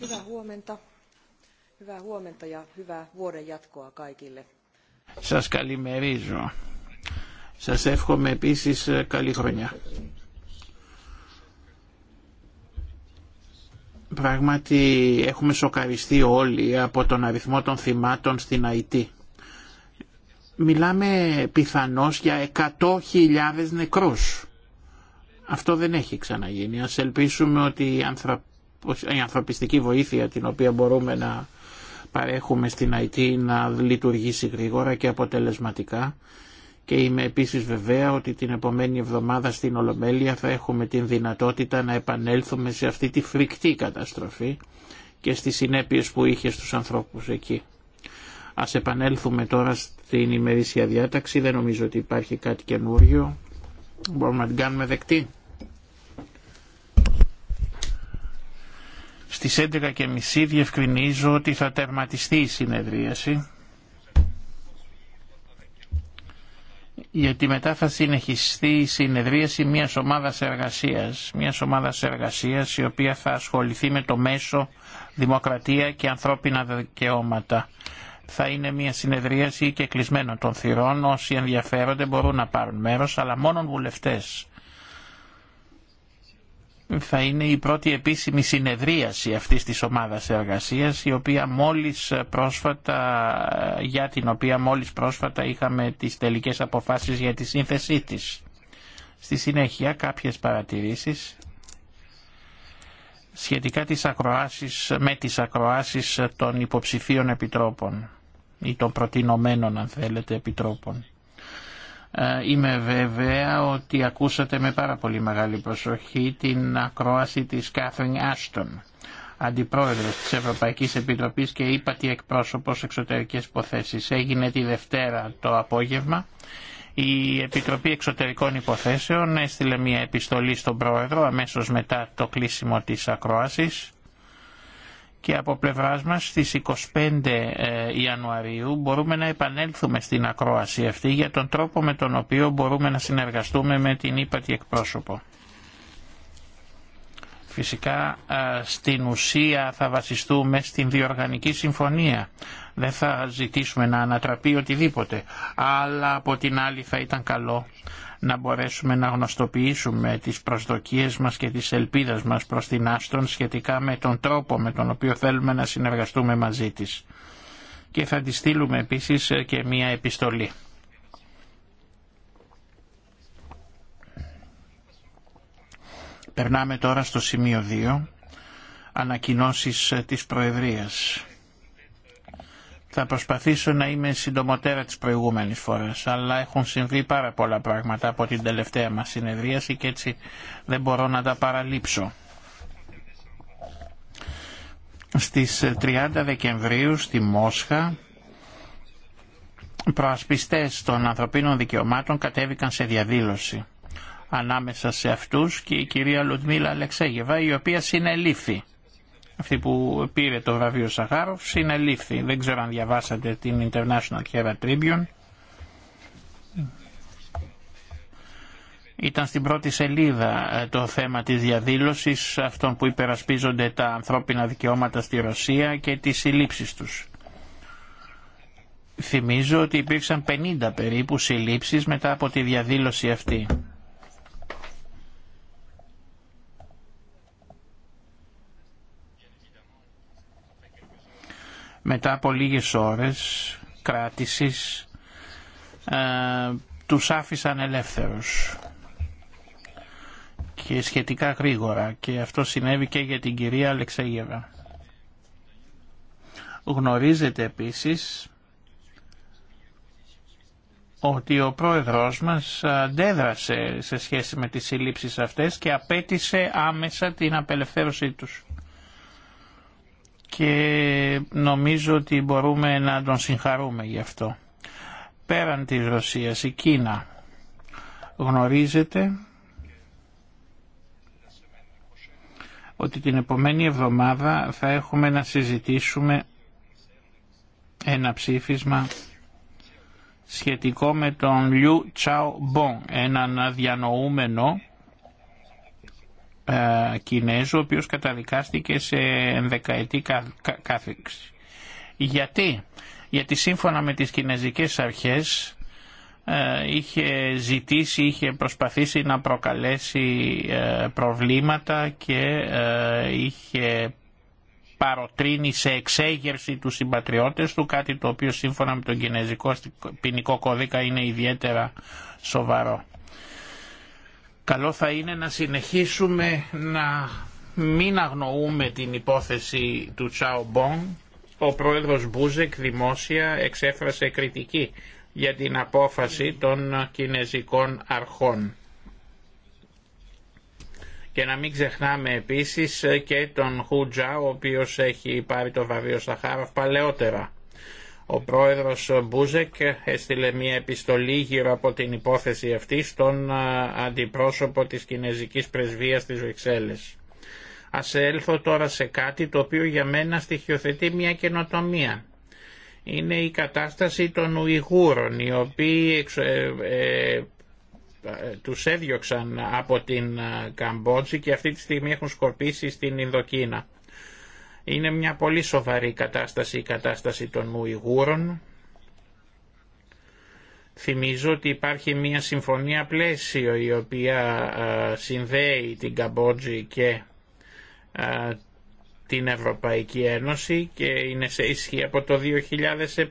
Hyvää huomenta. huomenta ja Σας καλημερίζω. Σας εύχομαι επίσης ε, καλή χρονιά. Πράγματι έχουμε σοκαριστεί όλοι από τον αριθμό των θυμάτων στην Αιτή. Μιλάμε πιθανώς για 100.000 νεκρούς. Αυτό δεν έχει ξαναγίνει. Ας ελπίσουμε ότι οι άνθρωποι η ανθρωπιστική βοήθεια την οποία μπορούμε να παρέχουμε στην ΑΕΤ να λειτουργήσει γρήγορα και αποτελεσματικά και είμαι επίσης βεβαία ότι την επόμενη εβδομάδα στην Ολομέλεια θα έχουμε την δυνατότητα να επανέλθουμε σε αυτή τη φρικτή καταστροφή και στις συνέπειες που είχε στους ανθρώπους εκεί. Ας επανέλθουμε τώρα στην ημερήσια διάταξη, δεν νομίζω ότι υπάρχει κάτι καινούριο. Μπορούμε να την κάνουμε δεκτή. Στις 11.30 διευκρινίζω ότι θα τερματιστεί η συνεδρίαση γιατί μετά θα συνεχιστεί η συνεδρίαση μιας ομάδας εργασίας, μιας ομάδας εργασίας η οποία θα ασχοληθεί με το μέσο δημοκρατία και ανθρώπινα δικαιώματα. Θα είναι μια συνεδρίαση και κλεισμένο των θυρών, όσοι ενδιαφέρονται μπορούν να πάρουν μέρος, αλλά μόνο βουλευτές θα είναι η πρώτη επίσημη συνεδρίαση αυτής της ομάδας εργασίας η οποία μόλις πρόσφατα, για την οποία μόλις πρόσφατα είχαμε τις τελικές αποφάσεις για τη σύνθεσή της. Στη συνέχεια κάποιες παρατηρήσεις σχετικά τις ακροάσεις, με τις ακροάσεις των υποψηφίων επιτρόπων ή των προτινομένων αν θέλετε επιτρόπων. Ε, είμαι βέβαια ότι ακούσατε με πάρα πολύ μεγάλη προσοχή την ακρόαση της Κάθριν Άστον, Αντιπρόεδρος της Ευρωπαϊκής Επιτροπής και ύπατη εκπρόσωπος εξωτερικές υποθέσεις. Έγινε τη Δευτέρα το απόγευμα. Η Επιτροπή Εξωτερικών Υποθέσεων έστειλε μια επιστολή στον Πρόεδρο αμέσως μετά το κλείσιμο της ακρόασης και από πλευράς μας στις 25 ε, Ιανουαρίου μπορούμε να επανέλθουμε στην ακρόαση αυτή για τον τρόπο με τον οποίο μπορούμε να συνεργαστούμε με την ύπατη εκπρόσωπο. Φυσικά ε, στην ουσία θα βασιστούμε στην διοργανική συμφωνία. Δεν θα ζητήσουμε να ανατραπεί οτιδήποτε. Αλλά από την άλλη θα ήταν καλό να μπορέσουμε να γνωστοποιήσουμε τις προσδοκίες μας και τις ελπίδες μας προς την Άστον σχετικά με τον τρόπο με τον οποίο θέλουμε να συνεργαστούμε μαζί της. Και θα τη στείλουμε επίσης και μία επιστολή. Περνάμε τώρα στο σημείο 2, ανακοινώσεις της Προεδρίας. Θα προσπαθήσω να είμαι συντομοτέρα της προηγούμενης φοράς, αλλά έχουν συμβεί πάρα πολλά πράγματα από την τελευταία μας συνεδρίαση και έτσι δεν μπορώ να τα παραλείψω. Στις 30 Δεκεμβρίου στη Μόσχα προασπιστές των ανθρωπίνων δικαιωμάτων κατέβηκαν σε διαδήλωση. Ανάμεσα σε αυτούς και η κυρία Λουτμίλα Αλεξέγεβα η οποία συνελήφθη αυτή που πήρε το βραβείο Σαχάροφ, συνελήφθη. Δεν ξέρω αν διαβάσατε την International Herald Tribune. Ήταν στην πρώτη σελίδα ε, το θέμα της διαδήλωσης αυτών που υπερασπίζονται τα ανθρώπινα δικαιώματα στη Ρωσία και τις συλλήψεις τους. Θυμίζω ότι υπήρξαν 50 περίπου συλλήψεις μετά από τη διαδήλωση αυτή. μετά από λίγες ώρες κράτησης ε, τους άφησαν ελεύθερους και σχετικά γρήγορα και αυτό συνέβη και για την κυρία Αλεξέγεβα. Γνωρίζετε επίσης ότι ο πρόεδρος μας αντέδρασε σε σχέση με τις συλλήψεις αυτές και απέτησε άμεσα την απελευθέρωσή τους και νομίζω ότι μπορούμε να τον συγχαρούμε γι' αυτό. Πέραν της Ρωσίας, η Κίνα γνωρίζετε ότι την επομένη εβδομάδα θα έχουμε να συζητήσουμε ένα ψήφισμα σχετικό με τον Λιου Τσαου Μπον, έναν διανοούμενο ε, Κινέζου, ο οποίος καταδικάστηκε σε δεκαετή κάθεξη. Γιατί? Γιατί σύμφωνα με τις κινέζικες αρχές ε, είχε ζητήσει, είχε προσπαθήσει να προκαλέσει ε, προβλήματα και είχε παροτρύνει σε εξέγερση του συμπατριώτες του, κάτι το οποίο σύμφωνα με τον Κινέζικο ποινικό κώδικα είναι ιδιαίτερα σοβαρό. Καλό θα είναι να συνεχίσουμε να μην αγνοούμε την υπόθεση του Τσάου Μπον. Ο πρόεδρος Μπούζεκ δημόσια εξέφρασε κριτική για την απόφαση των κινέζικων αρχών. Και να μην ξεχνάμε επίσης και τον Χου Τζα, ο οποίος έχει πάρει το βαβείο Σαχάραφ παλαιότερα. Ο πρόεδρος Μπούζεκ έστειλε μια επιστολή γύρω από την υπόθεση αυτή στον αντιπρόσωπο της Κινέζικης Πρεσβείας της Βεξέλλες. Ας έλθω τώρα σε κάτι το οποίο για μένα στοιχειοθετεί μια καινοτομία. Είναι η κατάσταση των Ουιγούρων, οι οποίοι ε, ε, τους έδιωξαν από την Καμπότζη και αυτή τη στιγμή έχουν σκορπίσει στην Ινδοκίνα. Είναι μια πολύ σοβαρή κατάσταση η κατάσταση των Ουιγούρων. Θυμίζω ότι υπάρχει μια συμφωνία πλαίσιο η οποία συνδέει την Καμπότζη και την Ευρωπαϊκή Ένωση και είναι σε ισχύ από το 2007.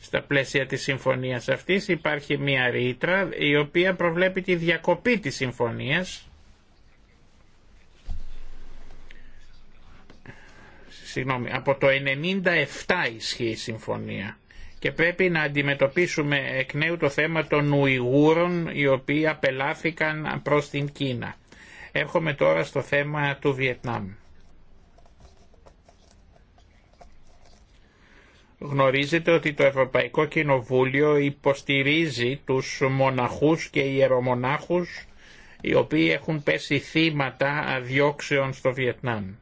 Στα πλαίσια της συμφωνίας αυτής υπάρχει μια ρήτρα η οποία προβλέπει τη διακοπή της συμφωνίας από το 1997 ισχύει η συμφωνία και πρέπει να αντιμετωπίσουμε εκ νέου το θέμα των Ουιγούρων οι οποίοι απελάθηκαν προς την Κίνα. Έρχομαι τώρα στο θέμα του Βιετνάμ. Γνωρίζετε ότι το Ευρωπαϊκό Κοινοβούλιο υποστηρίζει τους μοναχούς και ιερομονάχους οι οποίοι έχουν πέσει θύματα διώξεων στο Βιετνάμ.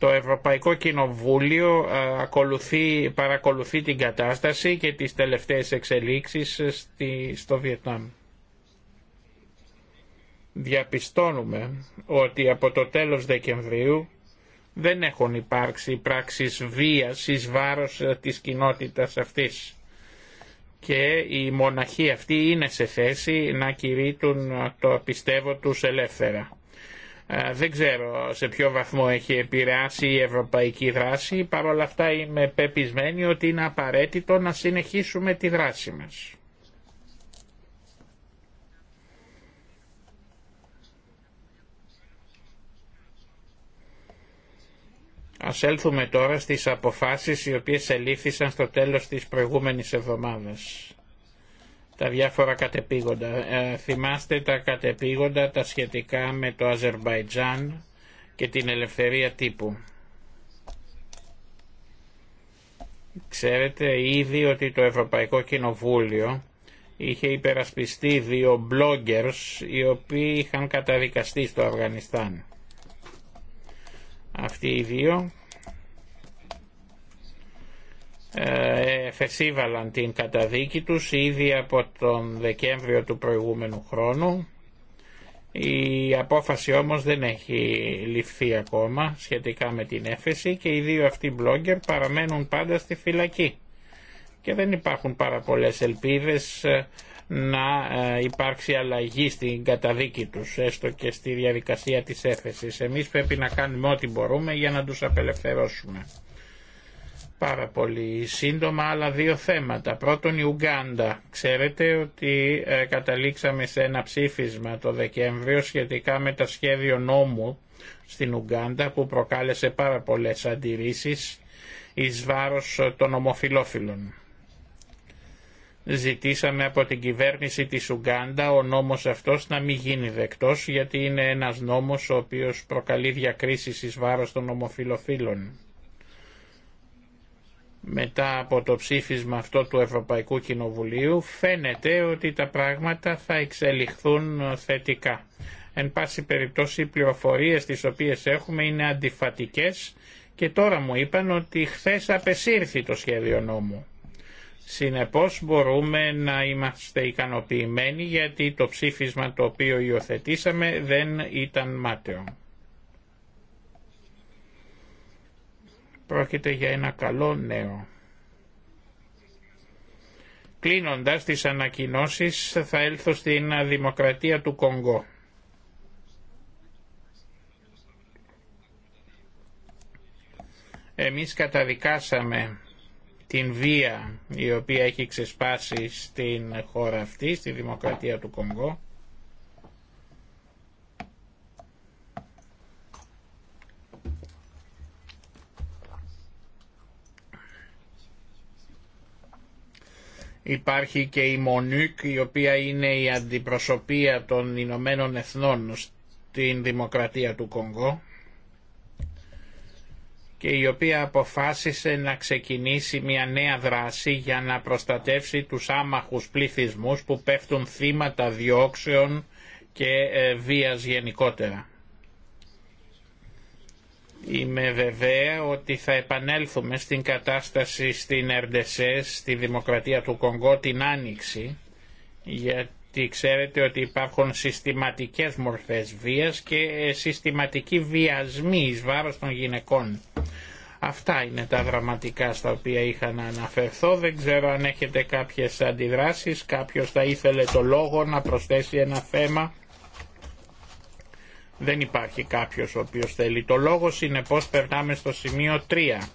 Το Ευρωπαϊκό Κοινοβούλιο ε, παρακολουθεί την κατάσταση και τις τελευταίες εξελίξεις ε, στο Βιετνάμ. Διαπιστώνουμε ότι από το τέλος Δεκεμβρίου δεν έχουν υπάρξει πράξεις βίας εις βάρος ε, της κοινότητας αυτής και η μοναχοί αυτή είναι σε θέση να κηρύττουν το πιστεύω τους ελεύθερα. Ε, δεν ξέρω σε ποιο βαθμό έχει επηρεάσει η ευρωπαϊκή δράση, όλα αυτά είμαι πεπισμένη ότι είναι απαραίτητο να συνεχίσουμε τη δράση μας. Ας έλθουμε τώρα στις αποφάσεις οι οποίες ελήφθησαν στο τέλος της προηγούμενης εβδομάδας τα διάφορα κατεπήγοντα. Ε, θυμάστε τα κατεπήγοντα τα σχετικά με το Αζερβαϊτζάν και την ελευθερία τύπου. Ξέρετε ήδη ότι το Ευρωπαϊκό Κοινοβούλιο είχε υπερασπιστεί δύο bloggers οι οποίοι είχαν καταδικαστεί στο Αφγανιστάν. Αυτοί οι δύο ε, εφεσίβαλαν την καταδίκη τους ήδη από τον Δεκέμβριο του προηγούμενου χρόνου. Η απόφαση όμως δεν έχει ληφθεί ακόμα σχετικά με την έφεση και οι δύο αυτοί blogger παραμένουν πάντα στη φυλακή και δεν υπάρχουν πάρα πολλές ελπίδες ε, να ε, υπάρξει αλλαγή στην καταδίκη τους έστω και στη διαδικασία της έφεσης. Εμείς πρέπει να κάνουμε ό,τι μπορούμε για να τους απελευθερώσουμε πάρα πολύ σύντομα άλλα δύο θέματα. Πρώτον η Ουγκάντα. Ξέρετε ότι ε, καταλήξαμε σε ένα ψήφισμα το Δεκέμβριο σχετικά με τα σχέδιο νόμου στην Ουγκάντα που προκάλεσε πάρα πολλές αντιρρήσεις εις βάρος των ομοφιλόφιλων. Ζητήσαμε από την κυβέρνηση της Ουγκάντα ο νόμος αυτός να μην γίνει δεκτός γιατί είναι ένας νόμος ο οποίος προκαλεί διακρίσεις εις βάρος των ομοφιλοφίλων μετά από το ψήφισμα αυτό του Ευρωπαϊκού Κοινοβουλίου φαίνεται ότι τα πράγματα θα εξελιχθούν θετικά. Εν πάση περιπτώσει οι πληροφορίες τις οποίες έχουμε είναι αντιφατικές και τώρα μου είπαν ότι χθες απεσύρθη το σχέδιο νόμου. Συνεπώς μπορούμε να είμαστε ικανοποιημένοι γιατί το ψήφισμα το οποίο υιοθετήσαμε δεν ήταν μάταιο. Πρόκειται για ένα καλό νέο. Κλείνοντας τις ανακοινώσεις θα έλθω στην Δημοκρατία του Κονγκό. Εμείς καταδικάσαμε την βία η οποία έχει ξεσπάσει στην χώρα αυτή, στη Δημοκρατία του Κονγκό Υπάρχει και η Μονίκ, η οποία είναι η αντιπροσωπεία των Ηνωμένων Εθνών στην Δημοκρατία του Κονγκό και η οποία αποφάσισε να ξεκινήσει μια νέα δράση για να προστατεύσει τους άμαχους πληθυσμούς που πέφτουν θύματα διώξεων και ε, βίας γενικότερα. Είμαι βεβαία ότι θα επανέλθουμε στην κατάσταση στην Ερντεσέ, στη Δημοκρατία του Κονγκό την Άνοιξη, γιατί ξέρετε ότι υπάρχουν συστηματικές μορφές βίας και συστηματική βιασμή εις βάρος των γυναικών. Αυτά είναι τα δραματικά στα οποία είχα να αναφερθώ. Δεν ξέρω αν έχετε κάποιες αντιδράσεις, κάποιος θα ήθελε το λόγο να προσθέσει ένα θέμα δεν υπάρχει κάποιος ο οποίος θέλει το λόγο, πως περνάμε στο σημείο 3.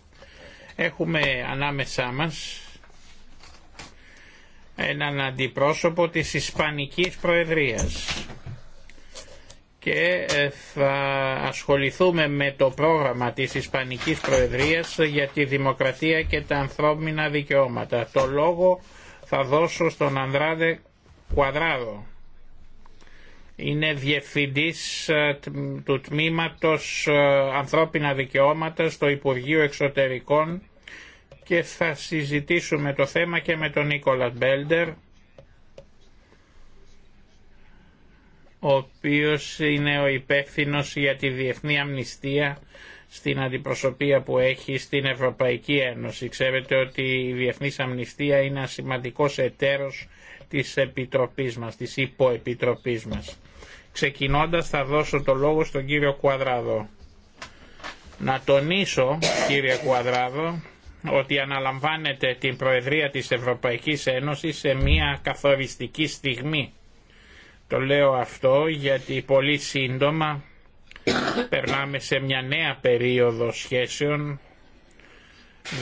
Έχουμε ανάμεσά μας έναν αντιπρόσωπο της Ισπανικής Προεδρίας και ε, θα ασχοληθούμε με το πρόγραμμα της Ισπανικής Προεδρίας για τη δημοκρατία και τα ανθρώπινα δικαιώματα. Το λόγο θα δώσω στον Ανδράδε Κουαδράδο είναι διευθυντής ε, του τμήματος ε, ανθρώπινα δικαιώματα στο Υπουργείο Εξωτερικών και θα συζητήσουμε το θέμα και με τον Νίκολα Μπέλντερ ο οποίος είναι ο υπεύθυνος για τη διεθνή αμνηστία στην αντιπροσωπεία που έχει στην Ευρωπαϊκή Ένωση. Ξέρετε ότι η Διεθνής Αμνηστία είναι ένα σημαντικός εταίρος της Επιτροπής μας, της Υποεπιτροπής μας. Ξεκινώντας θα δώσω το λόγο στον κύριο Κουαδράδο. Να τονίσω κύριε Κουαδράδο ότι αναλαμβάνετε την Προεδρία της Ευρωπαϊκής Ένωσης σε μια καθοριστική στιγμή. Το λέω αυτό γιατί πολύ σύντομα περνάμε σε μια νέα περίοδο σχέσεων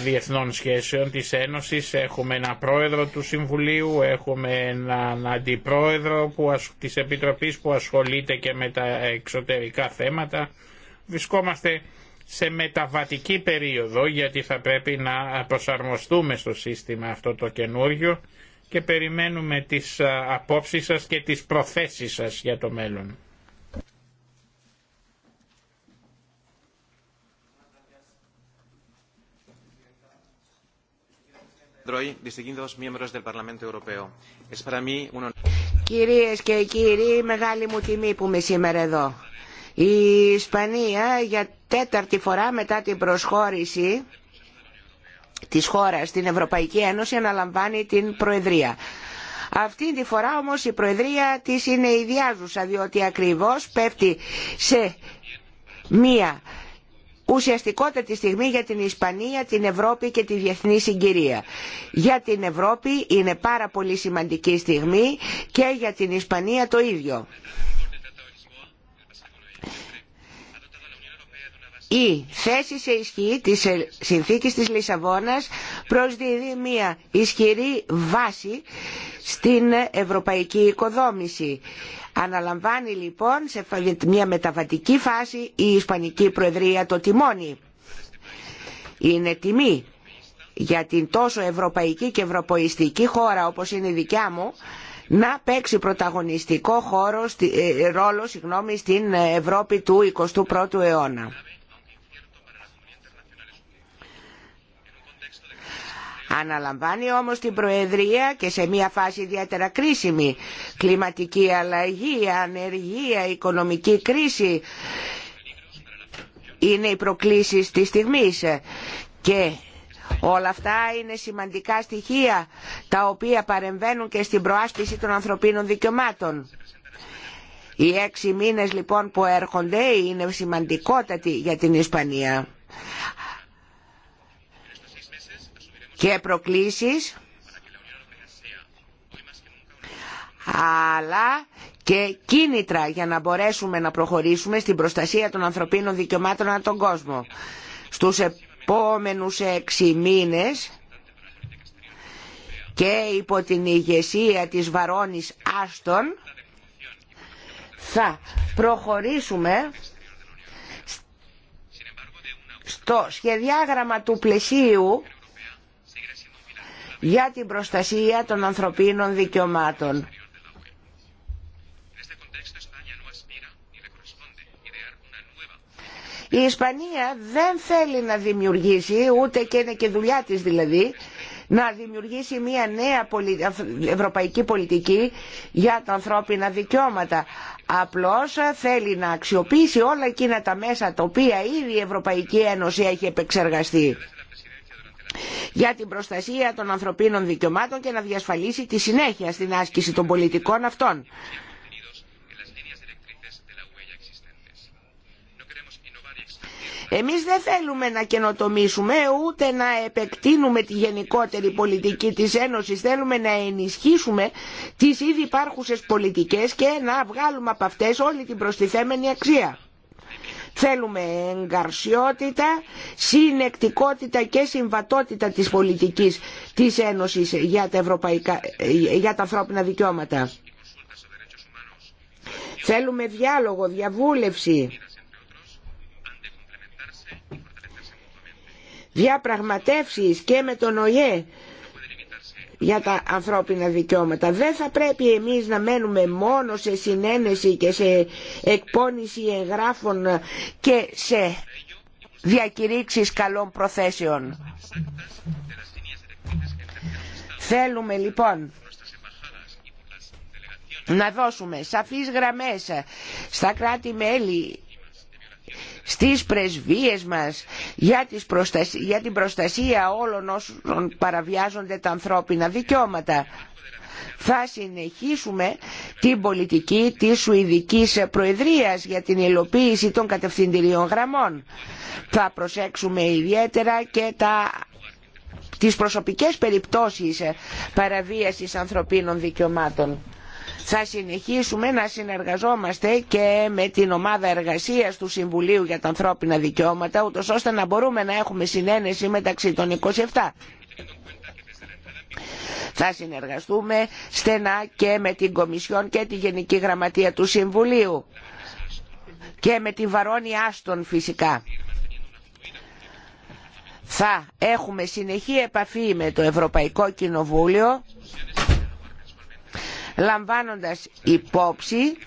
διεθνών σχέσεων της Ένωσης. Έχουμε ένα πρόεδρο του Συμβουλίου, έχουμε έναν αντιπρόεδρο που, της Επιτροπής που ασχολείται και με τα εξωτερικά θέματα. Βρισκόμαστε σε μεταβατική περίοδο γιατί θα πρέπει να προσαρμοστούμε στο σύστημα αυτό το καινούργιο και περιμένουμε τις απόψεις σας και τις προθέσεις σας για το μέλλον. Κυρίες και κύριοι, μεγάλη μου τιμή που είμαι σήμερα εδώ. Η Ισπανία για τέταρτη φορά μετά την προσχώρηση της χώρας στην Ευρωπαϊκή Ένωση αναλαμβάνει την Προεδρία. Αυτή τη φορά όμως η Προεδρία της είναι ιδιάζουσα διότι ακριβώς πέφτει σε μία ουσιαστικότατη στιγμή για την Ισπανία, την Ευρώπη και τη διεθνή συγκυρία. Για την Ευρώπη είναι πάρα πολύ σημαντική στιγμή και για την Ισπανία το ίδιο. η θέση σε ισχύ της ε, συνθήκης της Λισαβόνας προσδίδει μια ισχυρή βάση στην ευρωπαϊκή οικοδόμηση. Αναλαμβάνει λοιπόν σε μια μεταβατική φάση η Ισπανική Προεδρία το τιμόνι. Είναι τιμή για την τόσο ευρωπαϊκή και ευρωποϊστική χώρα όπως είναι η δικιά μου να παίξει πρωταγωνιστικό χώρο, ε, ρόλο συγγνώμη, στην Ευρώπη του 21ου αιώνα. Αναλαμβάνει όμως την Προεδρία και σε μια φάση ιδιαίτερα κρίσιμη. Κλιματική αλλαγή, ανεργία, οικονομική κρίση είναι οι προκλήσεις της στιγμής και όλα αυτά είναι σημαντικά στοιχεία τα οποία παρεμβαίνουν και στην προάσπιση των ανθρωπίνων δικαιωμάτων. Οι έξι μήνες λοιπόν που έρχονται είναι σημαντικότατοι για την Ισπανία. και προκλήσεις αλλά και κίνητρα για να μπορέσουμε να προχωρήσουμε στην προστασία των ανθρωπίνων δικαιωμάτων ανά τον κόσμο. Στους επόμενους έξι μήνες και υπό την ηγεσία της Βαρόνης Άστον θα προχωρήσουμε στο σχεδιάγραμμα του πλαισίου για την προστασία των ανθρωπίνων δικαιωμάτων. Η Ισπανία δεν θέλει να δημιουργήσει, ούτε και είναι και δουλειά της δηλαδή, να δημιουργήσει μια νέα ευρωπαϊκή πολιτική για τα ανθρώπινα δικαιώματα. Απλώς θέλει να αξιοποιήσει όλα εκείνα τα μέσα τα οποία ήδη η Ευρωπαϊκή Ένωση έχει επεξεργαστεί για την προστασία των ανθρωπίνων δικαιωμάτων και να διασφαλίσει τη συνέχεια στην άσκηση των πολιτικών αυτών. Εμείς δεν θέλουμε να καινοτομήσουμε ούτε να επεκτείνουμε τη γενικότερη πολιτική της Ένωσης. Θέλουμε να ενισχύσουμε τις ήδη υπάρχουσες πολιτικές και να βγάλουμε από αυτές όλη την προστιθέμενη αξία. Θέλουμε εγκαρσιότητα, συνεκτικότητα και συμβατότητα της πολιτικής της Ένωσης για τα, ευρωπαϊκά, για τα ανθρώπινα δικαιώματα. Θέλουμε διάλογο, διαβούλευση. Διαπραγματεύσεις και με τον ΟΙΕ για τα ανθρώπινα δικαιώματα. Δεν θα πρέπει εμείς να μένουμε μόνο σε συνένεση και σε εκπόνηση εγγράφων και σε διακηρύξεις καλών προθέσεων. Θέλουμε λοιπόν να δώσουμε σαφείς γραμμές στα κράτη-μέλη στις πρεσβείες μας για, την προστασία όλων όσων παραβιάζονται τα ανθρώπινα δικαιώματα. Θα συνεχίσουμε την πολιτική της Σουηδικής Προεδρίας για την υλοποίηση των κατευθυντηρίων γραμμών. Θα προσέξουμε ιδιαίτερα και τα τις προσωπικές περιπτώσεις παραβίασης ανθρωπίνων δικαιωμάτων θα συνεχίσουμε να συνεργαζόμαστε και με την ομάδα εργασίας του Συμβουλίου για τα ανθρώπινα δικαιώματα, ούτως ώστε να μπορούμε να έχουμε συνένεση μεταξύ των 27. Θα συνεργαστούμε στενά και με την Κομισιόν και τη Γενική Γραμματεία του Συμβουλίου και με τη Βαρόνη Άστον φυσικά. Θα έχουμε συνεχή επαφή με το Ευρωπαϊκό Κοινοβούλιο λαμβάνοντας υπόψη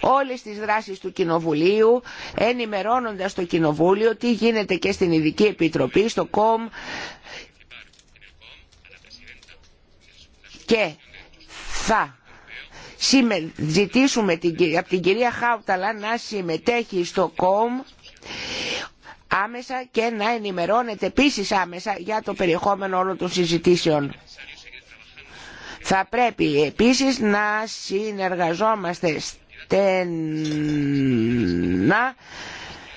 όλες τις δράσεις του Κοινοβουλίου, ενημερώνοντας το Κοινοβούλιο τι γίνεται και στην Ειδική Επιτροπή, στο ΚΟΜ και θα ζητήσουμε από την κυρία Χάουταλα να συμμετέχει στο ΚΟΜ άμεσα και να ενημερώνεται επίσης άμεσα για το περιεχόμενο όλων των συζητήσεων. Θα πρέπει επίσης να συνεργαζόμαστε στενά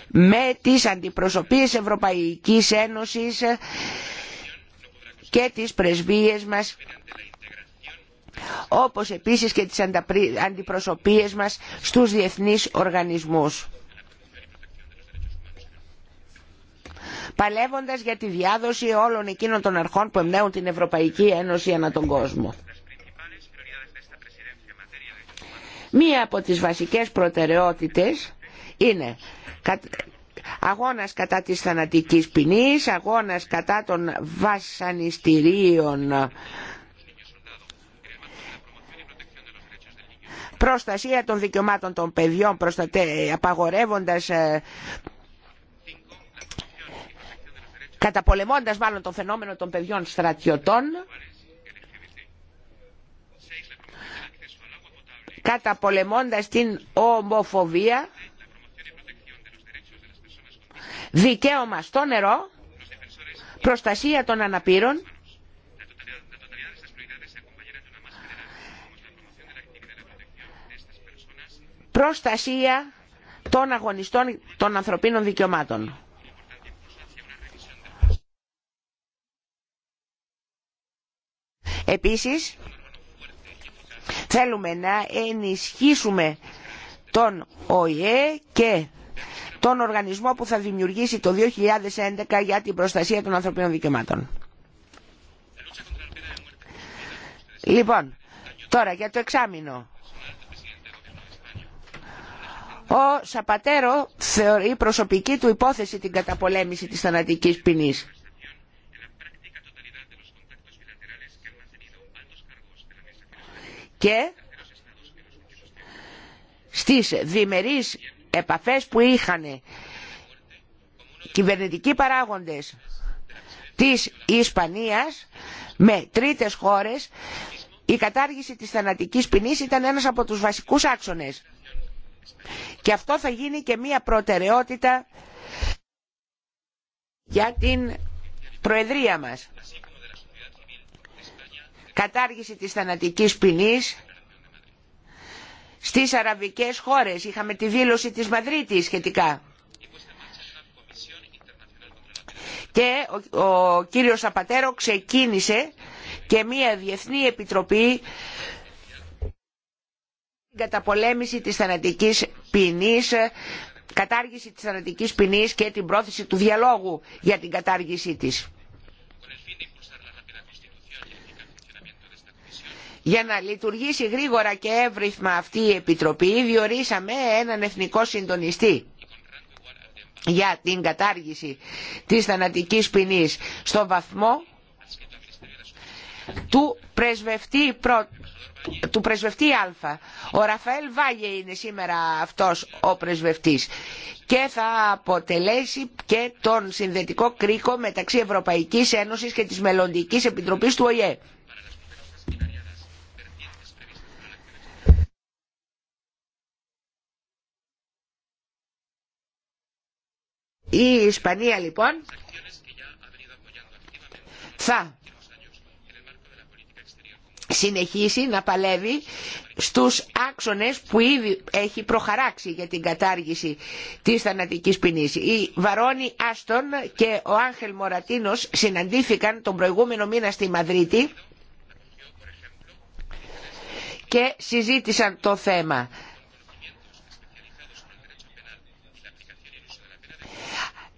με τις αντιπροσωπείες Ευρωπαϊκής Ένωσης και τις πρεσβείες μας όπως επίσης και τις αντιπροσωπείες μας στους διεθνείς οργανισμούς. Παλεύοντας για τη διάδοση όλων εκείνων των αρχών που εμπνέουν την Ευρωπαϊκή Ένωση ανά τον κόσμο. Μία από τις βασικές προτεραιότητες είναι αγώνας κατά της θανατικής ποινής, αγώνας κατά των βασανιστήριων, προστασία των δικαιωμάτων των παιδιών, προστατε... απαγορεύοντας ε, καταπολεμώντας μάλλον το φαινόμενο των παιδιών στρατιωτών καταπολεμώντας την ομοφοβία δικαίωμα στο νερό προστασία των αναπήρων προστασία των αγωνιστών των ανθρωπίνων δικαιωμάτων. Επίσης, θέλουμε να ενισχύσουμε τον ΟΗΕ και τον οργανισμό που θα δημιουργήσει το 2011 για την προστασία των ανθρωπίνων δικαιωμάτων. Λοιπόν, τώρα για το εξάμεινο. Ο Σαπατέρο θεωρεί προσωπική του υπόθεση την καταπολέμηση της θανατικής ποινής. και στις διμερείς επαφές που είχαν κυβερνητικοί παράγοντες της Ισπανίας με τρίτες χώρες η κατάργηση της θανατικής ποινής ήταν ένας από τους βασικούς άξονες. Και αυτό θα γίνει και μία προτεραιότητα για την Προεδρία μας κατάργηση της θανατικής ποινής στις αραβικές χώρες. Είχαμε τη δήλωση της Μαδρίτης σχετικά. Και ο, κύριος Σαπατέρο ξεκίνησε και μία διεθνή επιτροπή καταπολέμηση της θανατικής ποινής κατάργηση της θανατικής ποινής και την πρόθεση του διαλόγου για την κατάργησή της. Για να λειτουργήσει γρήγορα και εύρυθμα αυτή η Επιτροπή διορίσαμε έναν εθνικό συντονιστή για την κατάργηση της θανατικής ποινής στο βαθμό του πρεσβευτή, του πρεσβευτή Α. Ο Ραφαέλ Βάγε είναι σήμερα αυτός ο πρεσβευτής και θα αποτελέσει και τον συνδετικό κρίκο μεταξύ Ευρωπαϊκής Ένωσης και της Μελλοντικής Επιτροπής του ΟΗΕ. Η Ισπανία λοιπόν θα συνεχίσει να παλεύει στους άξονες που ήδη έχει προχαράξει για την κατάργηση της θανατικής ποινής. Η Βαρόνι Άστον και ο Άγχελ Μορατίνος συναντήθηκαν τον προηγούμενο μήνα στη Μαδρίτη και συζήτησαν το θέμα.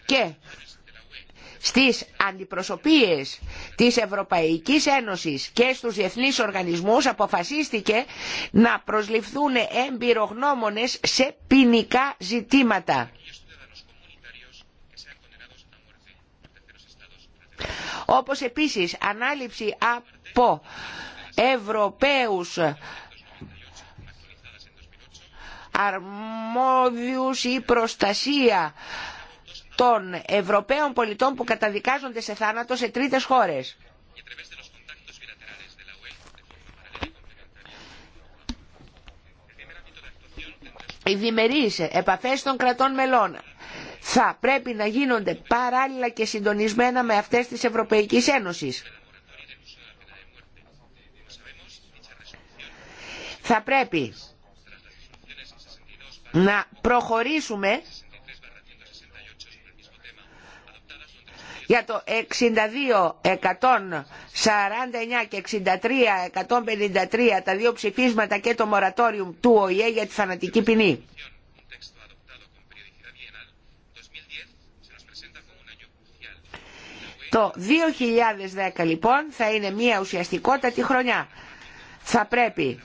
και στις αντιπροσωπείες της Ευρωπαϊκής Ένωσης και στους διεθνείς οργανισμούς αποφασίστηκε να προσληφθούν εμπειρογνώμονες σε ποινικά ζητήματα. Όπως επίσης ανάληψη από Ευρωπαίους αρμόδιους ή προστασία των Ευρωπαίων πολιτών που καταδικάζονται σε θάνατο σε τρίτες χώρες. Οι διμερείς επαφές των κρατών μελών θα πρέπει να γίνονται παράλληλα και συντονισμένα με αυτές της Ευρωπαϊκής Ένωσης. Θα πρέπει να προχωρήσουμε για το 62, 149 και 63, 153 τα δύο ψηφίσματα και το μορατόριου του ΟΗΕ για τη θανατική ποινή. Το 2010 λοιπόν θα είναι μια ουσιαστικότατη χρονιά. Θα πρέπει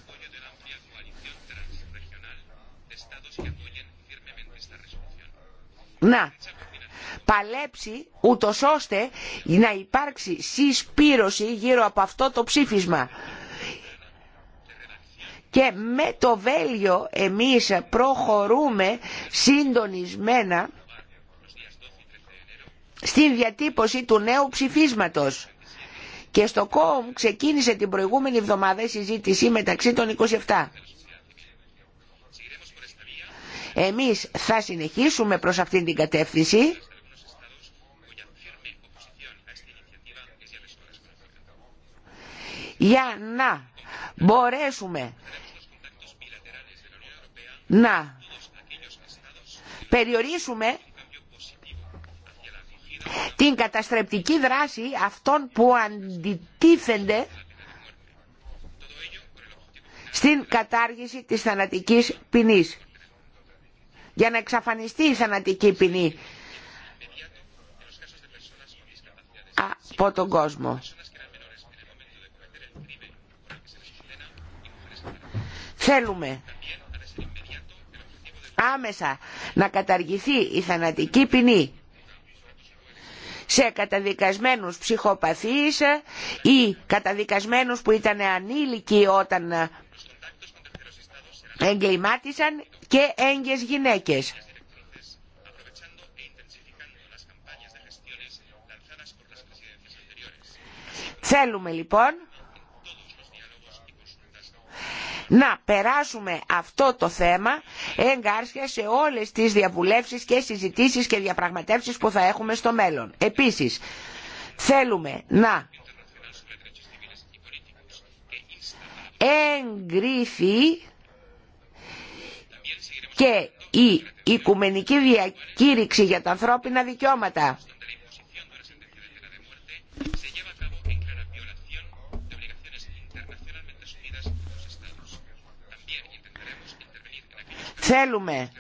να παλέψει ούτως ώστε να υπάρξει συσπήρωση γύρω από αυτό το ψήφισμα. Και με το Βέλιο εμείς προχωρούμε συντονισμένα στην διατύπωση του νέου ψηφίσματος. Και στο ΚΟΜ ξεκίνησε την προηγούμενη εβδομάδα η συζήτηση μεταξύ των 27. Εμείς θα συνεχίσουμε προς αυτήν την κατεύθυνση για να μπορέσουμε να περιορίσουμε την καταστρεπτική δράση αυτών που αντιτίθενται στην κατάργηση της θανατικής ποινής για να εξαφανιστεί η θανατική ποινή από τον κόσμο. Θέλουμε άμεσα να καταργηθεί η θανατική ποινή σε καταδικασμένους ψυχοπαθείς ή καταδικασμένους που ήταν ανήλικοι όταν εγκλημάτισαν και έγκες γυναίκες. Θέλουμε λοιπόν να περάσουμε αυτό το θέμα εγκάρσια σε όλες τις διαβουλεύσεις και συζητήσεις και διαπραγματεύσεις που θα έχουμε στο μέλλον. Επίσης, θέλουμε να εγκρίθει και η Οικουμενική Διακήρυξη για τα ανθρώπινα δικαιώματα Θέλουμε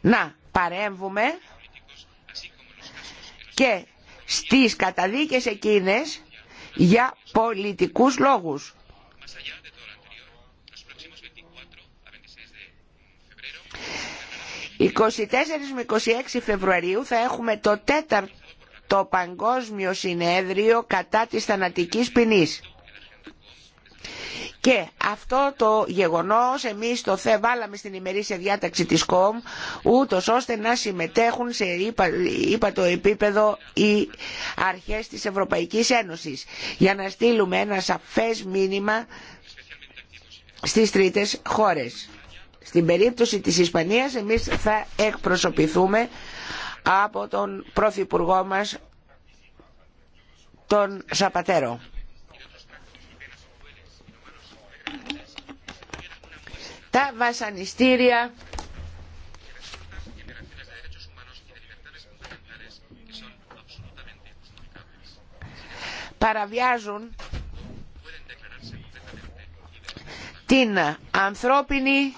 να παρέμβουμε και στις καταδίκες εκείνες για πολιτικούς λόγους. «24 με 26 Φεβρουαρίου θα έχουμε το τέταρτο παγκόσμιο συνέδριο κατά της θανατικής ποινής. Και αυτό το γεγονός εμείς το θε, βάλαμε στην ημερήσια διάταξη της ΚΟΜ ούτως ώστε να συμμετέχουν σε είπα, το επίπεδο οι αρχές της Ευρωπαϊκής Ένωσης για να στείλουμε ένα σαφές μήνυμα στις τρίτες χώρες. Στην περίπτωση της Ισπανίας εμείς θα εκπροσωπηθούμε από τον Πρωθυπουργό μας τον Σαπατέρο τα βασανιστήρια παραβιάζουν την ανθρώπινη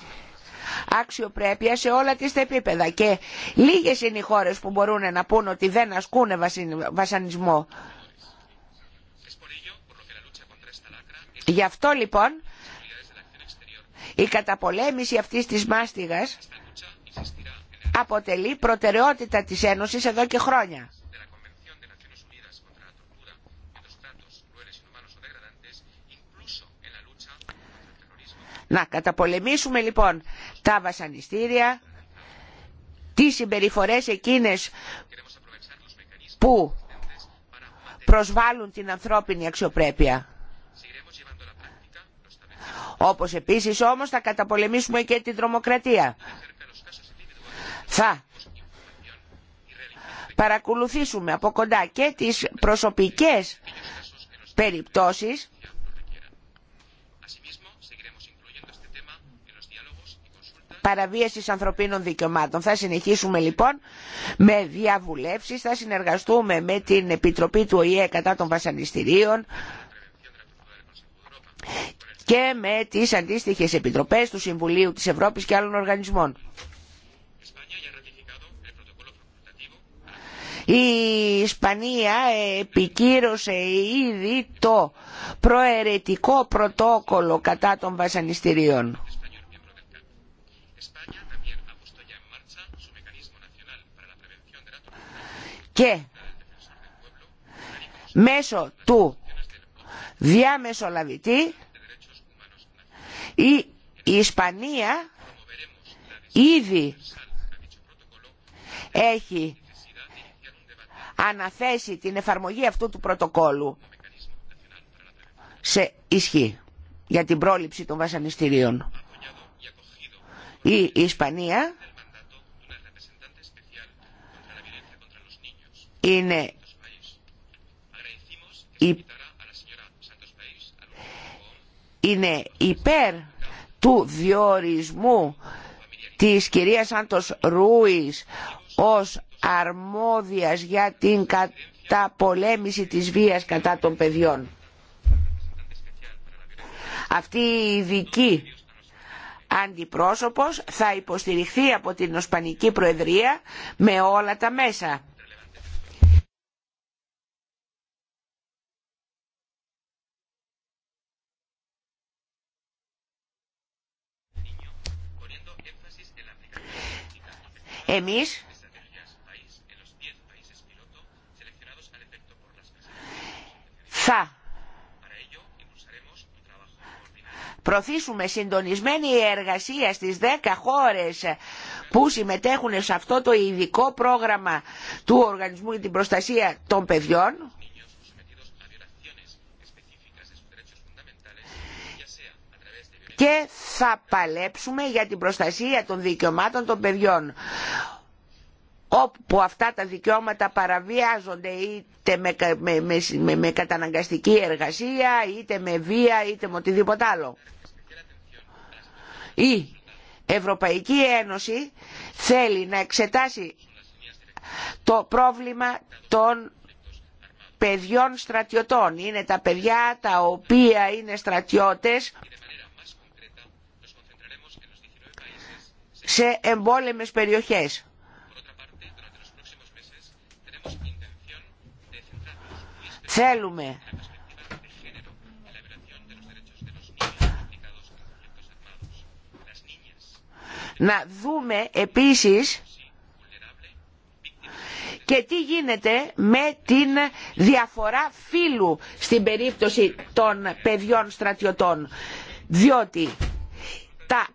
αξιοπρέπεια σε όλα τις επίπεδα και λίγες είναι οι χώρες που μπορούν να πούν ότι δεν ασκούνε βασανισμό. Γι' αυτό λοιπόν η καταπολέμηση αυτής της μάστιγας αποτελεί προτεραιότητα της Ένωσης εδώ και χρόνια. Να καταπολεμήσουμε λοιπόν τα βασανιστήρια, τις συμπεριφορές εκείνες που προσβάλλουν την ανθρώπινη αξιοπρέπεια. Όπως επίσης όμως θα καταπολεμήσουμε και την τρομοκρατία. Θα παρακολουθήσουμε από κοντά και τις προσωπικές περιπτώσεις παραβίασης ανθρωπίνων δικαιωμάτων. Θα συνεχίσουμε λοιπόν με διαβουλεύσεις, θα συνεργαστούμε με την Επιτροπή του ΟΗΕ κατά των βασανιστήριων, και με τις αντίστοιχες επιτροπές του Συμβουλίου της Ευρώπης και άλλων οργανισμών. Η Ισπανία επικύρωσε ήδη το προαιρετικό πρωτόκολλο κατά των βασανιστήριων. Και μέσω του διαμεσολαβητή η Ισπανία ήδη έχει αναθέσει την εφαρμογή αυτού του πρωτοκόλου σε ισχύ για την πρόληψη των βασανιστήριων. Η Ισπανία είναι είναι υπέρ του διορισμού της κυρίας Άντος Ρούης ως αρμόδιας για την καταπολέμηση της βίας κατά των παιδιών. Αυτή η ειδική αντιπρόσωπος θα υποστηριχθεί από την Οσπανική Προεδρία με όλα τα μέσα. Εμείς θα προωθήσουμε συντονισμένη εργασία στις 10 χώρες που συμμετέχουν σε αυτό το ειδικό πρόγραμμα του Οργανισμού για την Προστασία των Παιδιών και θα παλέψουμε για την προστασία των δικαιωμάτων των παιδιών όπου αυτά τα δικαιώματα παραβιάζονται είτε με, καταναγκαστική εργασία, είτε με βία, είτε με οτιδήποτε άλλο. Η Ευρωπαϊκή Ένωση θέλει να εξετάσει το πρόβλημα των παιδιών στρατιωτών. Είναι τα παιδιά τα οποία είναι στρατιώτες σε εμπόλεμες περιοχές. Θέλουμε να δούμε επίσης και τι γίνεται με την διαφορά φύλου στην περίπτωση των παιδιών στρατιωτών. Διότι τα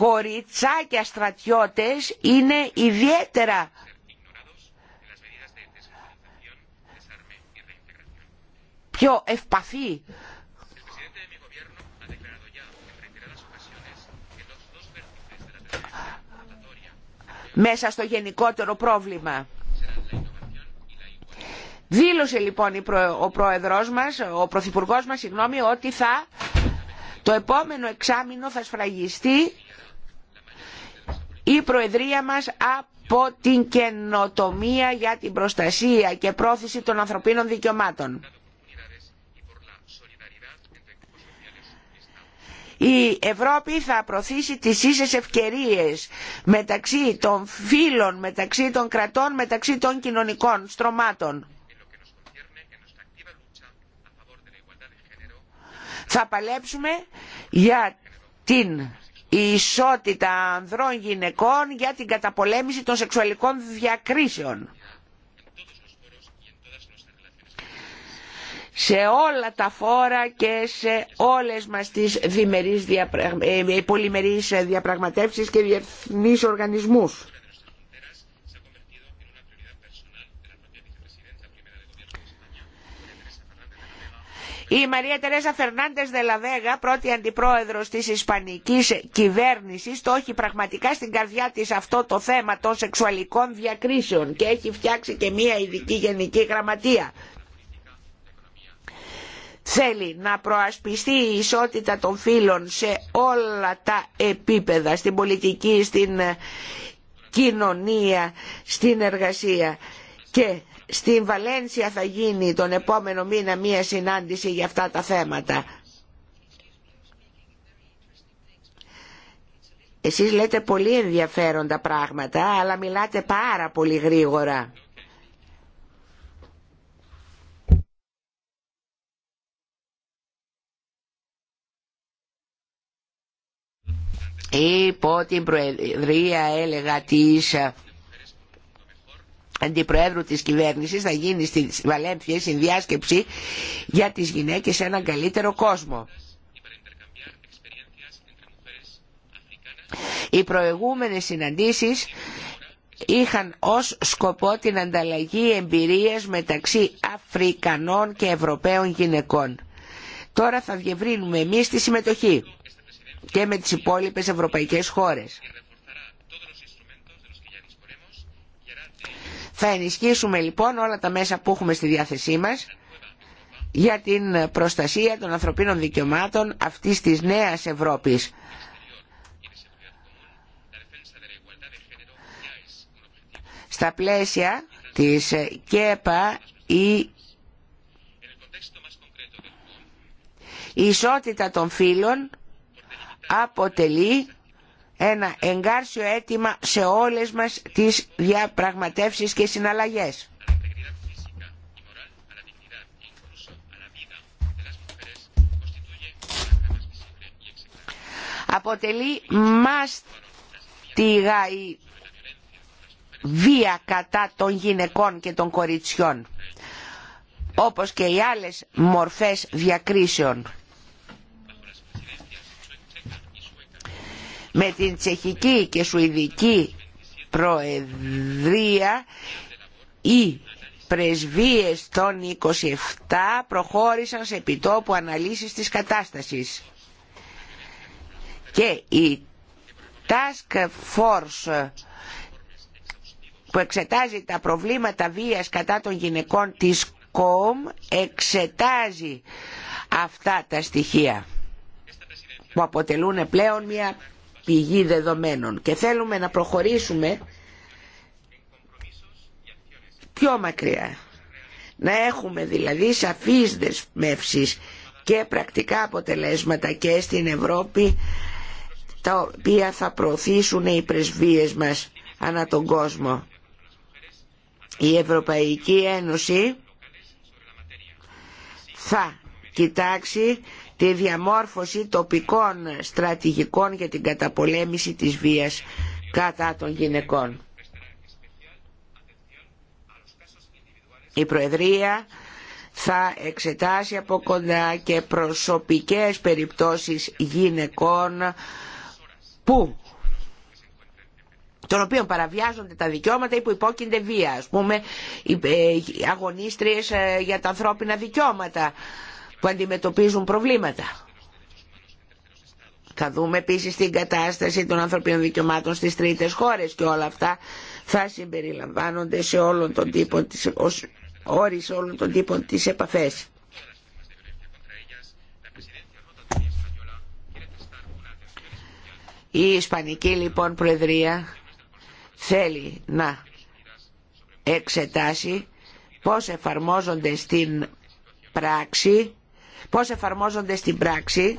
κοριτσάκια στρατιώτες είναι ιδιαίτερα πιο ευπαθή. μέσα στο γενικότερο πρόβλημα. Δήλωσε λοιπόν ο πρόεδρος μας, ο πρωθυπουργός μας, συγγνώμη, ότι θα το επόμενο εξάμεινο θα σφραγιστεί η Προεδρία μας από την καινοτομία για την προστασία και πρόθεση των ανθρωπίνων δικαιωμάτων. η ευρώπη θα προωθήσει τις ίσες ευκαιρίες μεταξύ των φίλων, μεταξύ των κρατών μεταξύ των κοινωνικών στρωμάτων. θα παλέψουμε για την η ισότητα ανδρών γυναικών για την καταπολέμηση των σεξουαλικών διακρίσεων. σε όλα τα φόρα και σε όλες μας τις πολυμερεί διαπραγμα... Ε, διαπραγματεύσεις και διεθνείς οργανισμούς. Η Μαρία Τερέζα Φερνάντε Δελαβέγα, πρώτη αντιπρόεδρο τη Ισπανική κυβέρνηση, το έχει πραγματικά στην καρδιά τη αυτό το θέμα των σεξουαλικών διακρίσεων και έχει φτιάξει και μία ειδική γενική γραμματεία. Θέλει να προασπιστεί η ισότητα των φύλων σε όλα τα επίπεδα, στην πολιτική, στην κοινωνία, στην εργασία και στην Βαλένσια θα γίνει τον επόμενο μήνα μία συνάντηση για αυτά τα θέματα. Εσείς λέτε πολύ ενδιαφέροντα πράγματα, αλλά μιλάτε πάρα πολύ γρήγορα. Υπό την Προεδρία έλεγα της αντιπροέδρου της κυβέρνησης θα γίνει στη Βαλένθια η συνδιάσκεψη για τις γυναίκες σε έναν καλύτερο κόσμο. Οι προηγούμενες συναντήσεις είχαν ως σκοπό την ανταλλαγή εμπειρίες μεταξύ Αφρικανών και Ευρωπαίων γυναικών. Τώρα θα διευρύνουμε εμείς τη συμμετοχή και με τις υπόλοιπες ευρωπαϊκές χώρες. Θα ενισχύσουμε λοιπόν όλα τα μέσα που έχουμε στη διάθεσή μας για την προστασία των ανθρωπίνων δικαιωμάτων αυτής της νέας Ευρώπης. Στα πλαίσια της ΚΕΠΑ η η ισότητα των φύλων αποτελεί ένα εγκάρσιο αίτημα σε όλες μας τις διαπραγματεύσεις και συναλλαγές. Αποτελεί μάστιγα η βία κατά των γυναικών και των κοριτσιών, όπως και οι άλλες μορφές διακρίσεων. με την τσεχική και σουηδική προεδρία οι πρεσβείες των 27 προχώρησαν σε επιτόπου αναλύσεις της κατάστασης και η Task Force που εξετάζει τα προβλήματα βίας κατά των γυναικών της ΚΟΜ εξετάζει αυτά τα στοιχεία που αποτελούν πλέον μια πηγή δεδομένων και θέλουμε να προχωρήσουμε πιο μακριά. Να έχουμε δηλαδή σαφείς δεσμεύσεις και πρακτικά αποτελέσματα και στην Ευρώπη τα οποία θα προωθήσουν οι πρεσβείες μας ανά τον κόσμο. Η Ευρωπαϊκή Ένωση θα κοιτάξει τη διαμόρφωση τοπικών στρατηγικών για την καταπολέμηση της βίας κατά των γυναικών. Η Προεδρία θα εξετάσει από κοντά και προσωπικές περιπτώσεις γυναικών που των οποίων παραβιάζονται τα δικαιώματα ή που υπόκεινται βία. Ας πούμε, ε, αγωνίστριες ε, για τα ανθρώπινα δικαιώματα που αντιμετωπίζουν προβλήματα. Θα δούμε επίσης την κατάσταση των ανθρωπίνων δικαιωμάτων στις τρίτες χώρες και όλα αυτά θα συμπεριλαμβάνονται σε όλον τον τύπο της, ως όλων των τύπων της επαφές. Η Ισπανική λοιπόν Προεδρία θέλει να εξετάσει πώς εφαρμόζονται στην πράξη πώς εφαρμόζονται στην πράξη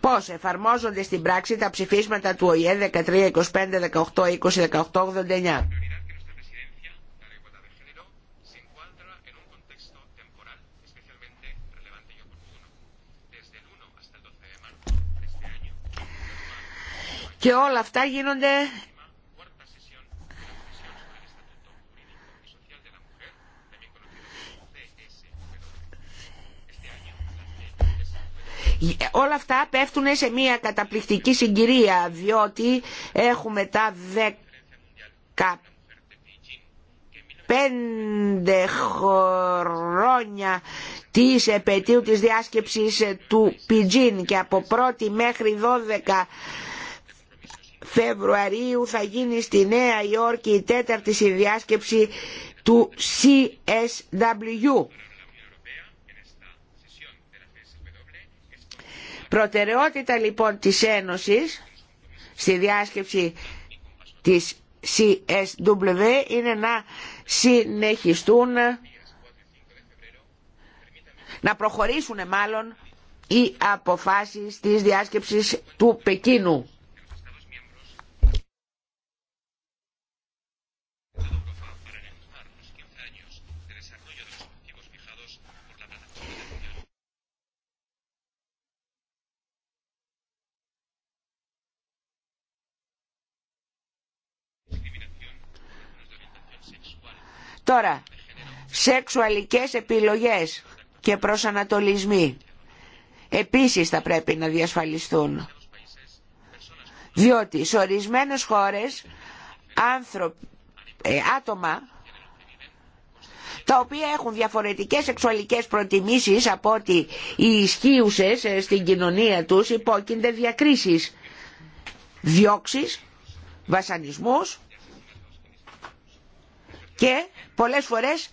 πώς εφαρμόζονται στην πράξη τα ψηφίσματα του ΟΗΕ 13, 25, 18, 20, 18, 89. Και όλα αυτά γίνονται όλα αυτά πέφτουν σε μια καταπληκτική συγκυρία διότι έχουμε τα 15 χρόνια της επαιτίου της διάσκεψης του Πιτζίν και από 1η μέχρι 12 Φεβρουαρίου θα γίνει στη Νέα Υόρκη η τέταρτη συνδιάσκεψη του CSW. Προτεραιότητα λοιπόν της Ένωσης στη διάσκεψη της CSW είναι να συνεχιστούν, να προχωρήσουν μάλλον οι αποφάσεις της διάσκεψης του Πεκίνου. Τώρα, σεξουαλικές επιλογές και προσανατολισμοί επίσης θα πρέπει να διασφαλιστούν. Διότι σε ορισμένε χώρες ε, άτομα τα οποία έχουν διαφορετικές σεξουαλικές προτιμήσεις από ότι οι ισχύουσες ε, στην κοινωνία τους υπόκεινται διακρίσεις, διώξεις, βασανισμούς και πολλές φορές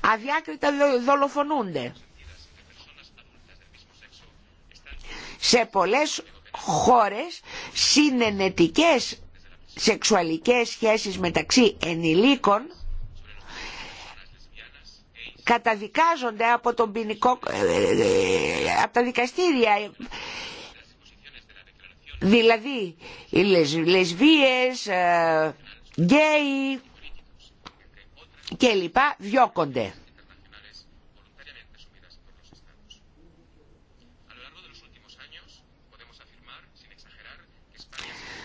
αδιάκριτα δολοφονούνται. Σε πολλές χώρες συνενετικές σεξουαλικές σχέσεις μεταξύ ενηλίκων καταδικάζονται από, τον ποινικό, ε, ε, ε, από τα δικαστήρια. Δηλαδή, οι λεσβίες, γκέι, και λοιπά διώκονται.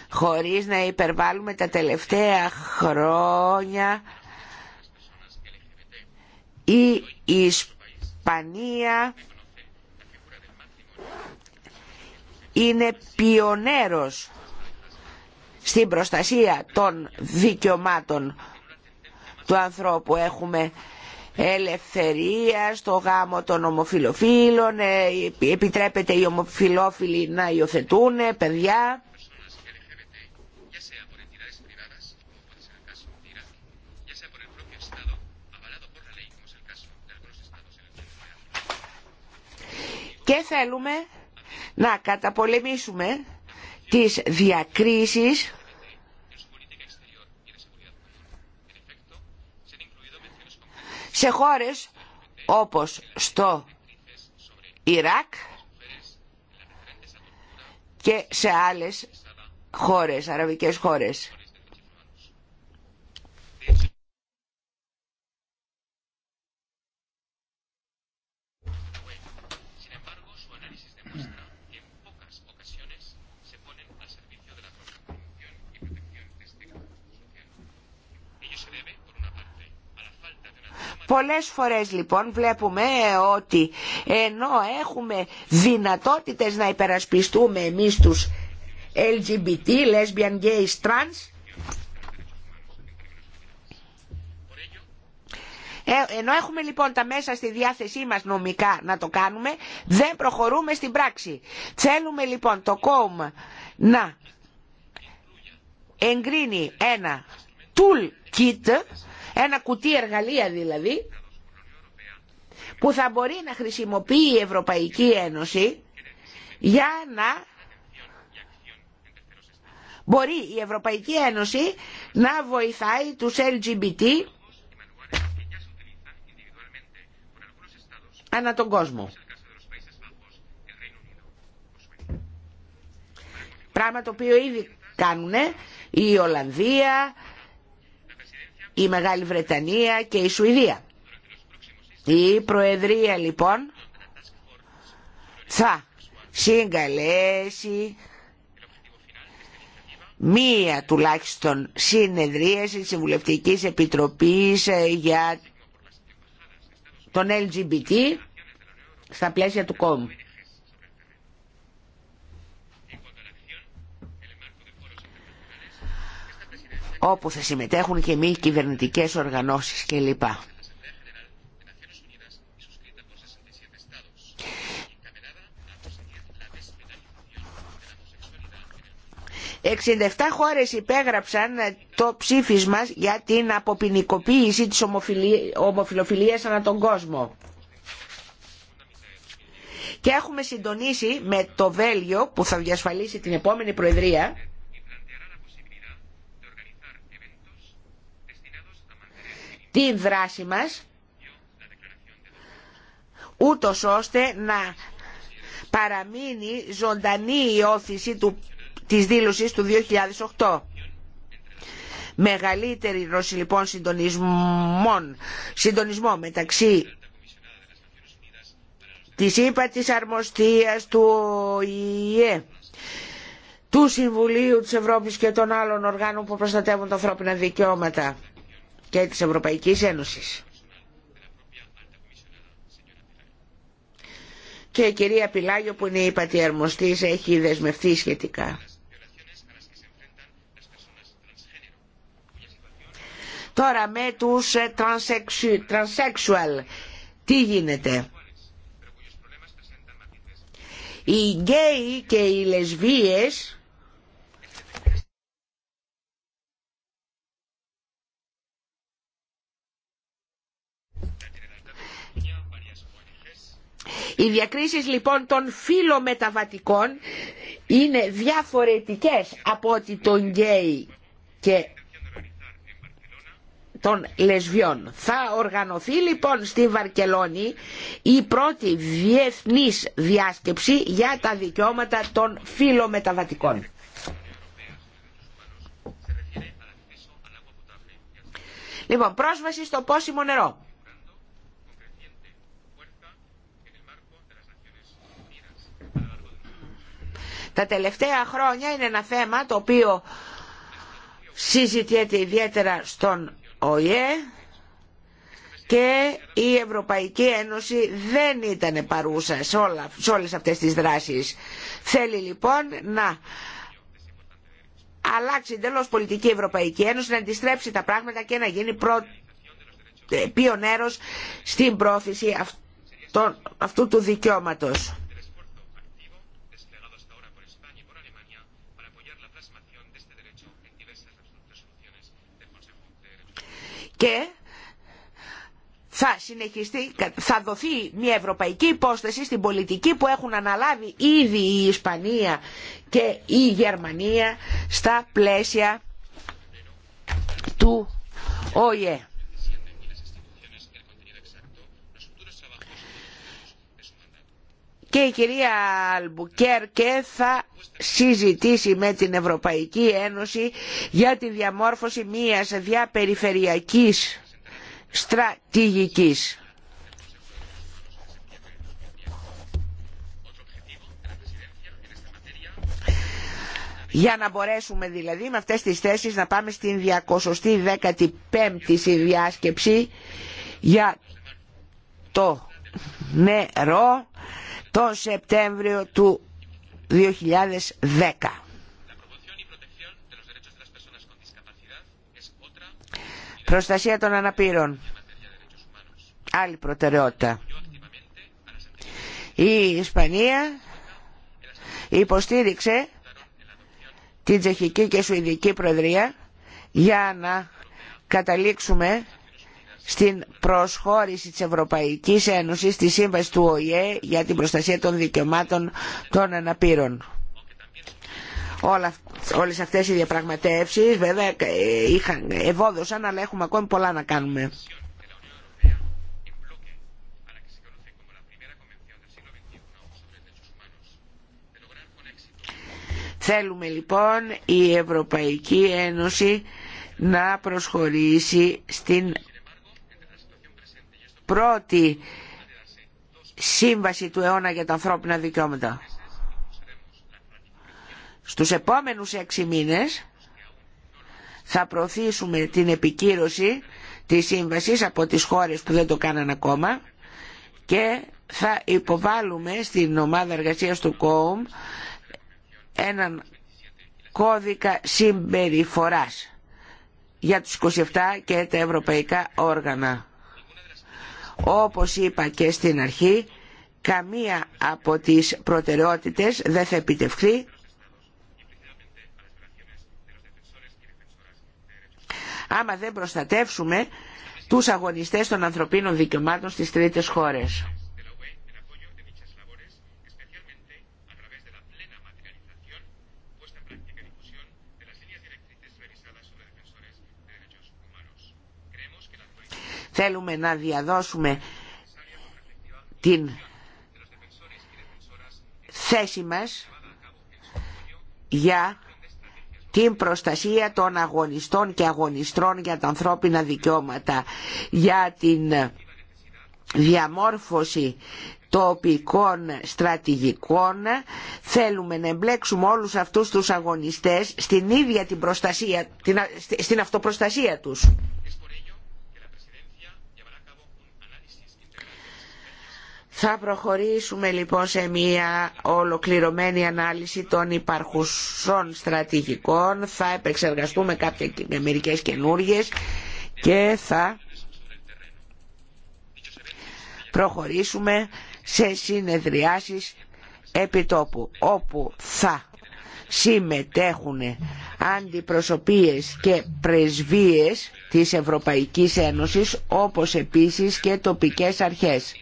χωρίς να υπερβάλλουμε τα τελευταία χρόνια η Ισπανία είναι πιονέρος στην προστασία των δικαιωμάτων του ανθρώπου. Έχουμε ελευθερία στο γάμο των ομοφιλοφίλων, ε, επιτρέπεται οι ομοφιλόφιλοι να υιοθετούν παιδιά. Και θέλουμε να καταπολεμήσουμε τις διακρίσεις σε χώρες όπως στο Ιράκ και σε άλλες χώρες, αραβικές χώρες. Πολλές φορές λοιπόν βλέπουμε ε, ότι ενώ έχουμε δυνατότητες να υπερασπιστούμε εμείς τους LGBT, lesbian, gay, trans, ε, ενώ έχουμε λοιπόν τα μέσα στη διάθεσή μας νομικά να το κάνουμε, δεν προχωρούμε στην πράξη. Θέλουμε λοιπόν το κόμμα να εγκρίνει ένα toolkit ένα κουτί εργαλεία δηλαδή που θα μπορεί να χρησιμοποιεί η Ευρωπαϊκή Ένωση για να μπορεί η Ευρωπαϊκή Ένωση να βοηθάει τους LGBT ανά τον κόσμο. Πράγμα το οποίο ήδη κάνουν η Ολλανδία, η Μεγάλη Βρετανία και η Σουηδία. Η Προεδρία λοιπόν θα συγκαλέσει μία τουλάχιστον συνεδρίαση της συμβουλευτική Επιτροπής ε, για τον LGBT στα πλαίσια του κόμμου. όπου θα συμμετέχουν και μη κυβερνητικές οργανώσεις κλπ. 67 χώρες υπέγραψαν το ψήφισμα για την αποποινικοποίηση της ομοφιλοφιλίας ανά τον κόσμο. Και έχουμε συντονίσει με το Βέλγιο που θα διασφαλίσει την επόμενη Προεδρία την δράση μας ούτως ώστε να παραμείνει ζωντανή η όθηση του, της δήλωσης του 2008. Μεγαλύτερη ρώση λοιπόν συντονισμό μεταξύ της ΥΠΑ της Αρμοστίας του ΟΗΕ του Συμβουλίου της Ευρώπης και των άλλων οργάνων που προστατεύουν τα ανθρώπινα δικαιώματα και της Ευρωπαϊκής Ένωσης. Και η κυρία Πιλάγιο που είναι η πατιαρμοστής έχει δεσμευτεί σχετικά. Τώρα με τους ε, transsexual, τι γίνεται. Οι γκέι και οι λεσβίες Οι διακρίσεις λοιπόν των φιλομεταβατικών είναι διαφορετικές από ότι των γκέι και των λεσβιών. Θα οργανωθεί λοιπόν στη Βαρκελόνη η πρώτη διεθνής διάσκεψη για τα δικαιώματα των φιλομεταβατικών. Λοιπόν, πρόσβαση στο πόσιμο νερό. Τα τελευταία χρόνια είναι ένα θέμα το οποίο συζητιέται ιδιαίτερα στον ΟΗΕ και η Ευρωπαϊκή Ένωση δεν ήταν παρούσα σε, όλα, σε όλες αυτές τις δράσεις. Θέλει λοιπόν να αλλάξει εντελώ πολιτική Ευρωπαϊκή Ένωση, να αντιστρέψει τα πράγματα και να γίνει προ... Ε, πιονέρος στην πρόθεση αυτού του δικαιώματος. και θα συνεχιστεί, θα δοθεί μια ευρωπαϊκή υπόσταση στην πολιτική που έχουν αναλάβει ήδη η Ισπανία και η Γερμανία στα πλαίσια του ΟΗΕ. και η κυρία Αλμπουκέρκε θα συζητήσει με την Ευρωπαϊκή Ένωση για τη διαμόρφωση μιας διαπεριφερειακής στρατηγικής. για να μπορέσουμε δηλαδή με αυτές τις θέσεις να πάμε στην 215η συνδιάσκεψη για το νερό το Σεπτέμβριο του 2010. Προστασία των αναπήρων. Άλλη προτεραιότητα. Η Ισπανία υποστήριξε την Τσεχική και Σουηδική Προεδρία για να καταλήξουμε στην προσχώρηση της Ευρωπαϊκής Ένωσης στη Σύμβαση του ΟΗΕ για την προστασία των δικαιωμάτων των αναπήρων. Όλα, όλες αυτές οι διαπραγματεύσεις βέβαια είχαν, ευόδωσαν αλλά έχουμε ακόμη πολλά να κάνουμε. Θέλουμε λοιπόν η Ευρωπαϊκή Ένωση να προσχωρήσει στην πρώτη σύμβαση του αιώνα για τα ανθρώπινα δικαιώματα. Στους επόμενους έξι μήνες θα προωθήσουμε την επικύρωση της σύμβασης από τις χώρες που δεν το κάναν ακόμα και θα υποβάλουμε στην ομάδα εργασίας του ΚΟΟΜ έναν κώδικα συμπεριφοράς για τους 27 και τα ευρωπαϊκά όργανα. Όπως είπα και στην αρχή, καμία από τις προτεραιότητες δεν θα επιτευχθεί άμα δεν προστατεύσουμε τους αγωνιστές των ανθρωπίνων δικαιωμάτων στις τρίτες χώρες. Θέλουμε να διαδώσουμε την θέση μας για την προστασία των αγωνιστών και αγωνιστρών για τα ανθρώπινα δικαιώματα, για την διαμόρφωση τοπικών στρατηγικών θέλουμε να εμπλέξουμε όλους αυτούς τους αγωνιστές στην ίδια την προστασία, την, στην αυτοπροστασία τους. Θα προχωρήσουμε λοιπόν σε μια ολοκληρωμένη ανάλυση των υπαρχουσών στρατηγικών, θα επεξεργαστούμε κάποιες μερικές καινούργιες και θα προχωρήσουμε σε συνεδριάσεις επιτόπου όπου θα συμμετέχουν αντιπροσωπείες και πρεσβείες της Ευρωπαϊκής Ένωσης όπως επίσης και τοπικές αρχές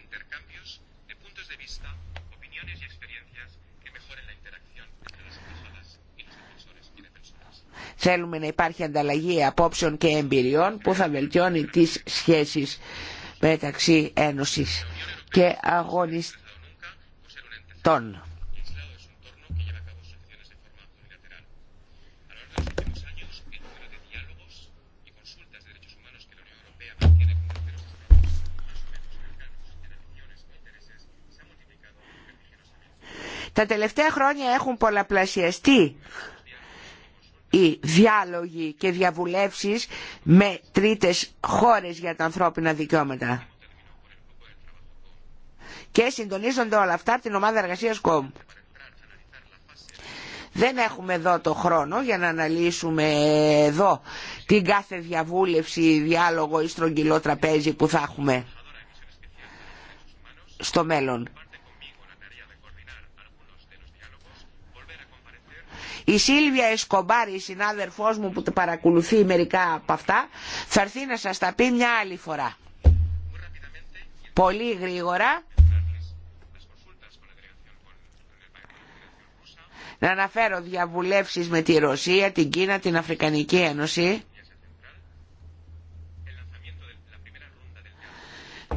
Θέλουμε να υπάρχει ανταλλαγή απόψεων και εμπειριών που θα βελτιώνει τις σχέσεις μεταξύ Ένωσης και αγωνιστών. Τα τελευταία χρόνια έχουν πολλαπλασιαστεί οι διάλογοι και διαβουλεύσεις με τρίτες χώρες για τα ανθρώπινα δικαιώματα. Και συντονίζονται όλα αυτά από την ομάδα εργασίας ΚΟΜ. Δεν έχουμε εδώ το χρόνο για να αναλύσουμε εδώ την κάθε διαβούλευση, διάλογο ή στρογγυλό τραπέζι που θα έχουμε στο μέλλον. Η Σίλβια Εσκομπάρη, η συνάδελφός μου που το παρακολουθεί μερικά από αυτά, θα έρθει να σας τα πει μια άλλη φορά. Πολύ γρήγορα. Να αναφέρω διαβουλεύσεις με τη Ρωσία, την Κίνα, την Αφρικανική Ένωση.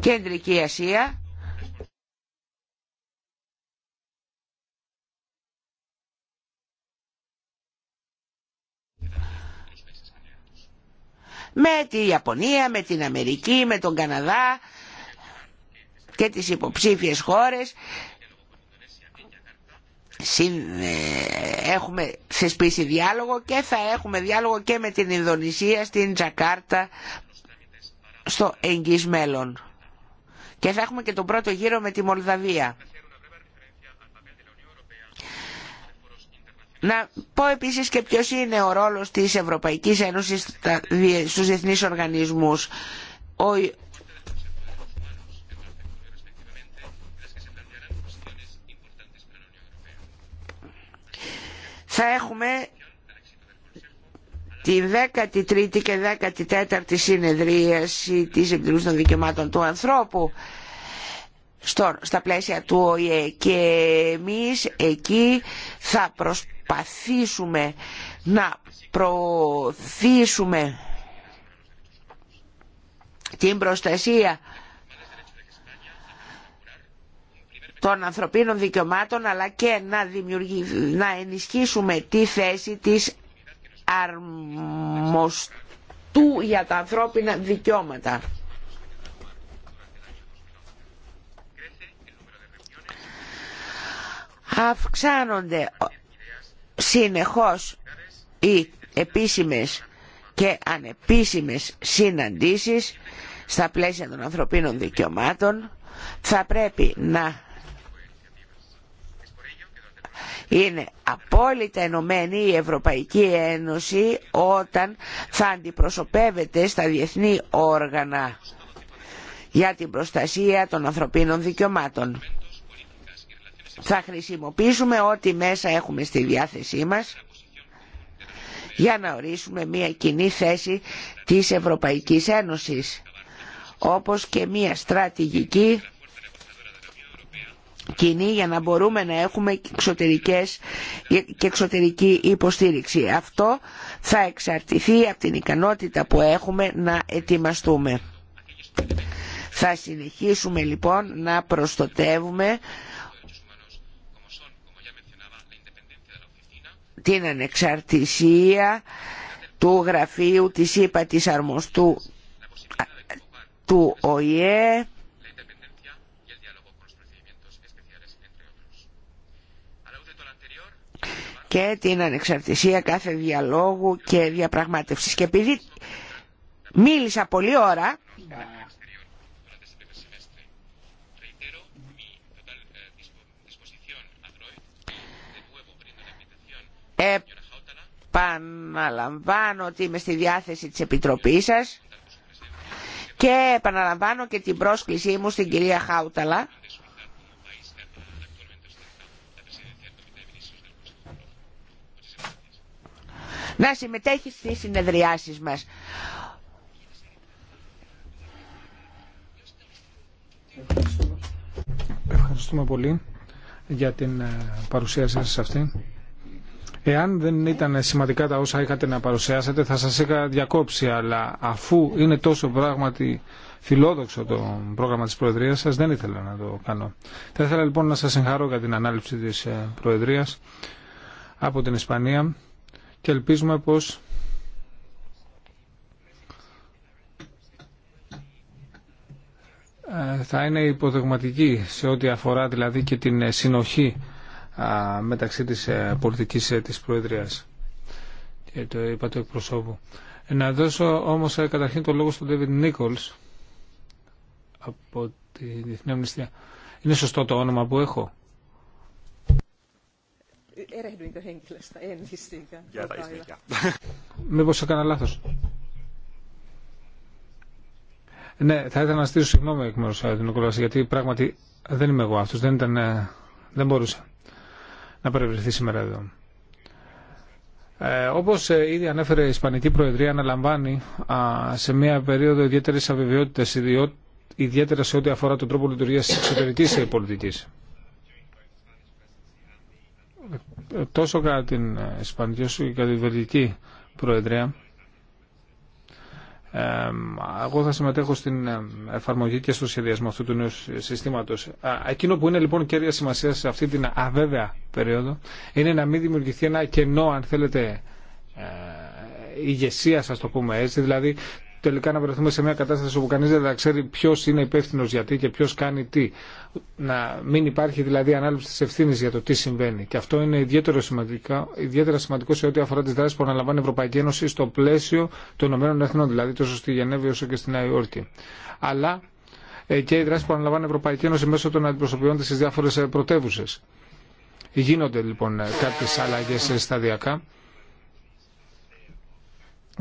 Κεντρική Ασία. με τη Ιαπωνία, με την Αμερική, με τον Καναδά και τις υποψήφιες χώρες ε, έχουμε θεσπίσει διάλογο και θα έχουμε διάλογο και με την Ινδονησία στην Τζακάρτα στο εγγύς μέλλον. Και θα έχουμε και τον πρώτο γύρο με τη Μολδαβία. Να πω επίσης και ποιος είναι ο ρόλος της Ευρωπαϊκής Ένωσης στους διεθνείς οργανισμούς. Θα έχουμε τη 13η και 14η συνεδρίαση της Επιτροπής των Δικαιωμάτων του Ανθρώπου στα πλαίσια του ΟΗΕ και εμείς εκεί θα προσπαθήσουμε προσπαθήσουμε να προωθήσουμε την προστασία των ανθρωπίνων δικαιωμάτων αλλά και να, να ενισχύσουμε τη θέση της αρμοστού για τα ανθρώπινα δικαιώματα. Αυξάνονται συνεχώς οι επίσημες και ανεπίσημες συναντήσεις στα πλαίσια των ανθρωπίνων δικαιωμάτων θα πρέπει να είναι απόλυτα ενωμένη η Ευρωπαϊκή Ένωση όταν θα αντιπροσωπεύεται στα διεθνή όργανα για την προστασία των ανθρωπίνων δικαιωμάτων θα χρησιμοποιήσουμε ό,τι μέσα έχουμε στη διάθεσή μας για να ορίσουμε μια κοινή θέση της Ευρωπαϊκής Ένωσης όπως και μια στρατηγική κοινή για να μπορούμε να έχουμε εξωτερικές και εξωτερική υποστήριξη. Αυτό θα εξαρτηθεί από την ικανότητα που έχουμε να ετοιμαστούμε. Θα συνεχίσουμε λοιπόν να προστοτεύουμε την ανεξαρτησία του γραφείου της ΥΠΑ της Αρμοστού του ΟΗΕ και την ανεξαρτησία κάθε διαλόγου και διαπραγμάτευσης. Και επειδή μίλησα πολλή ώρα, επαναλαμβάνω ότι είμαι στη διάθεση της Επιτροπής σας και επαναλαμβάνω και την πρόσκλησή μου στην κυρία Χάουταλα να συμμετέχει στις συνεδριάσεις μας. Ευχαριστούμε πολύ για την ε, παρουσία σας αυτή. Εάν δεν ήταν σημαντικά τα όσα είχατε να παρουσιάσετε θα σας είχα διακόψει, αλλά αφού είναι τόσο πράγματι φιλόδοξο το πρόγραμμα της Προεδρίας σας, δεν ήθελα να το κάνω. Θα ήθελα λοιπόν να σας συγχαρώ για την ανάληψη της ε, Προεδρίας από την Ισπανία και ελπίζουμε πως ε, θα είναι υποδεγματική σε ό,τι αφορά δηλαδή και την συνοχή μεταξύ της ε, πολιτικής ε, της Προεδρίας και το είπα του εκπροσώπου. Ε, να δώσω όμως καταρχήν το λόγο στον David Nichols από τη Διεθνή Αμνηστία. Είναι σωστό το όνομα που έχω. Μήπως έκανα λάθος. Ναι, θα ήθελα να στήσω συγγνώμη εκ μέρους του Νικολάς, γιατί πράγματι δεν είμαι εγώ αυτός, δεν, δεν μπορούσα να παρευρεθεί σήμερα εδώ. Ε, όπως ε, ήδη ανέφερε η Ισπανική Προεδρία αναλαμβάνει σε μια περίοδο ιδιαίτερης αβεβαιότητας ιδιαίτερα σε ό,τι αφορά τον τρόπο λειτουργίας της εξωτερικής ε, πολιτικής. Ε, τόσο κατά την Ισπανική όσο και κατά την Βελγική Προεδρία εγώ θα συμμετέχω στην εφαρμογή και στο σχεδιασμό αυτού του νέου συστήματο. Εκείνο που είναι λοιπόν κέρια σημασία σε αυτή την αβέβαια περίοδο είναι να μην δημιουργηθεί ένα κενό, αν θέλετε, ε, ηγεσία, α το πούμε έτσι, δηλαδή τελικά να βρεθούμε σε μια κατάσταση όπου κανείς δεν θα ξέρει ποιο είναι υπεύθυνο γιατί και ποιο κάνει τι. Να μην υπάρχει δηλαδή ανάληψη τη ευθύνη για το τι συμβαίνει. Και αυτό είναι ιδιαίτερα σημαντικό, ιδιαίτερα σημαντικό σε ό,τι αφορά τι δράσει που αναλαμβάνει η Ευρωπαϊκή Ένωση στο πλαίσιο των Ηνωμένων Εθνών, δηλαδή τόσο στη Γενέβη όσο και στην Νέα Υόρκη. Αλλά ε, και οι δράσει που αναλαμβάνει η Ευρωπαϊκή Ένωση μέσω των αντιπροσωπιών τη στι διάφορε πρωτεύουσε. Γίνονται λοιπόν ε, κάποιε αλλαγέ ε, σταδιακά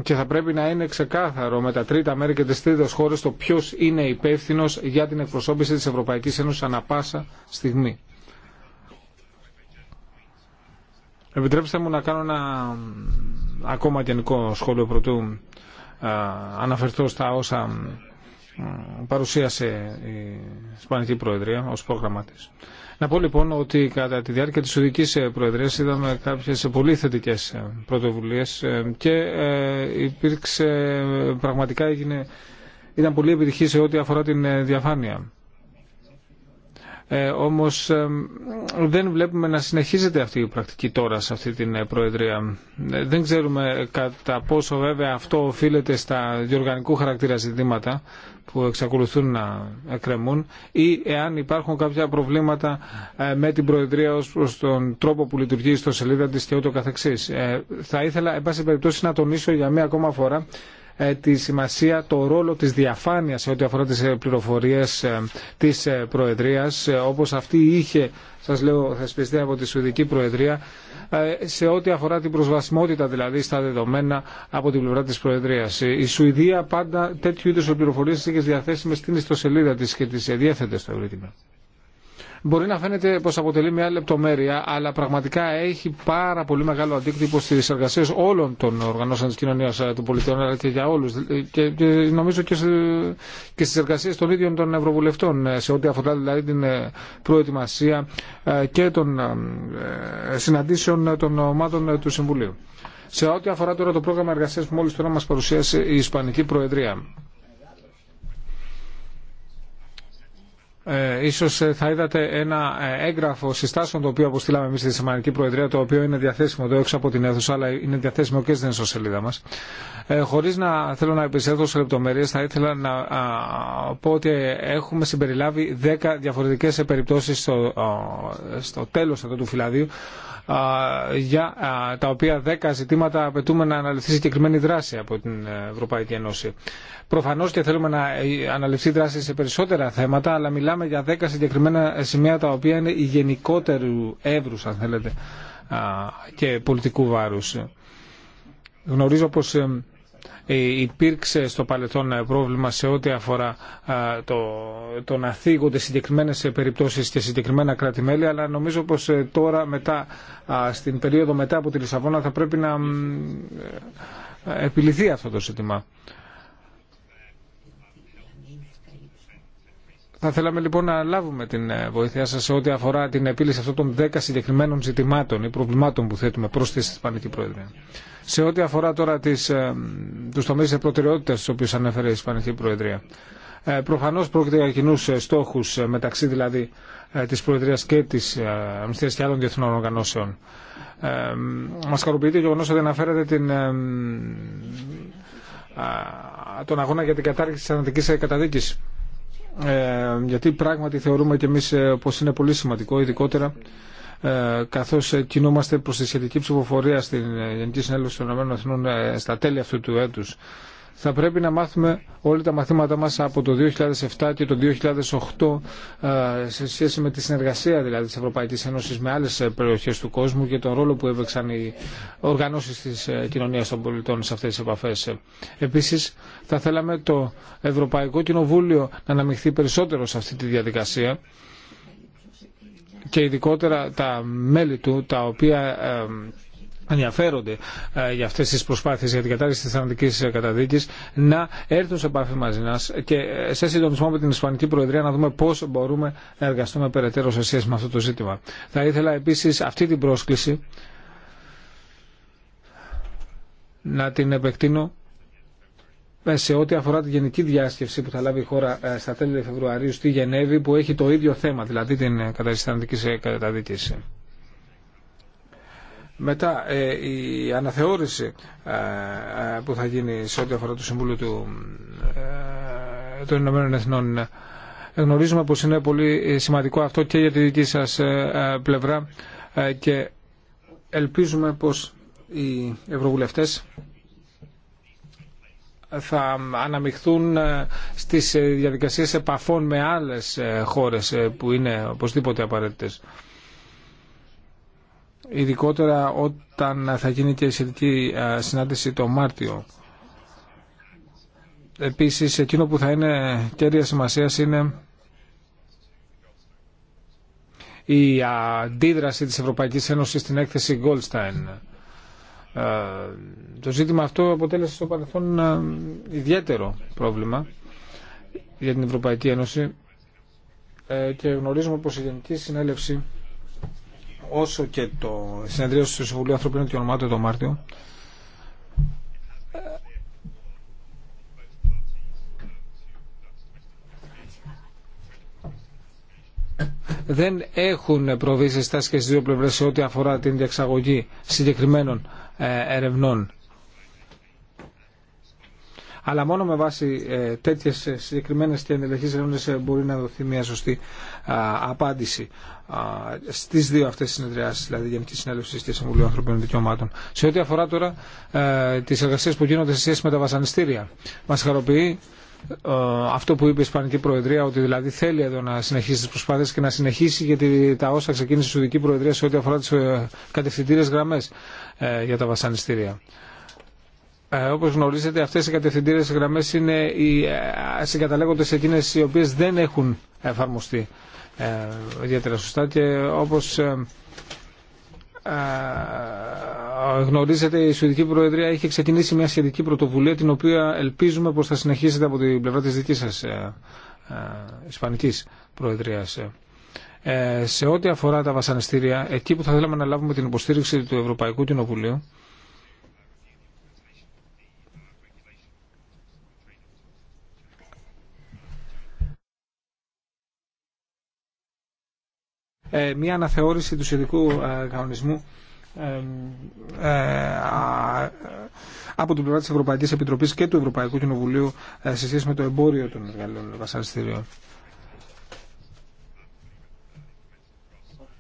και θα πρέπει να είναι ξεκάθαρο με τα τρίτα μέρη και τις τρίτες χώρες το ποιο είναι υπεύθυνο για την εκπροσώπηση της Ευρωπαϊκής Ένωσης ανα πάσα στιγμή. Επιτρέψτε μου να κάνω ένα ακόμα γενικό σχόλιο πρωτού αναφερθώ στα όσα παρουσίασε η Ισπανική Προεδρία ως πρόγραμμα της. Να πω λοιπόν ότι κατά τη διάρκεια της Ουδικής ε, Προεδρίας είδαμε κάποιες πολύ θετικέ ε, πρωτοβουλίες ε, και υπήρξε, πραγματικά έγινε, ήταν πολύ επιτυχή σε ό,τι αφορά την διαφάνεια. Ε, όμως δεν βλέπουμε να συνεχίζεται αυτή η πρακτική τώρα σε αυτή την Προεδρία. δεν ξέρουμε κατά πόσο βέβαια αυτό οφείλεται στα διοργανικού χαρακτήρα ζητήματα που εξακολουθούν να εκκρεμούν ή εάν υπάρχουν κάποια προβλήματα ε, με την Προεδρία ως προς τον τρόπο που λειτουργεί στο σελίδα της και ούτω καθεξής. Ε, θα ήθελα, εν πάση περιπτώσει, να τονίσω για μία ακόμα φορά ε, τη σημασία, το ρόλο της διαφάνειας σε ό,τι αφορά τις πληροφορίες της Προεδρίας, όπως αυτή είχε, σας λέω, θεσπιστεί από τη Σουηδική Προεδρία ε, σε ό,τι αφορά την προσβασιμότητα δηλαδή στα δεδομένα από την πλευρά της Προεδρίας. Η Σουηδία πάντα τέτοιου είδους πληροφορίες είχε διαθέσιμες στην ιστοσελίδα της και τις διέθετε στο ευρύτημα μπορεί να φαίνεται πω αποτελεί μια λεπτομέρεια, αλλά πραγματικά έχει πάρα πολύ μεγάλο αντίκτυπο στι εργασίε όλων των οργανώσεων τη κοινωνία ε, των πολιτών, αλλά και για όλου. Ε, και, νομίζω και, και στι εργασίε των ίδιων των Ευρωβουλευτών, ε, σε ό,τι αφορά δηλαδή την προετοιμασία και των συναντήσεων των ομάδων του Συμβουλίου. Σε ό,τι αφορά τώρα το πρόγραμμα εργασία που μόλι τώρα μα παρουσίασε η Ισπανική Προεδρία. Ε, ίσως ε, θα είδατε ένα ε, έγγραφο συστάσεων το οποίο αποστήλαμε εμείς στη Σημανική Προεδρία το οποίο είναι διαθέσιμο εδώ έξω από την αίθουσα αλλά είναι διαθέσιμο και στην ιστοσελίδα μας. Ε, χωρίς να θέλω να επισέλθω σε λεπτομέρειες θα ήθελα να α, πω ότι έχουμε συμπεριλάβει 10 διαφορετικές περιπτώσεις στο, α, στο τέλος εδώ του φυλαδίου για τα οποία 10 ζητήματα απαιτούμε να αναλυθεί συγκεκριμένη δράση από την Ευρωπαϊκή Ένωση. Προφανώ και θέλουμε να ε, αναλυθεί δράση σε περισσότερα θέματα, αλλά μιλάμε για 10 συγκεκριμένα σημεία τα οποία είναι η γενικότερου εύρου, αν θέλετε, και πολιτικού βάρου. Γνωρίζω πως ε, υπήρξε στο παρελθόν ε, πρόβλημα σε ό,τι αφορά το, το να θίγονται συγκεκριμένε ε, περιπτώσει και συγκεκριμένα κράτη-μέλη, αλλά νομίζω πω τώρα, μετά, στην περίοδο μετά από τη Λισαβόνα, θα πρέπει να επιληθεί αυτό το ζήτημα. Θα θέλαμε λοιπόν να λάβουμε την ε, βοήθειά σα σε ό,τι αφορά την επίλυση αυτών των 10 συγκεκριμένων ζητημάτων ή προβλημάτων που θέτουμε προ τη Ισπανική Προεδρία. Σε ό,τι αφορά τώρα του ε, τους τομείς της προτεραιότητας στους ανέφερε η Ισπανική Προεδρία. Ε, προφανώς πρόκειται για κοινού ε, στόχου μεταξύ δηλαδή τη Προεδρία και της Αμνηστία και άλλων διεθνών οργανώσεων. Ε, μας χαροποιεί το γεγονός ότι αναφέρατε την, ε, τον αγώνα για την κατάργηση της ανατικής καταδίκη. Ε, γιατί πράγματι θεωρούμε και εμείς ε, πως είναι πολύ σημαντικό, ειδικότερα ε, καθώς κινούμαστε προς τη σχετική ψηφοφορία στην Γενική Συνέλευση των ΗΠΑ στα τέλη αυτού του έτους θα πρέπει να μάθουμε όλοι τα μαθήματα μας από το 2007 και το 2008 σε σχέση με τη συνεργασία δηλαδή της Ευρωπαϊκής Ένωσης με άλλες ε, περιοχές του κόσμου και τον ρόλο που έβεξαν οι οργανώσεις της ε, κοινωνίας των πολιτών σε αυτές τις επαφές. Επίσης θα θέλαμε το Ευρωπαϊκό Κοινοβούλιο να αναμειχθεί περισσότερο σε αυτή τη διαδικασία και ειδικότερα τα μέλη του τα οποία ε, ενδιαφέρονται ε, για αυτέ τι προσπάθειε για την κατάρριξη τη θανατική ε, καταδίκη να έρθουν σε επαφή μαζί μα και ε, σε συντονισμό με την Ισπανική Προεδρία να δούμε πώ μπορούμε να εργαστούμε περαιτέρω σε σχέση με αυτό το ζήτημα. Θα ήθελα επίση αυτή την πρόσκληση να την επεκτείνω σε ό,τι αφορά τη γενική διάσκεψη που θα λάβει η χώρα στα τέλη Φεβρουαρίου στη Γενέβη που έχει το ίδιο θέμα, δηλαδή την κατάσταση καταδίκηση. Μετά ε, η αναθεώρηση ε, ε, που θα γίνει σε ό,τι αφορά το Συμβούλιο του, των Ηνωμένων Εθνών γνωρίζουμε πως είναι πολύ σημαντικό αυτό και για τη δική σας πλευρά και ελπίζουμε πως οι ευρωβουλευτές θα αναμειχθούν στις διαδικασίες επαφών με άλλες χώρες που είναι οπωσδήποτε απαραίτητες ειδικότερα όταν θα γίνει και η σχετική ε, συνάντηση το Μάρτιο. Επίσης, εκείνο που θα είναι κέρια σημασίας είναι η αντίδραση της Ευρωπαϊκής Ένωσης στην έκθεση Goldstein. Ε, το ζήτημα αυτό αποτέλεσε στο παρελθόν ε, ιδιαίτερο πρόβλημα για την Ευρωπαϊκή Ένωση και γνωρίζουμε πως η Γενική Συνέλευση όσο και το συνεδρίο του Συμβουλίου Ανθρωπίνων Ονομάτων το Μάρτιο, δεν έχουν προβεί σε στάσεις και δύο πλευρές σε ό,τι αφορά την διαξαγωγή συγκεκριμένων ε, ερευνών. Αλλά μόνο με βάση ε, τέτοιες συγκεκριμένες και ενδελεχείς ερευνές ε, μπορεί να δοθεί μια σωστή απάντηση στι δύο αυτέ συνεδριάσει, δηλαδή Γενική Συνέλευση και Συμβουλίου Ανθρωπίνων Δικαιωμάτων. Σε ό,τι αφορά τώρα ε, τι εργασίε που γίνονται σε σχέση με τα βασανιστήρια, μα χαροποιεί ε, αυτό που είπε η Ισπανική Προεδρία, ότι δηλαδή θέλει εδώ να συνεχίσει τι προσπάθειε και να συνεχίσει γιατί τα όσα ξεκίνησε η Σουδική Προεδρία σε ό,τι αφορά τι ε, κατευθυντήριε γραμμέ ε, για τα βασανιστήρια. Ε, γνωρίζετε αυτέ οι κατευθυντήρε γραμμέ είναι συγκαταλέγονται σε οι οποίε δεν έχουν εφαρμοστεί ε, ιδιαίτερα σωστά και όπως ε, ε, γνωρίζετε η Σουηδική Προεδρία έχει ξεκινήσει μια σχετική πρωτοβουλία την οποία ελπίζουμε πως θα συνεχίσετε από την πλευρά της δικής σας Ισπανικής Προεδρίας. Σε ό,τι αφορά τα βασανιστήρια, εκεί που θα θέλαμε να λάβουμε την υποστήριξη του Ευρωπαϊκού Κοινοβουλίου Ε, μια αναθεώρηση του σχετικού ε, κανονισμού ε, από την πλευρά της Ευρωπαϊκής Επιτροπής και του Ευρωπαϊκού Κοινοβουλίου σε σχέση με το εμπόριο των εργαλείων βασανιστήριων.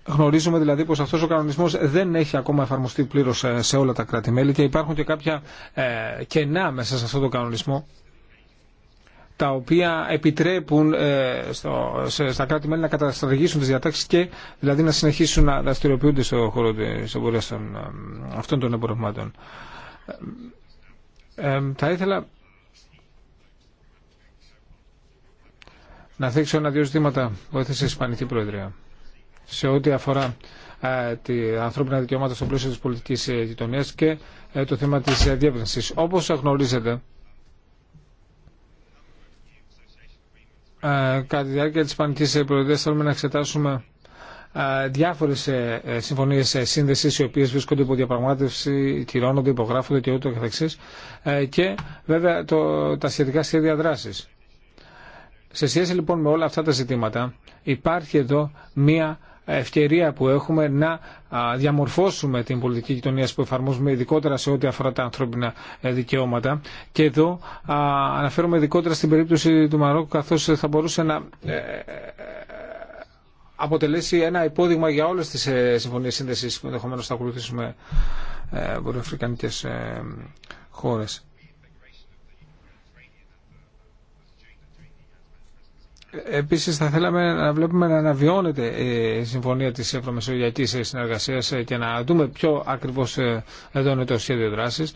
Γνωρίζουμε δηλαδή πως αυτός ο κανονισμός δεν έχει ακόμα εφαρμοστεί πλήρως σε όλα τα κράτη-μέλη και υπάρχουν και κάποια κενά μέσα σε αυτό το κανονισμό τα οποία επιτρέπουν ε, στο, στα κράτη-μέλη να καταστρατηγήσουν τις διατάξεις και δηλαδή να συνεχίσουν να δραστηριοποιούνται στο χώρο της εμπορίας ε, αυτών των εμπορευμάτων. Ε, θα ήθελα να θέξω ένα-δύο ζητήματα που έθεσε η Ισπανική Προεδρία σε ό,τι αφορά τα ανθρώπινα δικαιώματα στο πλαίσιο της πολιτικής γειτονίας και το θέμα της διεύρυνσης. Όπως γνωρίζετε, Ε, κατά τη διάρκεια της Ισπανικής Προεδρίας θέλουμε να εξετάσουμε ε, διάφορες ε, συμφωνίες σύνδεσης οι οποίες βρίσκονται υπό διαπραγμάτευση, κυρώνονται, υπογράφονται και ούτω καθεξής και βέβαια το, τα σχετικά σχέδια δράσης. Σε σχέση λοιπόν με όλα αυτά τα ζητήματα υπάρχει εδώ μία ευκαιρία που έχουμε να διαμορφώσουμε την πολιτική γειτονία που εφαρμόζουμε ειδικότερα σε ό,τι αφορά τα ανθρώπινα ε, δικαιώματα. Και εδώ αναφέρομαι ειδικότερα στην περίπτωση του Μαρόκου καθώς θα μπορούσε να ε, ε, αποτελέσει ένα υπόδειγμα για όλες τις συμφωνίε σύνδεση που ενδεχομένω θα ακολουθήσουμε βορειοαφρικανικές χώρες. Επίσης θα θέλαμε να βλέπουμε να αναβιώνεται ε, η Συμφωνία της Ευρωμεσογειακής Συνεργασίας ε, και να δούμε πιο ακριβώς ε, εδώ είναι το σχέδιο δράσης.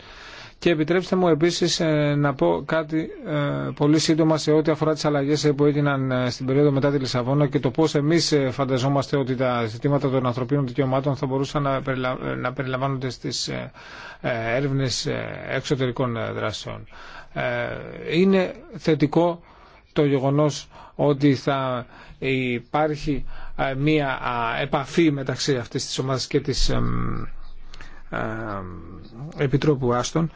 Και επιτρέψτε μου επίσης να πω κάτι πολύ σύντομα σε ό,τι αφορά τις αλλαγές που έγιναν στην περίοδο μετά τη Λισαβόνα και το πώς εμείς φανταζόμαστε ότι τα ζητήματα των ανθρωπίνων δικαιωμάτων θα μπορούσαν να περιλαμβάνονται στις έρευνες εξωτερικών δράσεων. Είναι θετικό το γεγονός ότι θα υπάρχει ε, μία επαφή μεταξύ αυτής της ομάδας και της Επιτρόπου Άστον.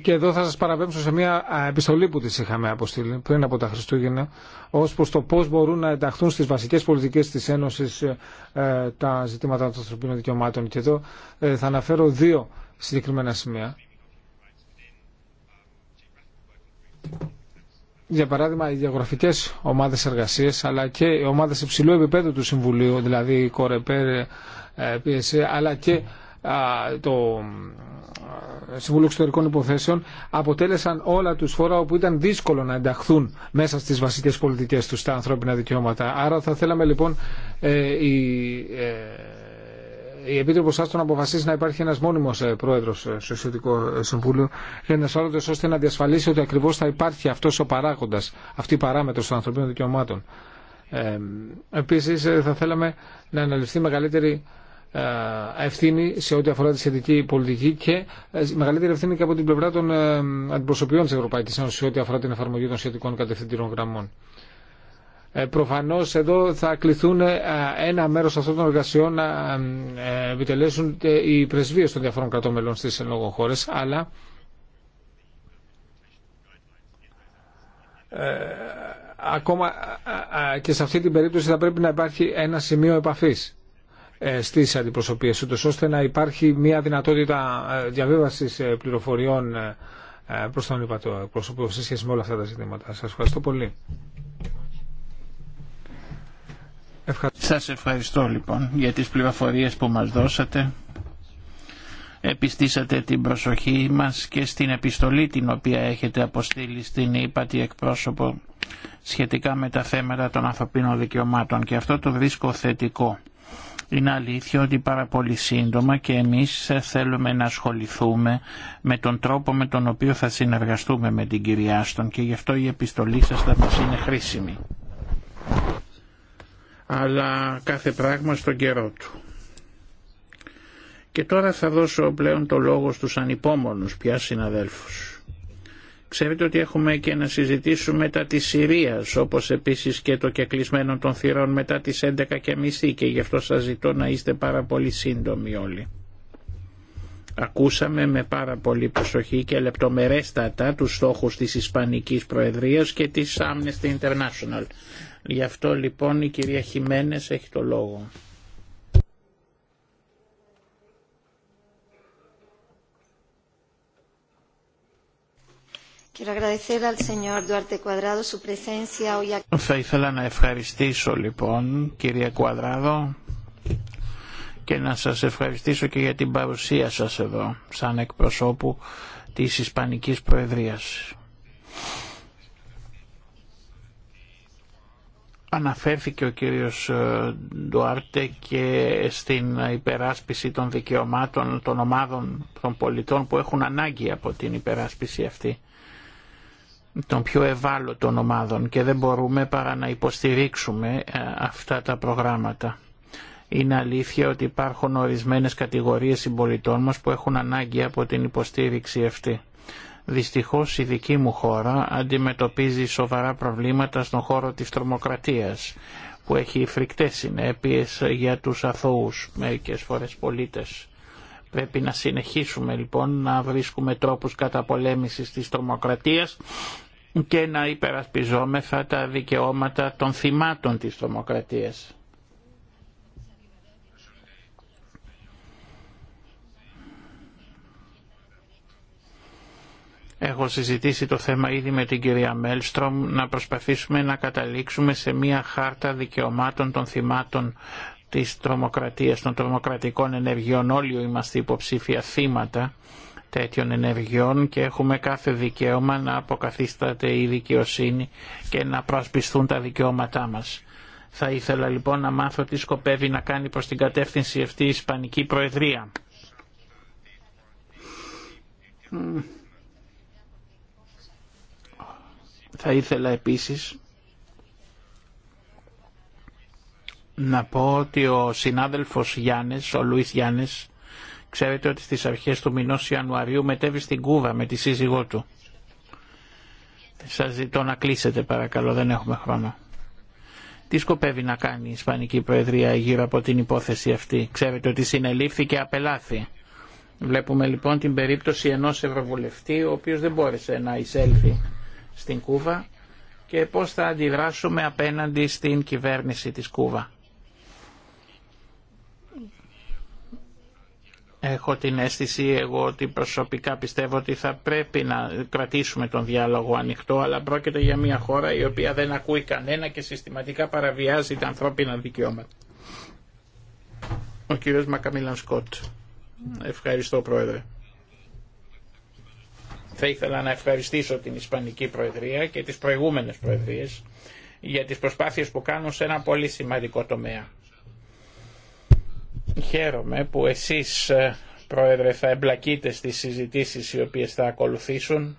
Και εδώ θα σας παραπέμψω σε μια επιστολή που της είχαμε αποστείλει πριν από τα Χριστούγεννα ως προς το πώς μπορούν να ενταχθούν στις βασικές πολιτικές της Ένωσης ε, ε, τα ζητήματα των ανθρωπίνων δικαιωμάτων. Και εδώ θα αναφέρω δύο συγκεκριμένα σημεία. για παράδειγμα, οι διαγραφικέ ομάδε εργασία αλλά και οι ομάδε υψηλού επίπεδου του Συμβουλίου, δηλαδή η Κορεπέρ, ε, αλλά και το ε, Συμβούλιο Εξωτερικών Υποθέσεων αποτέλεσαν όλα τους φορά όπου ήταν δύσκολο να ενταχθούν μέσα στις βασικές πολιτικές τους τα ανθρώπινα δικαιώματα. Άρα θα θέλαμε λοιπόν ε, η η Επίτροπος Άστον αποφασίσει να υπάρχει ένα μόνιμο ε, πρόεδρο ε, στο Ισοτικό ε, Συμβούλιο για να ώστε να διασφαλίσει ότι ακριβώ θα υπάρχει αυτό ο παράγοντα, αυτή η παράμετρο των ανθρωπίνων δικαιωμάτων. Ε, επίσης θα θέλαμε να αναλυφθεί μεγαλύτερη ευθύνη σε ό,τι αφορά τη σχετική πολιτική και μεγαλύτερη ευθύνη και από την πλευρά των αντιπροσωπιών τη Ευρωπαϊκή Ένωση, σε ό,τι αφορά την εφαρμογή των σχετικών κατευθυντήρων γραμμών. Ε, προφανώς εδώ θα κληθούν ε, ένα μέρος αυτών των εργασιών να ε, επιτελέσουν οι πρεσβείες των διαφορών κρατών μελών στις ενλόγων χώρες, αλλά ακόμα και σε αυτή την περίπτωση θα πρέπει να υπάρχει ένα σημείο επαφής στις αντιπροσωπείες ούτως ώστε να υπάρχει μια δυνατότητα διαβίβασης πληροφοριών προς τον υπατό σε σχέση με όλα αυτά τα ζητήματα. Σας ευχαριστώ πολύ. Σας ευχαριστώ λοιπόν για τις πληροφορίες που μας δώσατε. Επιστήσατε την προσοχή μας και στην επιστολή την οποία έχετε αποστείλει στην ύπατη εκπρόσωπο σχετικά με τα θέματα των ανθρωπίνων δικαιωμάτων και αυτό το βρίσκω θετικό. Είναι αλήθεια ότι πάρα πολύ σύντομα και εμείς θέλουμε να ασχοληθούμε με τον τρόπο με τον οποίο θα συνεργαστούμε με την κυρία Άστον και γι' αυτό η επιστολή σας θα είναι χρήσιμη αλλά κάθε πράγμα στον καιρό του. Και τώρα θα δώσω πλέον το λόγο στους ανυπόμονους πια συναδέλφους. Ξέρετε ότι έχουμε και να συζητήσουμε μετά τη Συρίας, όπως επίσης και το κεκλεισμένο των θυρών μετά τις 11 και μισή και γι' αυτό σας ζητώ να είστε πάρα πολύ σύντομοι όλοι. Ακούσαμε με πάρα πολύ προσοχή και λεπτομερέστατα τους στόχους της Ισπανικής Προεδρίας και της Amnesty International. Γι' αυτό λοιπόν η κυρία Χιμένες έχει το λόγο. Θα ήθελα να ευχαριστήσω λοιπόν κυρία Κουαδράδο και να σας ευχαριστήσω και για την παρουσία σας εδώ σαν εκπροσώπου της Ισπανικής Προεδρίας. Αναφέρθηκε ο κύριος ε, Ντουάρτε και στην υπεράσπιση των δικαιωμάτων των ομάδων των πολιτών που έχουν ανάγκη από την υπεράσπιση αυτή των πιο ευάλωτων ομάδων και δεν μπορούμε παρά να υποστηρίξουμε ε, αυτά τα προγράμματα. Είναι αλήθεια ότι υπάρχουν ορισμένες κατηγορίες συμπολιτών μας που έχουν ανάγκη από την υποστήριξη αυτή. Δυστυχώς η δική μου χώρα αντιμετωπίζει σοβαρά προβλήματα στον χώρο της τρομοκρατίας που έχει φρικτές συνέπειες για τους αθώους μερικές φορές πολίτες. Πρέπει να συνεχίσουμε λοιπόν να βρίσκουμε τρόπους καταπολέμησης της τρομοκρατίας και να υπερασπιζόμεθα τα δικαιώματα των θυμάτων της τρομοκρατίας. Έχω συζητήσει το θέμα ήδη με την κυρία Μέλστρομ να προσπαθήσουμε να καταλήξουμε σε μια χάρτα δικαιωμάτων των θυμάτων της τρομοκρατίας, των τρομοκρατικών ενεργειών. Όλοι είμαστε υποψήφια θύματα τέτοιων ενεργειών και έχουμε κάθε δικαίωμα να αποκαθίσταται η δικαιοσύνη και να προασπιστούν τα δικαιώματά μας. Θα ήθελα λοιπόν να μάθω τι σκοπεύει να κάνει προς την κατεύθυνση αυτή η Ισπανική Προεδρία. Θα ήθελα επίσης να πω ότι ο συνάδελφος Γιάννης, ο Λουίς Γιάννης, ξέρετε ότι στις αρχές του μηνός Ιανουαρίου μετέβη στην Κούβα με τη σύζυγό του. Σας ζητώ να κλείσετε παρακαλώ, δεν έχουμε χρόνο. Τι σκοπεύει να κάνει η Ισπανική Προεδρία γύρω από την υπόθεση αυτή. Ξέρετε ότι συνελήφθη και απελάθη. Βλέπουμε λοιπόν την περίπτωση ενός Ευρωβουλευτή ο οποίος δεν μπόρεσε να εισέλθει στην Κούβα και πώς θα αντιδράσουμε απέναντι στην κυβέρνηση της Κούβα. Έχω την αίσθηση εγώ ότι προσωπικά πιστεύω ότι θα πρέπει να κρατήσουμε τον διάλογο ανοιχτό, αλλά πρόκειται για μια χώρα η οποία δεν ακούει κανένα και συστηματικά παραβιάζει τα ανθρώπινα δικαιώματα. Ο κύριος Μακαμίλαν Σκότ. Ευχαριστώ πρόεδρε. Θα ήθελα να ευχαριστήσω την Ισπανική Προεδρία και τις προηγούμενες Προεδρίες για τις προσπάθειες που κάνουν σε ένα πολύ σημαντικό τομέα. Χαίρομαι που εσείς, ε, Πρόεδρε, θα εμπλακείτε στις συζητήσεις οι οποίες θα ακολουθήσουν.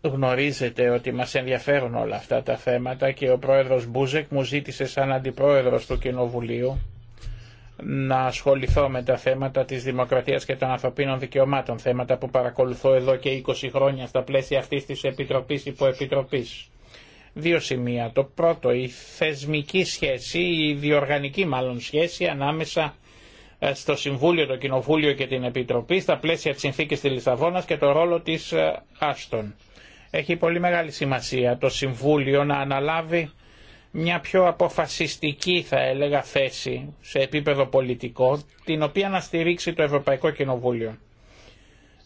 Γνωρίζετε ότι μας ενδιαφέρουν όλα αυτά τα θέματα και ο Πρόεδρος Μπούζεκ μου ζήτησε σαν Αντιπρόεδρος του Κοινοβουλίου να ασχοληθώ με τα θέματα της δημοκρατίας και των ανθρωπίνων δικαιωμάτων, θέματα που παρακολουθώ εδώ και 20 χρόνια στα πλαίσια αυτής της Επιτροπής Υποεπιτροπής. Δύο σημεία. Το πρώτο, η θεσμική σχέση, η διοργανική μάλλον σχέση ανάμεσα ε, στο Συμβούλιο, το Κοινοβούλιο και την Επιτροπή στα πλαίσια της συνθήκης της Λισαβόνας και το ρόλο της ε, Άστον. Έχει πολύ μεγάλη σημασία το Συμβούλιο να αναλάβει μια πιο αποφασιστική θα έλεγα θέση σε επίπεδο πολιτικό την οποία να στηρίξει το Ευρωπαϊκό Κοινοβούλιο.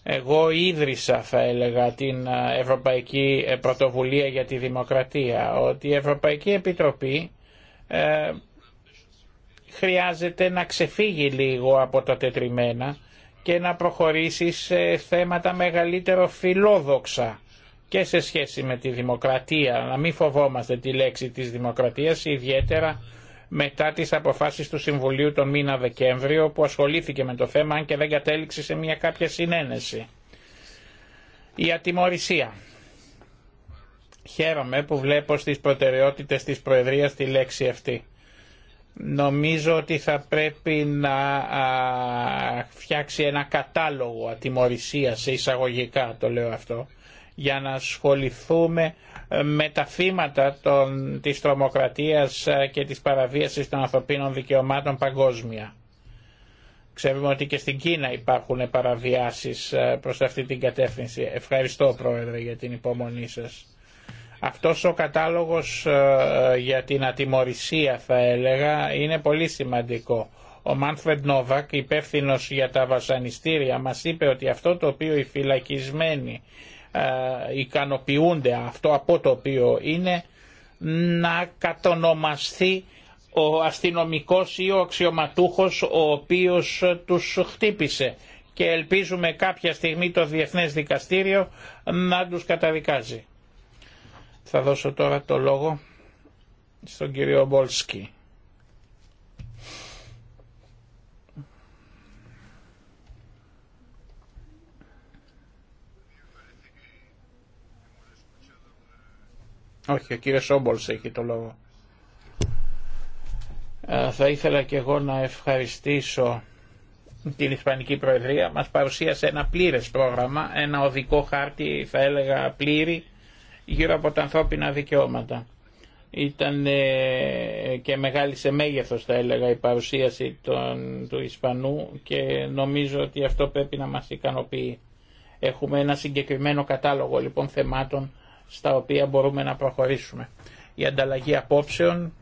Εγώ ίδρυσα θα έλεγα την ε, Ευρωπαϊκή ε, Πρωτοβουλία για τη Δημοκρατία ότι η Ευρωπαϊκή Επιτροπή ε, χρειάζεται να ξεφύγει λίγο από τα τετριμένα και να προχωρήσει σε θέματα μεγαλύτερο φιλόδοξα και σε σχέση με τη δημοκρατία, να μην φοβόμαστε τη λέξη της δημοκρατίας, ιδιαίτερα μετά τις αποφάσεις του Συμβουλίου τον μήνα Δεκέμβριο που ασχολήθηκε με το θέμα αν και δεν κατέληξε σε μια κάποια συνένεση. Η ατιμορρησία. Χαίρομαι που βλέπω στις προτεραιότητες της Προεδρίας τη λέξη αυτή. Νομίζω ότι θα πρέπει να φτιάξει ένα κατάλογο ατιμορρησίας εισαγωγικά το λέω αυτό για να ασχοληθούμε ε, με τα θύματα των, της τρομοκρατίας ε, και της παραβίασης των ανθρωπίνων δικαιωμάτων παγκόσμια. Ξέρουμε ότι και στην Κίνα υπάρχουν παραβιάσεις ε, προς αυτή την κατεύθυνση. Ευχαριστώ Πρόεδρε για την υπομονή σας. Αυτός ο κατάλογος για την ατιμορρησία θα έλεγα είναι πολύ σημαντικό. Ο Μάνφρεντ Νόβακ, υπεύθυνο για τα βασανιστήρια, μας είπε ότι αυτό το οποίο οι φυλακισμένοι ε, ικανοποιούνται αυτό από το οποίο είναι να κατονομαστεί ο αστυνομικός ή ο αξιωματούχος ο οποίος τους χτύπησε και ελπίζουμε κάποια στιγμή το Διεθνές Δικαστήριο να τους καταδικάζει. Θα δώσω τώρα το λόγο στον κύριο Μπολσκι. Όχι, ο κύριος Όμπολς έχει το λόγο. Ε, θα ήθελα και εγώ να ευχαριστήσω την Ισπανική Προεδρία. Μας παρουσίασε ένα πλήρες πρόγραμμα, ένα οδικό χάρτη, θα έλεγα πλήρη, γύρω από τα ανθρώπινα δικαιώματα. Ήταν ε, και μεγάλη σε μέγεθος, θα έλεγα, η παρουσίαση των, του Ισπανού και νομίζω ότι αυτό πρέπει να μας ικανοποιεί. Έχουμε ένα συγκεκριμένο κατάλογο λοιπόν θεμάτων στα οποία μπορούμε να προχωρήσουμε. Η ανταλλαγή απόψεων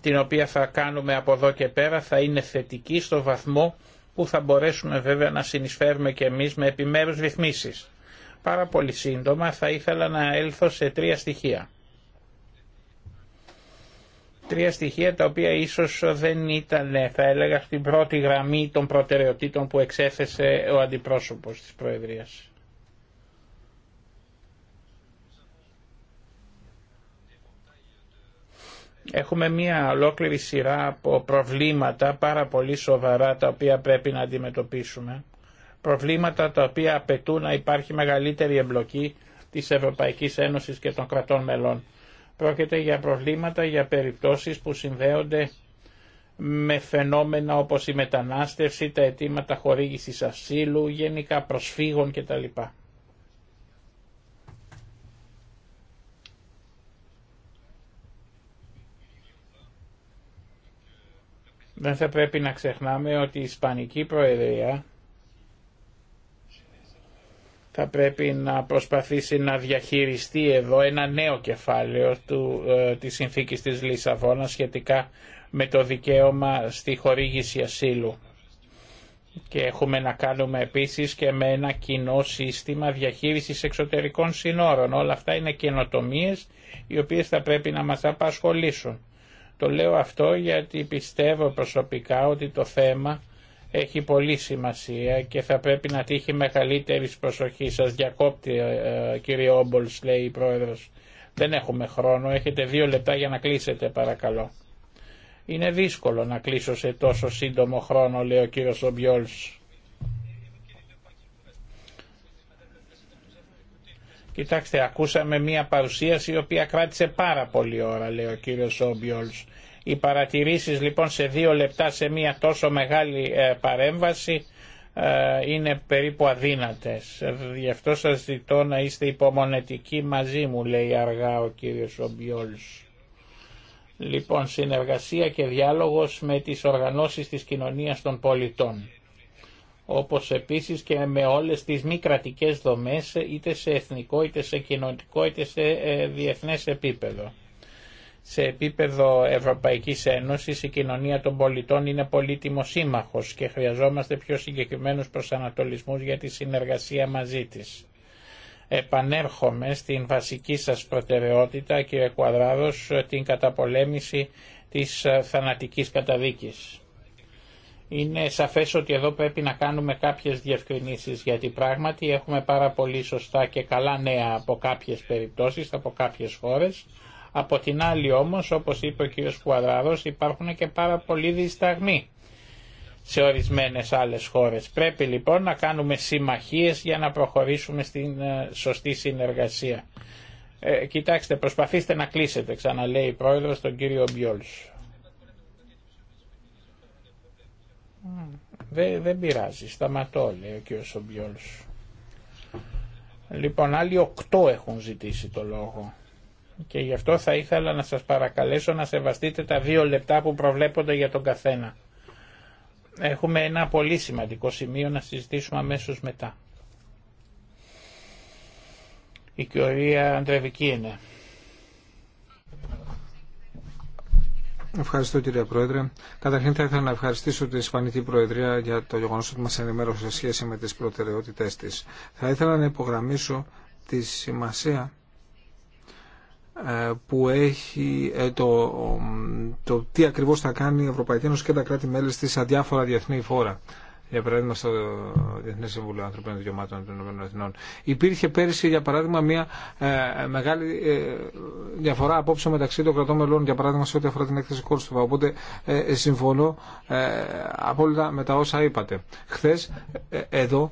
την οποία θα κάνουμε από εδώ και πέρα θα είναι θετική στο βαθμό που θα μπορέσουμε βέβαια να συνεισφέρουμε και εμείς με επιμέρους ρυθμίσεις. Πάρα πολύ σύντομα θα ήθελα να έλθω σε τρία στοιχεία. Τρία στοιχεία τα οποία ίσως δεν ήταν, θα έλεγα, στην πρώτη γραμμή των προτεραιοτήτων που εξέθεσε ο αντιπρόσωπος της Προεδρίας. Έχουμε μία ολόκληρη σειρά από προβλήματα πάρα πολύ σοβαρά τα οποία πρέπει να αντιμετωπίσουμε. Προβλήματα τα οποία απαιτούν να υπάρχει μεγαλύτερη εμπλοκή της Ευρωπαϊκής Ένωσης και των κρατών μελών. Πρόκειται για προβλήματα, για περιπτώσεις που συνδέονται με φαινόμενα όπως η μετανάστευση, τα αιτήματα χορήγησης ασύλου, γενικά προσφύγων κτλ. Δεν θα πρέπει να ξεχνάμε ότι η Ισπανική Προεδρία θα πρέπει να προσπαθήσει να διαχειριστεί εδώ ένα νέο κεφάλαιο του, ε, της συνθήκης της Λισαβόνα σχετικά με το δικαίωμα στη χορήγηση ασύλου. Και έχουμε να κάνουμε επίσης και με ένα κοινό σύστημα διαχείρισης εξωτερικών συνόρων. Όλα αυτά είναι καινοτομίε οι οποίες θα πρέπει να μας απασχολήσουν. Το λέω αυτό γιατί πιστεύω προσωπικά ότι το θέμα έχει πολύ σημασία και θα πρέπει να τύχει μεγαλύτερης προσοχή. Σας διακόπτει ε, ε, κύριε Όμπολς λέει η πρόεδρος. Δεν έχουμε χρόνο, έχετε δύο λεπτά για να κλείσετε παρακαλώ. Είναι δύσκολο να κλείσω σε τόσο σύντομο χρόνο λέει ο κύριος Ομπιόλς. Κοιτάξτε, ακούσαμε μία παρουσίαση η οποία κράτησε πάρα πολύ ώρα, λέει ο κύριος Όμπιολς. Οι παρατηρήσεις λοιπόν σε δύο λεπτά σε μία τόσο μεγάλη ε, παρέμβαση ε, είναι περίπου αδύνατες. Γι' αυτό σας ζητώ να είστε υπομονετικοί μαζί μου, λέει αργά ο κύριος Ομπιόλς. Λοιπόν, συνεργασία και διάλογος με τις οργανώσεις της κοινωνίας των πολιτών όπως επίσης και με όλες τις μη κρατικέ δομές είτε σε εθνικό, είτε σε κοινωνικό, είτε σε ε, διεθνές επίπεδο. Σε επίπεδο Ευρωπαϊκής Ένωσης η κοινωνία των πολιτών είναι πολύτιμο σύμμαχος και χρειαζόμαστε πιο συγκεκριμένους προσανατολισμούς για τη συνεργασία μαζί της. Επανέρχομαι στην βασική σας προτεραιότητα, κύριε Κουαδράδος, την καταπολέμηση της ε, θανατικής καταδίκης είναι σαφές ότι εδώ πρέπει να κάνουμε κάποιες διευκρινήσεις γιατί πράγματι έχουμε πάρα πολύ σωστά και καλά νέα από κάποιες περιπτώσεις, από κάποιες χώρες. Από την άλλη όμως, όπως είπε ο κ. Κουαδράδος, υπάρχουν και πάρα πολλοί δισταγμοί σε ορισμένες άλλες χώρες. Πρέπει λοιπόν να κάνουμε συμμαχίες για να προχωρήσουμε στην ε, σωστή συνεργασία. Ε, κοιτάξτε, προσπαθήστε να κλείσετε, ξαναλέει η Πρόεδρος, τον κύριο Μπιόλς. Δε, δεν πειράζει, σταματώ λέει ο κ. Σομπιόλς. Λοιπόν, άλλοι οκτώ έχουν ζητήσει το λόγο. Και γι' αυτό θα ήθελα να σας παρακαλέσω να σεβαστείτε τα δύο λεπτά που προβλέπονται για τον καθένα. Έχουμε ένα πολύ σημαντικό σημείο να συζητήσουμε αμέσω μετά. Η κυρία Αντρεβική είναι. Ευχαριστώ κύριε Πρόεδρε. Καταρχήν θα ήθελα να ευχαριστήσω τη Ισπανική Προεδρία για το γεγονό ότι μα ενημέρωσε σε σχέση με τι προτεραιότητε τη. Θα ήθελα να υπογραμμίσω τη σημασία ε, που έχει ε, το, το τι ακριβώς θα κάνει η Ευρωπαϊκή Ένωση και τα κράτη-μέλη σε διάφορα διεθνή φόρα για παράδειγμα στο Διεθνέ Συμβούλιο Ανθρωπίνων Δικαιωμάτων των Ηνωμένων Εθνών. Υπήρχε πέρυσι, για παράδειγμα, μια ε, μεγάλη ε, διαφορά απόψε μεταξύ των κρατών μελών, για παράδειγμα, σε ό,τι αφορά την έκθεση Κόρστοβα. Οπότε ε, ε συμφωνώ απόλυτα με τα όσα είπατε. Χθε, εδώ,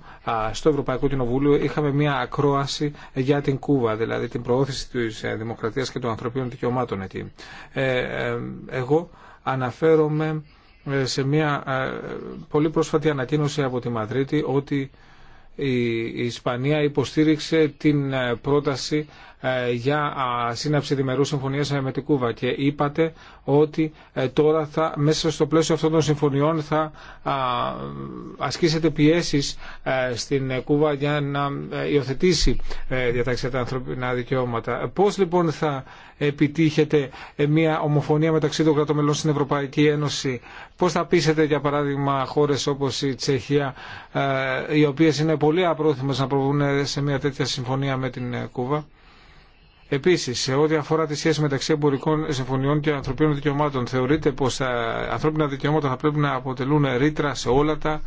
στο Ευρωπαϊκό Κοινοβούλιο, είχαμε μια ακρόαση για την Κούβα, δηλαδή την προώθηση τη δημοκρατία και των ανθρωπίνων δικαιωμάτων εκεί. εγώ αναφέρομαι ε, σε μια ε, πολύ πρόσφατη ανακοίνωση από τη Μαδρίτη ότι η Ισπανία υποστήριξε την ε, πρόταση ε, για σύναψη διμερού συμφωνία με την Κούβα και είπατε ότι ε, τώρα θα, μέσα στο πλαίσιο αυτών των συμφωνιών θα ασκήσετε πιέσει ε, στην Κούβα για να υιοθετήσει διατάξει τα ανθρώπινα δικαιώματα. Πώ λοιπόν θα επιτύχετε μια ομοφωνία μεταξύ των κρατομελών στην Ευρωπαϊκή Ένωση, πώ θα πείσετε για παράδειγμα χώρε όπω η Τσεχία, οι οποίε είναι πολύ απρόθυμε να προβούν σε μια τέτοια συμφωνία με την Κούβα. Επίση, σε ό,τι αφορά τη σχέση μεταξύ εμπορικών συμφωνιών και ανθρωπίνων δικαιωμάτων, θεωρείται πω τα ανθρώπινα δικαιώματα θα πρέπει να αποτελούν ρήτρα σε όλα τα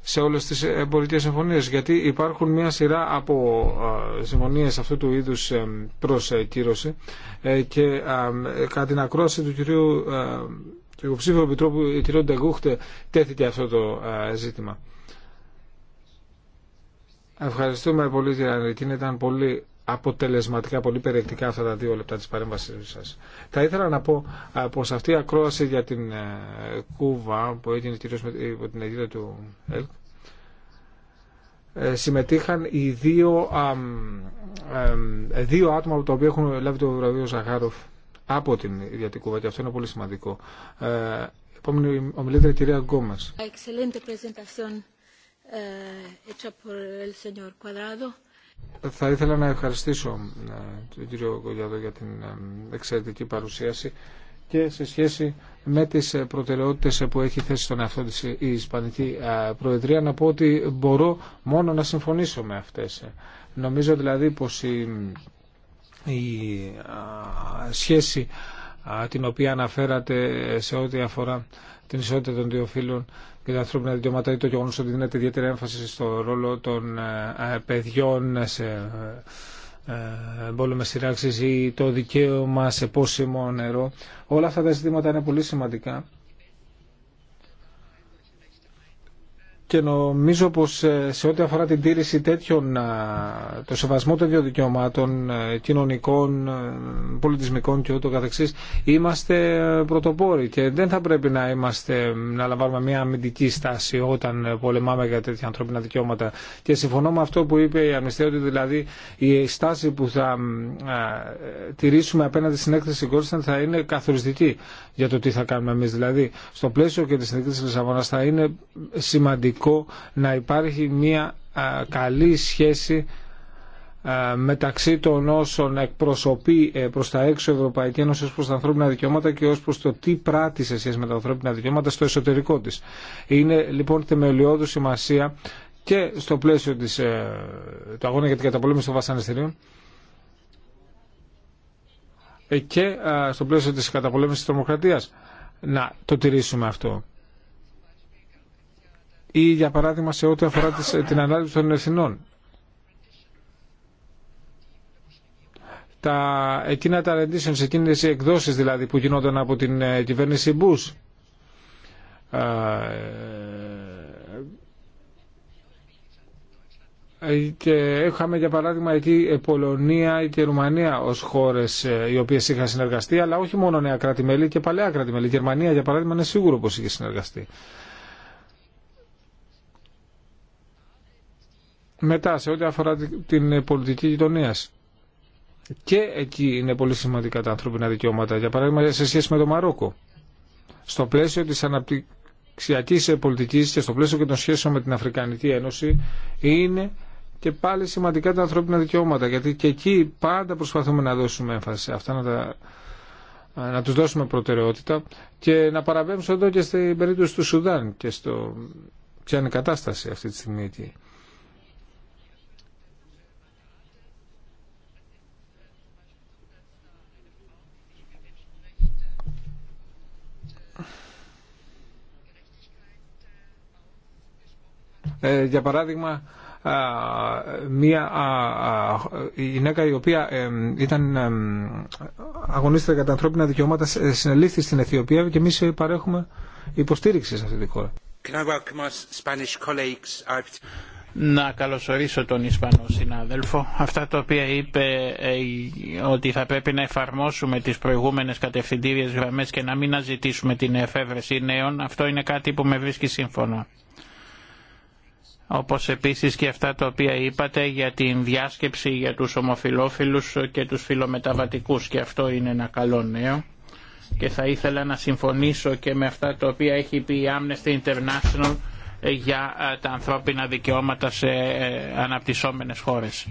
σε όλες τις εμπορικές συμφωνίες γιατί υπάρχουν μια σειρά από συμφωνίες αυτού του είδους ε, προς κύρωση ε, και κατά την ακρόαση του κυρίου του ψήφου επιτρόπου κ. Ντεγκούχτε τέθηκε αυτό το ζήτημα. Ευχαριστούμε πολύ κύριε ήταν πολύ αποτελεσματικά, πολύ περιεκτικά αυτά τα δύο λεπτά της παρέμβασής σας. Θα ήθελα να πω πως αυτή η ακρόαση για την ε, Κούβα που έγινε κυρίως υπό την Αιγύρια του ΕΛΚ ε, συμμετείχαν οι δύο, άτομα από τα οποία έχουν λάβει το βραβείο Ζαχάροφ από την ίδια την Κούβα και αυτό είναι πολύ σημαντικό. Ε, επόμενη ομιλήτρια κυρία Γκόμας. Θα ήθελα να ευχαριστήσω ε, τον κύριο Κογιάδο για την ε, εξαιρετική παρουσίαση και σε σχέση με τις ε, προτεραιότητες που έχει θέσει στον εαυτό της η Ισπανική Προεδρία να πω ότι μπορώ μόνο να συμφωνήσω με αυτές. Νομίζω δηλαδή πως η, η σχέση την οποία αναφέρατε σε ό,τι αφορά την ισότητα των δύο φύλων και τα ανθρώπινα δικαιώματα ή το γεγονό ότι δίνεται ιδιαίτερη έμφαση στο ρόλο των ε, ε, παιδιών σε ε, πόλεμε σειράξει ή το δικαίωμα σε πόσιμο νερό. Όλα αυτά τα ζητήματα είναι πολύ σημαντικά και νομίζω πως ε, σε ό,τι αφορά την τήρηση τέτοιων, ε, το σεβασμό τέτοιων δικαιωμάτων, ε, κοινωνικών, πολιτισμικών και ούτω καθεξής, είμαστε πρωτοπόροι και δεν θα πρέπει να, είμαστε, να λαμβάνουμε μια αμυντική στάση όταν πολεμάμε για τέτοια ανθρώπινα δικαιώματα. Και συμφωνώ με αυτό που είπε η Αμνηστία, ότι δηλαδή η στάση που θα τηρήσουμε απέναντι στην έκθεση Κόρσταν θα είναι καθοριστική για το τι θα κάνουμε εμείς. Δηλαδή, στο πλαίσιο και της συνδίκης της Λισαβόνας θα είναι σημαντική σημαντικό να υπάρχει μια καλή σχέση μεταξύ των όσων εκπροσωπεί ε, προς τα έξω Ευρωπαϊκή Ένωση ως προ τα ανθρώπινα δικαιώματα και ως προς το τι πράττει σε σχέση με τα ανθρώπινα δικαιώματα στο εσωτερικό της. Είναι λοιπόν θεμελιώδου σημασία και στο πλαίσιο της, ε, του αγώνα για την καταπολέμηση των βασανιστήριων ε, και στο πλαίσιο της καταπολέμησης της τρομοκρατίας να το τηρήσουμε αυτό ή για παράδειγμα σε ό,τι αφορά την ανάληψη των εθνών. τα, εκείνα τα renditions, εκείνες οι εκδόσεις δηλαδή που γινόταν από την ε, κυβέρνηση Bush. Ε, και είχαμε για παράδειγμα εκεί ε, Πολωνία και Ρουμανία ως χώρες οι οποίες είχαν συνεργαστεί αλλά όχι μόνο νέα κράτη-μέλη και παλαιά κράτη-μέλη. Η Γερμανία για παράδειγμα είναι σίγουρο πως είχε συνεργαστεί. Μετά, σε ό,τι αφορά την πολιτική γειτονία. Και εκεί είναι πολύ σημαντικά τα ανθρώπινα δικαιώματα. Για παράδειγμα, σε σχέση με το Μαρόκο. Στο πλαίσιο τη αναπτυξιακή πολιτική και στο πλαίσιο και των σχέσεων με την Αφρικανική Ένωση, είναι και πάλι σημαντικά τα ανθρώπινα δικαιώματα. Γιατί και εκεί πάντα προσπαθούμε να δώσουμε έμφαση. Αυτά να τα να τους δώσουμε προτεραιότητα και να παραβέμψουμε εδώ και στην περίπτωση του Σουδάν και στο ποια είναι η κατάσταση αυτή τη στιγμή εκεί. Ε, για παράδειγμα, μια γυναίκα η οποία ήταν αγωνίστρια για τα ανθρώπινα δικαιώματα ε, συνελήφθη στην Αιθιοπία και εμείς ε, παρέχουμε υποστήριξη σε αυτή τη χώρα. Να καλωσορίσω τον Ισπανό συνάδελφο. Αυτά τα οποία είπε ότι θα πρέπει να εφαρμόσουμε τις προηγούμενες κατευθυντήριες γραμμές και να μην αζητήσουμε την εφεύρεση νέων, αυτό είναι κάτι που με βρίσκει σύμφωνα όπως επίσης και αυτά τα οποία είπατε για την διάσκεψη για τους ομοφιλόφιλους και τους φιλομεταβατικούς και αυτό είναι ένα καλό νέο και θα ήθελα να συμφωνήσω και με αυτά τα οποία έχει πει η Amnesty International για ε, τα ανθρώπινα δικαιώματα σε ε, αναπτυσσόμενες χώρες.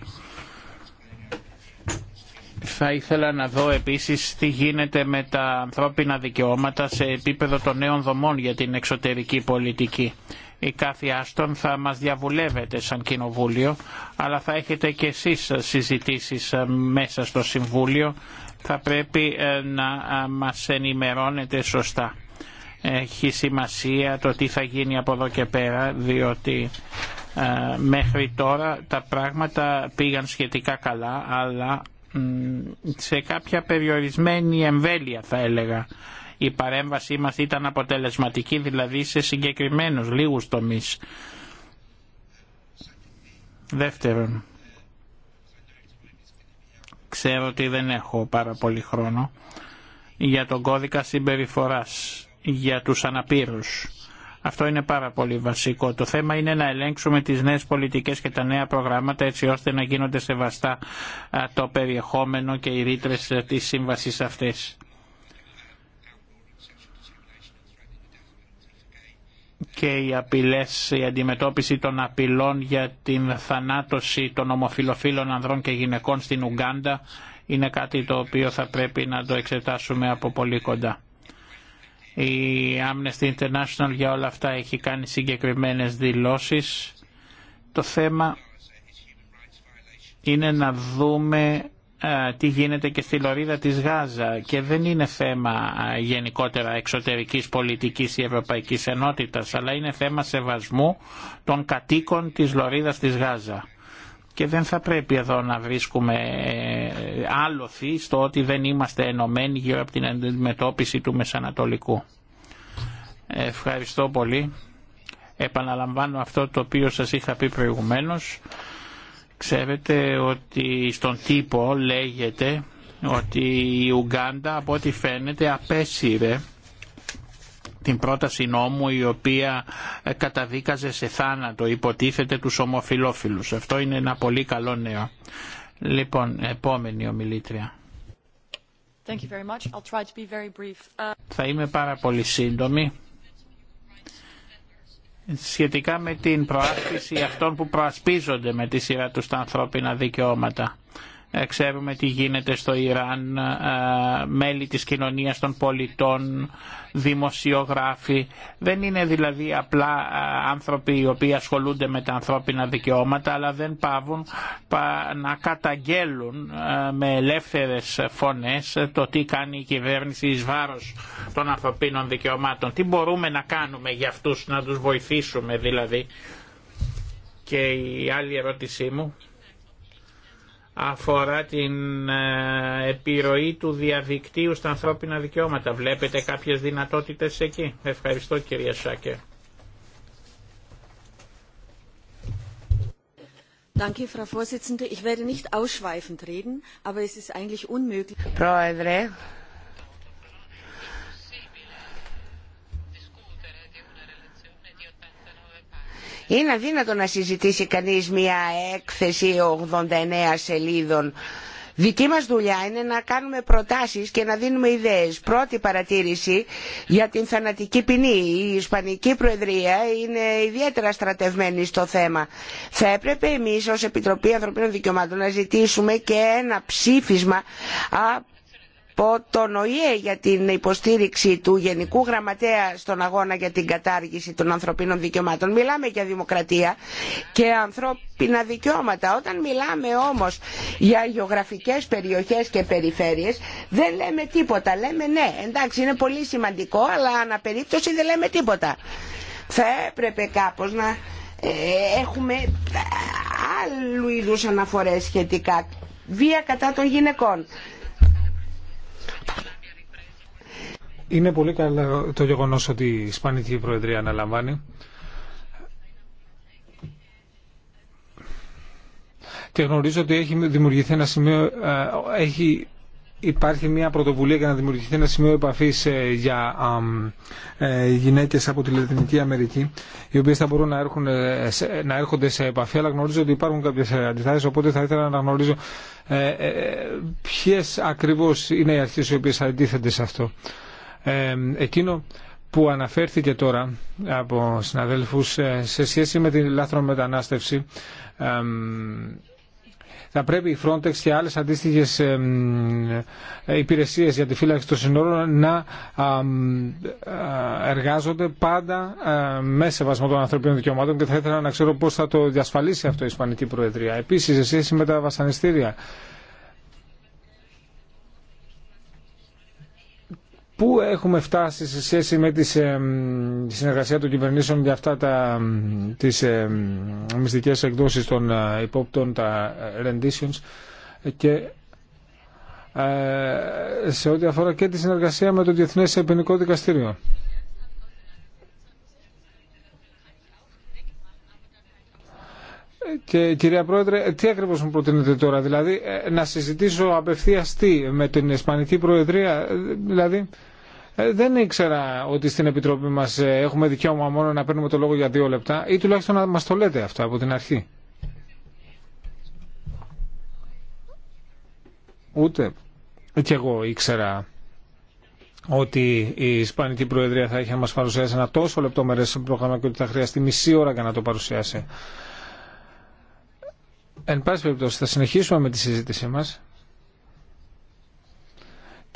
Θα ήθελα να δω επίσης τι γίνεται με τα ανθρώπινα δικαιώματα σε επίπεδο των νέων δομών για την εξωτερική πολιτική η κάθε άστον θα μας διαβουλεύετε σαν κοινοβούλιο, αλλά θα έχετε και εσείς συζητήσεις ε, μέσα στο Συμβούλιο, θα πρέπει ε, να ε, μας ενημερώνετε σωστά. Έχει σημασία το τι θα γίνει από εδώ και πέρα, διότι μέχρι τώρα τα πράγματα πήγαν σχετικά καλά, αλλά σε κάποια περιορισμένη εμβέλεια θα έλεγα η παρέμβασή μας ήταν αποτελεσματική δηλαδή σε συγκεκριμένους λίγους τομείς. Δεύτερον, ξέρω ότι δεν έχω πάρα πολύ χρόνο για τον κώδικα συμπεριφοράς, για τους αναπήρους. Αυτό είναι πάρα πολύ βασικό. Το θέμα είναι να ελέγξουμε τις νέες πολιτικές και τα νέα προγράμματα έτσι ώστε να γίνονται σεβαστά το περιεχόμενο και οι ρήτρες ε, της σύμβασης αυτές. και οι απειλές, η αντιμετώπιση των απειλών για την θανάτωση των ομοφιλοφίλων ανδρών και γυναικών στην Ουγκάντα είναι κάτι το οποίο θα πρέπει να το εξετάσουμε από πολύ κοντά. Η Amnesty International για όλα αυτά έχει κάνει συγκεκριμένες δηλώσεις. Το θέμα είναι να δούμε ε, τι γίνεται και στη Λωρίδα της Γάζα και δεν είναι θέμα ε, γενικότερα εξωτερικής πολιτικής ή ευρωπαϊκής ενότητας αλλά είναι θέμα σεβασμού των κατοίκων της Λωρίδας της Γάζα και δεν θα πρέπει εδώ να βρίσκουμε ε, άλοθη στο ότι δεν είμαστε ενωμένοι γύρω από την αντιμετώπιση του Μεσανατολικού. Ευχαριστώ πολύ. Επαναλαμβάνω αυτό το οποίο σας είχα πει προηγουμένως. Ξέρετε ότι στον τύπο λέγεται ότι η Ουγγάντα από ό,τι φαίνεται απέσυρε την πρόταση νόμου η οποία καταδίκαζε σε θάνατο υποτίθεται τους ομοφιλόφιλους. Αυτό είναι ένα πολύ καλό νέο. Λοιπόν, επόμενη ομιλήτρια. Θα είμαι πάρα πολύ σύντομη σχετικά με την προάσπιση αυτών που προασπίζονται με τη σειρά του τα ανθρώπινα δικαιώματα. Ε, ξέρουμε τι γίνεται στο Ιράν, ε, μέλη της κοινωνίας των πολιτών, δημοσιογράφοι. Δεν είναι δηλαδή απλά ε, άνθρωποι οι οποίοι ασχολούνται με τα ανθρώπινα δικαιώματα, αλλά δεν πάβουν να καταγγέλουν με ελεύθερες φωνές το τι κάνει η κυβέρνηση εις βάρος των ανθρωπίνων δικαιωμάτων. Τι μπορούμε να κάνουμε για αυτούς, να τους βοηθήσουμε δηλαδή. Και η άλλη ερώτησή μου αφορά την ε, επιρροή του διαδικτύου στα ανθρώπινα δικαιώματα. Βλέπετε κάποιες δυνατότητες εκεί. Ευχαριστώ κυρία Σάκε. Danke, frau Vorsitzende. ich werde nicht ausschweifend reden aber es ist eigentlich unmöglich Είναι αδύνατο να συζητήσει κανείς μια έκθεση 89 σελίδων. Δική μας δουλειά είναι να κάνουμε προτάσεις και να δίνουμε ιδέες. Πρώτη παρατήρηση για την θανατική ποινή. Η Ισπανική Προεδρία είναι ιδιαίτερα στρατευμένη στο θέμα. Θα έπρεπε εμείς ως Επιτροπή Ανθρωπίνων Δικαιωμάτων να ζητήσουμε και ένα ψήφισμα πω τον ΟΗΕ για την υποστήριξη του Γενικού Γραμματέα στον αγώνα για την κατάργηση των ανθρωπίνων δικαιωμάτων. Μιλάμε για δημοκρατία και ανθρώπινα δικαιώματα. Όταν μιλάμε όμως για γεωγραφικές περιοχές και περιφέρειες δεν λέμε τίποτα. Λέμε ναι, εντάξει είναι πολύ σημαντικό αλλά αναπερίπτωση δεν λέμε τίποτα. Θα έπρεπε κάπως να ε, έχουμε άλλου είδους αναφορές σχετικά. Βία κατά των γυναικών Είναι πολύ καλό το γεγονός ότι η Ισπανική Προεδρία αναλαμβάνει. Και γνωρίζω ότι έχει δημιουργηθεί ένα σημείο, ε, έχει υπάρχει μια πρωτοβουλία για να δημιουργηθεί ένα σημείο επαφής ε, για ε, γυναίκες από τη Λατινική Αμερική, οι οποίες θα μπορούν να, να έρχονται σε επαφή, αλλά γνωρίζω ότι υπάρχουν κάποιες αντιθέσει, οπότε θα ήθελα να γνωρίζω ποιε ακριβώ είναι οι αρχέ οι οποίε αντίθενται σε αυτό. Ε, εκείνο που αναφέρθηκε τώρα από συναδέλφους ε, σε σχέση με την λάθρο μετανάστευση ε, θα πρέπει η Frontex και άλλες αντίστοιχες υπηρεσίες για τη φύλαξη των συνόρων να εργάζονται πάντα με σεβασμό των ανθρωπίνων δικαιωμάτων και θα ήθελα να ξέρω πώς θα το διασφαλίσει αυτό η Ισπανική Προεδρία. Επίσης, σε σχέση με τα βασανιστήρια Πού έχουμε φτάσει σε σχέση με τη συνεργασία των κυβερνήσεων για αυτά τα, τις μυστικές εκδόσεις των ε, υπόπτων, τα ε, renditions και ε, σε ό,τι αφορά και τη συνεργασία με το Διεθνές Επινικό Δικαστήριο. Και κυρία Πρόεδρε, τι ακριβώ μου προτείνετε τώρα, δηλαδή να συζητήσω απευθείας τι με την Ισπανική Προεδρία, δηλαδή ε, δεν ήξερα ότι στην Επιτροπή μας ε, έχουμε δικαίωμα μόνο να παίρνουμε το λόγο για δύο λεπτά ή τουλάχιστον να μας το λέτε αυτό από την αρχή. Ούτε κι εγώ ήξερα ότι η Ισπανική Προεδρία θα είχε να μας παρουσιάσει ένα τόσο λεπτόμερες πρόγραμμα και ότι θα χρειαστεί μισή ώρα για να το παρουσιάσει. Εν πάση περιπτώσει θα συνεχίσουμε με τη συζήτησή μας.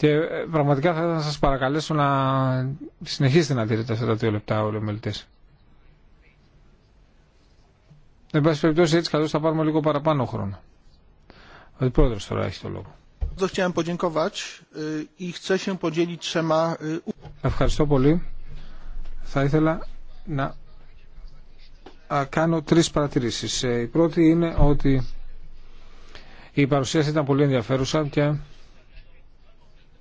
Και ε, πραγματικά θα ήθελα σας παρακαλέσω να συνεχίσετε να τηρείτε αυτά τα δύο λεπτά όλοι οι μελητές. Εν πάση περιπτώσει έτσι καλώ θα πάρουμε λίγο παραπάνω χρόνο. Ο πρόεδρος τώρα έχει το λόγο. Ε, ε, Ευχαριστώ πολύ. Θα ήθελα να κάνω τρεις παρατηρήσεις. Η πρώτη είναι ότι η παρουσίαση ήταν πολύ ενδιαφέρουσα και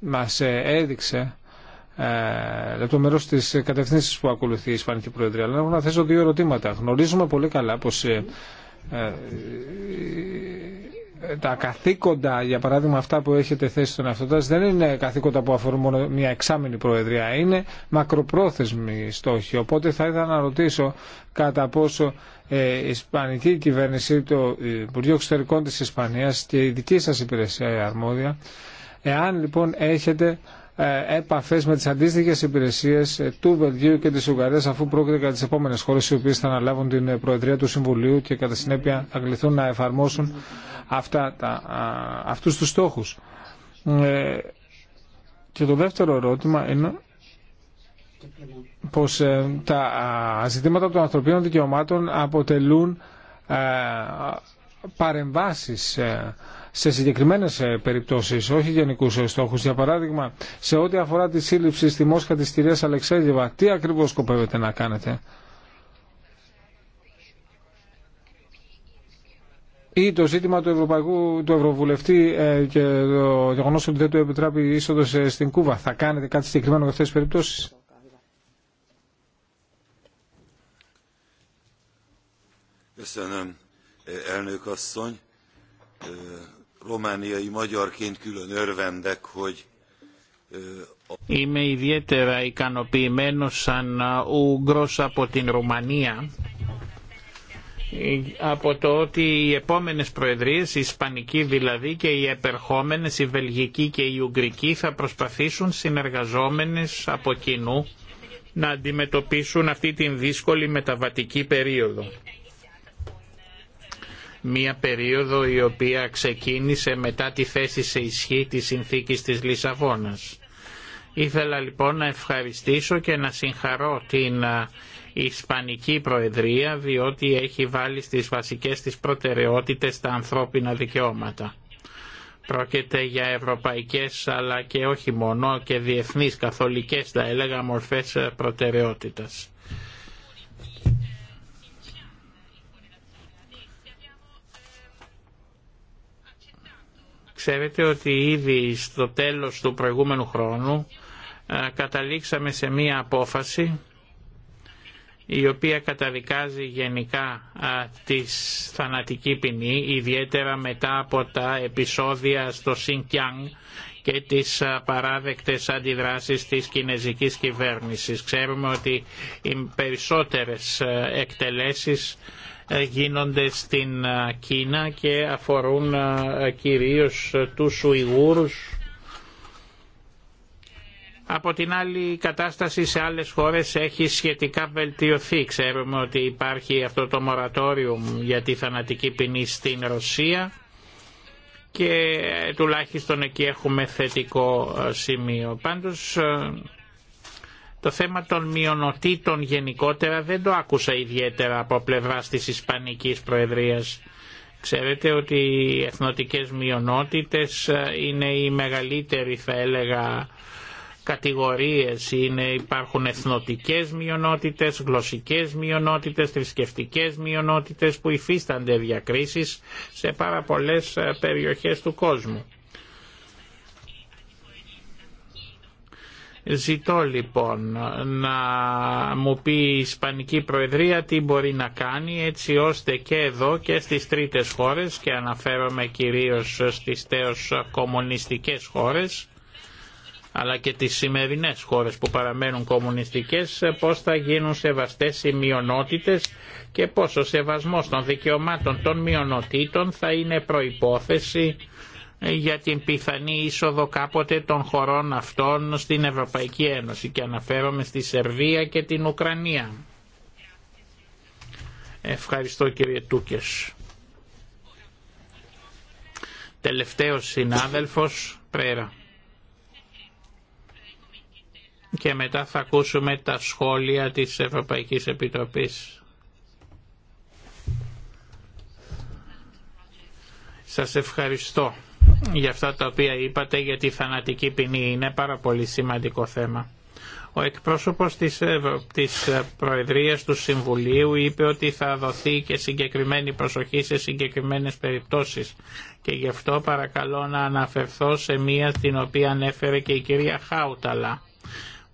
μας ε, έδειξε ε, λεπτομερώς τις κατευθύνσεις που ακολουθεί η Ισπανική Προεδρία. Αλλά έχω να θέσω δύο ερωτήματα. Γνωρίζουμε πολύ καλά πως ε, ε, τα καθήκοντα, για παράδειγμα αυτά που έχετε θέσει στον εαυτό δεν είναι καθήκοντα που αφορούν μόνο μια εξάμενη προεδρία, είναι μακροπρόθεσμη στόχη. Οπότε θα ήθελα να ρωτήσω κατά πόσο ε, η Ισπανική κυβέρνηση, το Υπουργείο Εξωτερικών της Ισπανίας και η δική σας υπηρεσία η αρμόδια Εάν λοιπόν έχετε ε, επαφέ με τι αντίστοιχε υπηρεσίε ε, του Βελγίου και τη Ουγγαρία, αφού πρόκειται για τι επόμενε χώρε οι οποίε θα αναλάβουν την ε, Προεδρία του Συμβουλίου και κατά συνέπεια θα κληθούν να εφαρμόσουν αυτά τα, αυτούς τους στόχους. και το δεύτερο ερώτημα είναι πως τα ζητήματα των ανθρωπίνων δικαιωμάτων αποτελούν παρεμβάσεις σε συγκεκριμένε ε, περιπτώσει, όχι γενικού στόχου. Για παράδειγμα, σε ό,τι αφορά τη σύλληψη στη Μόσχα τη κυρία Αλεξέγεβα, τι ακριβώ σκοπεύετε να κάνετε. Ή το ζήτημα του, Ευρωπαϊκού, του Ευρωβουλευτή ε, και το γεγονό ότι δεν του επιτράπει η είσοδο ε, στην Κούβα. Θα κάνετε κάτι συγκεκριμένο για αυτέ τι περιπτώσει. Köszönöm, romániai magyarként külön örvendek, hogy Είμαι ιδιαίτερα ικανοποιημένο σαν Ούγγρος από την Ρουμανία από το ότι οι επόμενες προεδρίες, η Ισπανική δηλαδή και οι επερχόμενες, η Βελγική και η Ουγγρική θα προσπαθήσουν συνεργαζόμενες από κοινού να αντιμετωπίσουν αυτή την δύσκολη μεταβατική περίοδο μία περίοδο η οποία ξεκίνησε μετά τη θέση σε ισχύ της συνθήκης της Λισαβόνας. Ήθελα λοιπόν να ευχαριστήσω και να συγχαρώ την Ισπανική Προεδρία διότι έχει βάλει στις βασικές της προτεραιότητες τα ανθρώπινα δικαιώματα. Πρόκειται για ευρωπαϊκές αλλά και όχι μόνο και διεθνείς καθολικές θα έλεγα μορφές ε, προτεραιότητας. Ξέρετε ότι ήδη στο τέλος του προηγούμενου χρόνου ε, καταλήξαμε σε μία απόφαση η οποία καταδικάζει γενικά ε, της θανατική ποινή, ιδιαίτερα μετά από τα επεισόδια στο Σινκιάνγκ και τις ε, παράδεκτες αντιδράσεις της κινέζικης κυβέρνησης. Ξέρουμε ότι οι περισσότερες εκτελέσεις γίνονται στην Κίνα και αφορούν κυρίως τους Ουιγούρους. Από την άλλη η κατάσταση σε άλλες χώρες έχει σχετικά βελτιωθεί. Ξέρουμε ότι υπάρχει αυτό το μορατόριο για τη θανατική ποινή στην Ρωσία και τουλάχιστον εκεί έχουμε θετικό σημείο. Πάντως το θέμα των μειονοτήτων γενικότερα δεν το άκουσα ιδιαίτερα από πλευρά της Ισπανικής Προεδρίας. Ξέρετε ότι οι εθνοτικές μειονότητες ε, είναι οι μεγαλύτεροι θα έλεγα κατηγορίες. Είναι, υπάρχουν εθνοτικές μειονότητες, γλωσσικές μειονότητες, θρησκευτικέ μειονότητες που υφίστανται διακρίσεις σε πάρα πολλές ε, περιοχές του κόσμου. Ζητώ λοιπόν να μου πει η Ισπανική Προεδρία τι μπορεί να κάνει έτσι ώστε και εδώ και στις τρίτες χώρες και αναφέρομαι κυρίως στις τέως κομμουνιστικές χώρες αλλά και τις σημερινές χώρες που παραμένουν κομμουνιστικές πώς θα γίνουν σεβαστές οι μειονότητες και πώς ο σεβασμός των δικαιωμάτων των μειονοτήτων θα είναι προϋπόθεση για την πιθανή είσοδο κάποτε των χωρών αυτών στην Ευρωπαϊκή Ένωση και αναφέρομαι στη Σερβία και την Ουκρανία. Ευχαριστώ κύριε Τούκες. Τελευταίος συνάδελφος, Πρέρα. Και μετά θα ακούσουμε τα σχόλια της Ευρωπαϊκής Επιτροπής. Σας ευχαριστώ για αυτά τα οποία είπατε για τη θανατική ποινή. Είναι πάρα πολύ σημαντικό θέμα. Ο εκπρόσωπος της, της Προεδρίας του Συμβουλίου είπε ότι θα δοθεί και συγκεκριμένη προσοχή σε συγκεκριμένες περιπτώσεις και γι' αυτό παρακαλώ να αναφερθώ σε μία την οποία ανέφερε και η κυρία Χάουταλα.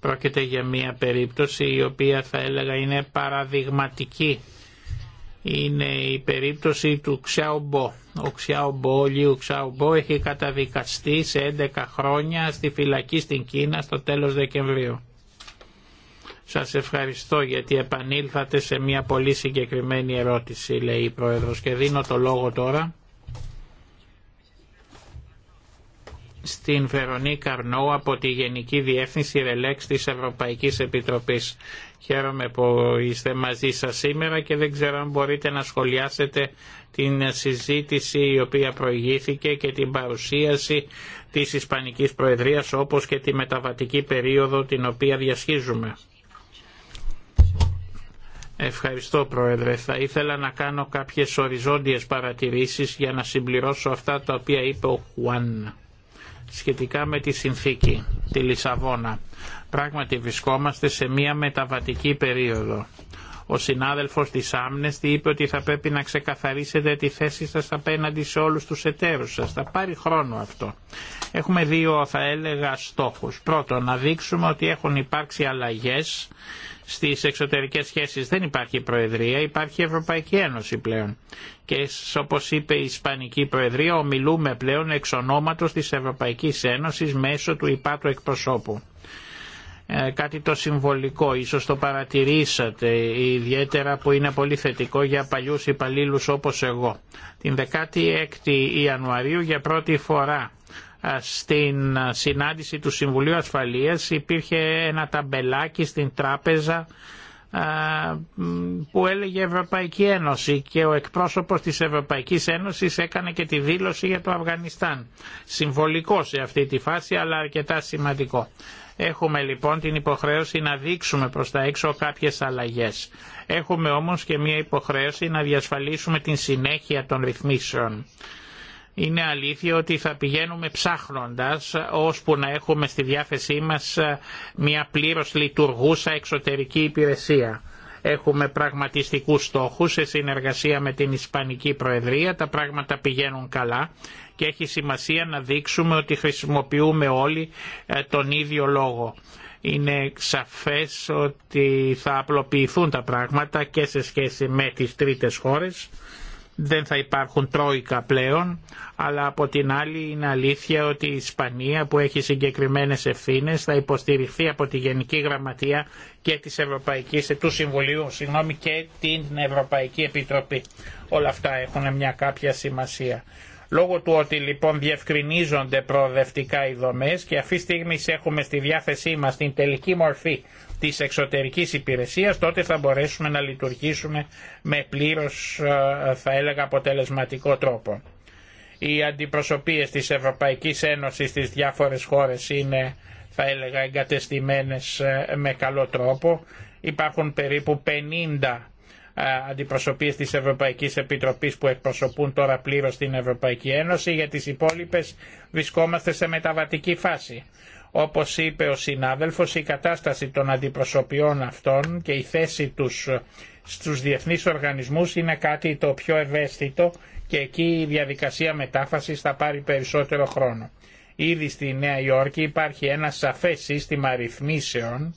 Πρόκειται για μία περίπτωση η οποία θα έλεγα είναι παραδειγματική είναι η περίπτωση του Ξιαομπό. Ο ο Λίου Ξιαομπό, έχει καταδικαστεί σε 11 χρόνια στη φυλακή στην Κίνα στο τέλος Δεκεμβρίου. Σας ευχαριστώ γιατί επανήλθατε σε μια πολύ συγκεκριμένη ερώτηση, λέει η Πρόεδρος, και δίνω το λόγο τώρα στην Βερονή Καρνό από τη Γενική Διεύθυνση Ρελέξ της Ευρωπαϊκής Επιτροπής. Χαίρομαι που είστε μαζί σας σήμερα και δεν ξέρω αν μπορείτε να σχολιάσετε την συζήτηση η οποία προηγήθηκε και την παρουσίαση της Ισπανικής Προεδρίας όπως και τη μεταβατική περίοδο την οποία διασχίζουμε. Ευχαριστώ Πρόεδρε. Θα ήθελα να κάνω κάποιες οριζόντιες παρατηρήσεις για να συμπληρώσω αυτά τα οποία είπε ο Χουάν σχετικά με τη συνθήκη, τη Λισαβόνα. Πράγματι βρισκόμαστε σε μια μεταβατική περίοδο. Ο συνάδελφος της Άμνεστη είπε ότι θα πρέπει να ξεκαθαρίσετε τη θέση σας απέναντι σε όλους τους εταίρους σας. Θα πάρει χρόνο αυτό. Έχουμε δύο θα έλεγα στόχους. Πρώτον, να δείξουμε ότι έχουν υπάρξει αλλαγές στις εξωτερικές σχέσεις δεν υπάρχει Προεδρία, υπάρχει Ευρωπαϊκή Ένωση πλέον. Και όπω είπε η Ισπανική Προεδρία, ομιλούμε πλέον εξ ονόματο της Ευρωπαϊκής Ένωσης μέσω του υπάτου εκπροσώπου. Ε, κάτι το συμβολικό, ίσως το παρατηρήσατε, ιδιαίτερα που είναι πολύ θετικό για παλιούς υπαλλήλου όπως εγώ. Την 16η Ιανουαρίου για πρώτη φορά στην συνάντηση του Συμβουλίου Ασφαλείας υπήρχε ένα ταμπελάκι στην τράπεζα που έλεγε Ευρωπαϊκή Ένωση και ο εκπρόσωπος της Ευρωπαϊκής Ένωσης έκανε και τη δήλωση για το Αφγανιστάν. Συμβολικό σε αυτή τη φάση αλλά αρκετά σημαντικό. Έχουμε λοιπόν την υποχρέωση να δείξουμε προς τα έξω κάποιες αλλαγές. Έχουμε όμως και μια υποχρέωση να διασφαλίσουμε την συνέχεια των ρυθμίσεων. Είναι αλήθεια ότι θα πηγαίνουμε ψάχνοντας ώσπου να έχουμε στη διάθεσή μας ε, μια πλήρως λειτουργούσα εξωτερική υπηρεσία. Έχουμε πραγματιστικούς στόχους σε συνεργασία με την Ισπανική Προεδρία, τα πράγματα πηγαίνουν καλά και έχει σημασία να δείξουμε ότι χρησιμοποιούμε όλοι ε, τον ίδιο λόγο. Είναι σαφές ότι θα απλοποιηθούν τα πράγματα και σε σχέση με τις τρίτες χώρες δεν θα υπάρχουν τρόικα πλέον, αλλά από την άλλη είναι αλήθεια ότι η Ισπανία που έχει συγκεκριμένες ευθύνε θα υποστηριχθεί από τη Γενική Γραμματεία και της Ευρωπαϊκής, του Συμβουλίου συγγνώμη, και την Ευρωπαϊκή Επιτροπή. Όλα αυτά έχουν μια κάποια σημασία. Λόγω του ότι λοιπόν διευκρινίζονται προοδευτικά οι δομές και αυτή τη στιγμή έχουμε στη διάθεσή μας την τελική μορφή της εξωτερικής υπηρεσίας, τότε θα μπορέσουμε να λειτουργήσουμε με πλήρως, ε, θα έλεγα, αποτελεσματικό τρόπο. Οι αντιπροσωπείες της Ευρωπαϊκής Ένωσης στις διάφορες χώρες είναι, θα έλεγα, εγκατεστημένες ε, με καλό τρόπο. Υπάρχουν περίπου 50 ε, αντιπροσωπείες της Ευρωπαϊκής Επιτροπής που εκπροσωπούν τώρα πλήρως την Ευρωπαϊκή Ένωση. Για τις υπόλοιπες βρισκόμαστε σε μεταβατική φάση. Όπως είπε ο συνάδελφος, η κατάσταση των αντιπροσωπιών αυτών και η θέση τους στους διεθνείς οργανισμούς είναι κάτι το πιο ευαίσθητο και εκεί η διαδικασία μετάφασης θα πάρει περισσότερο χρόνο. Ήδη στη Νέα Υόρκη υπάρχει ένα σαφές σύστημα ρυθμίσεων,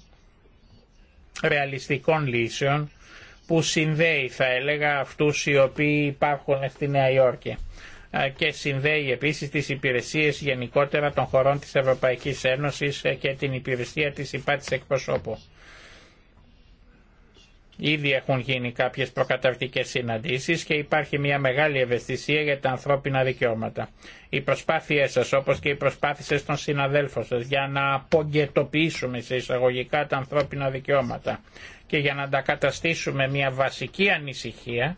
ρεαλιστικών λύσεων, που συνδέει θα έλεγα αυτούς οι οποίοι υπάρχουν στη Νέα Υόρκη και συνδέει επίσης τις υπηρεσίες γενικότερα των χωρών της Ευρωπαϊκής Ένωσης ε, και την υπηρεσία της υπάτης εκπροσώπου. Ήδη έχουν γίνει κάποιες προκαταρτικές συναντήσεις και υπάρχει μια μεγάλη ευαισθησία για τα ανθρώπινα δικαιώματα. Οι προσπάθειές σας όπως και οι προσπάθειες των συναδέλφων σας για να απογκαιτοποιήσουμε σε εισαγωγικά τα ανθρώπινα δικαιώματα και για να αντακαταστήσουμε μια βασική ανησυχία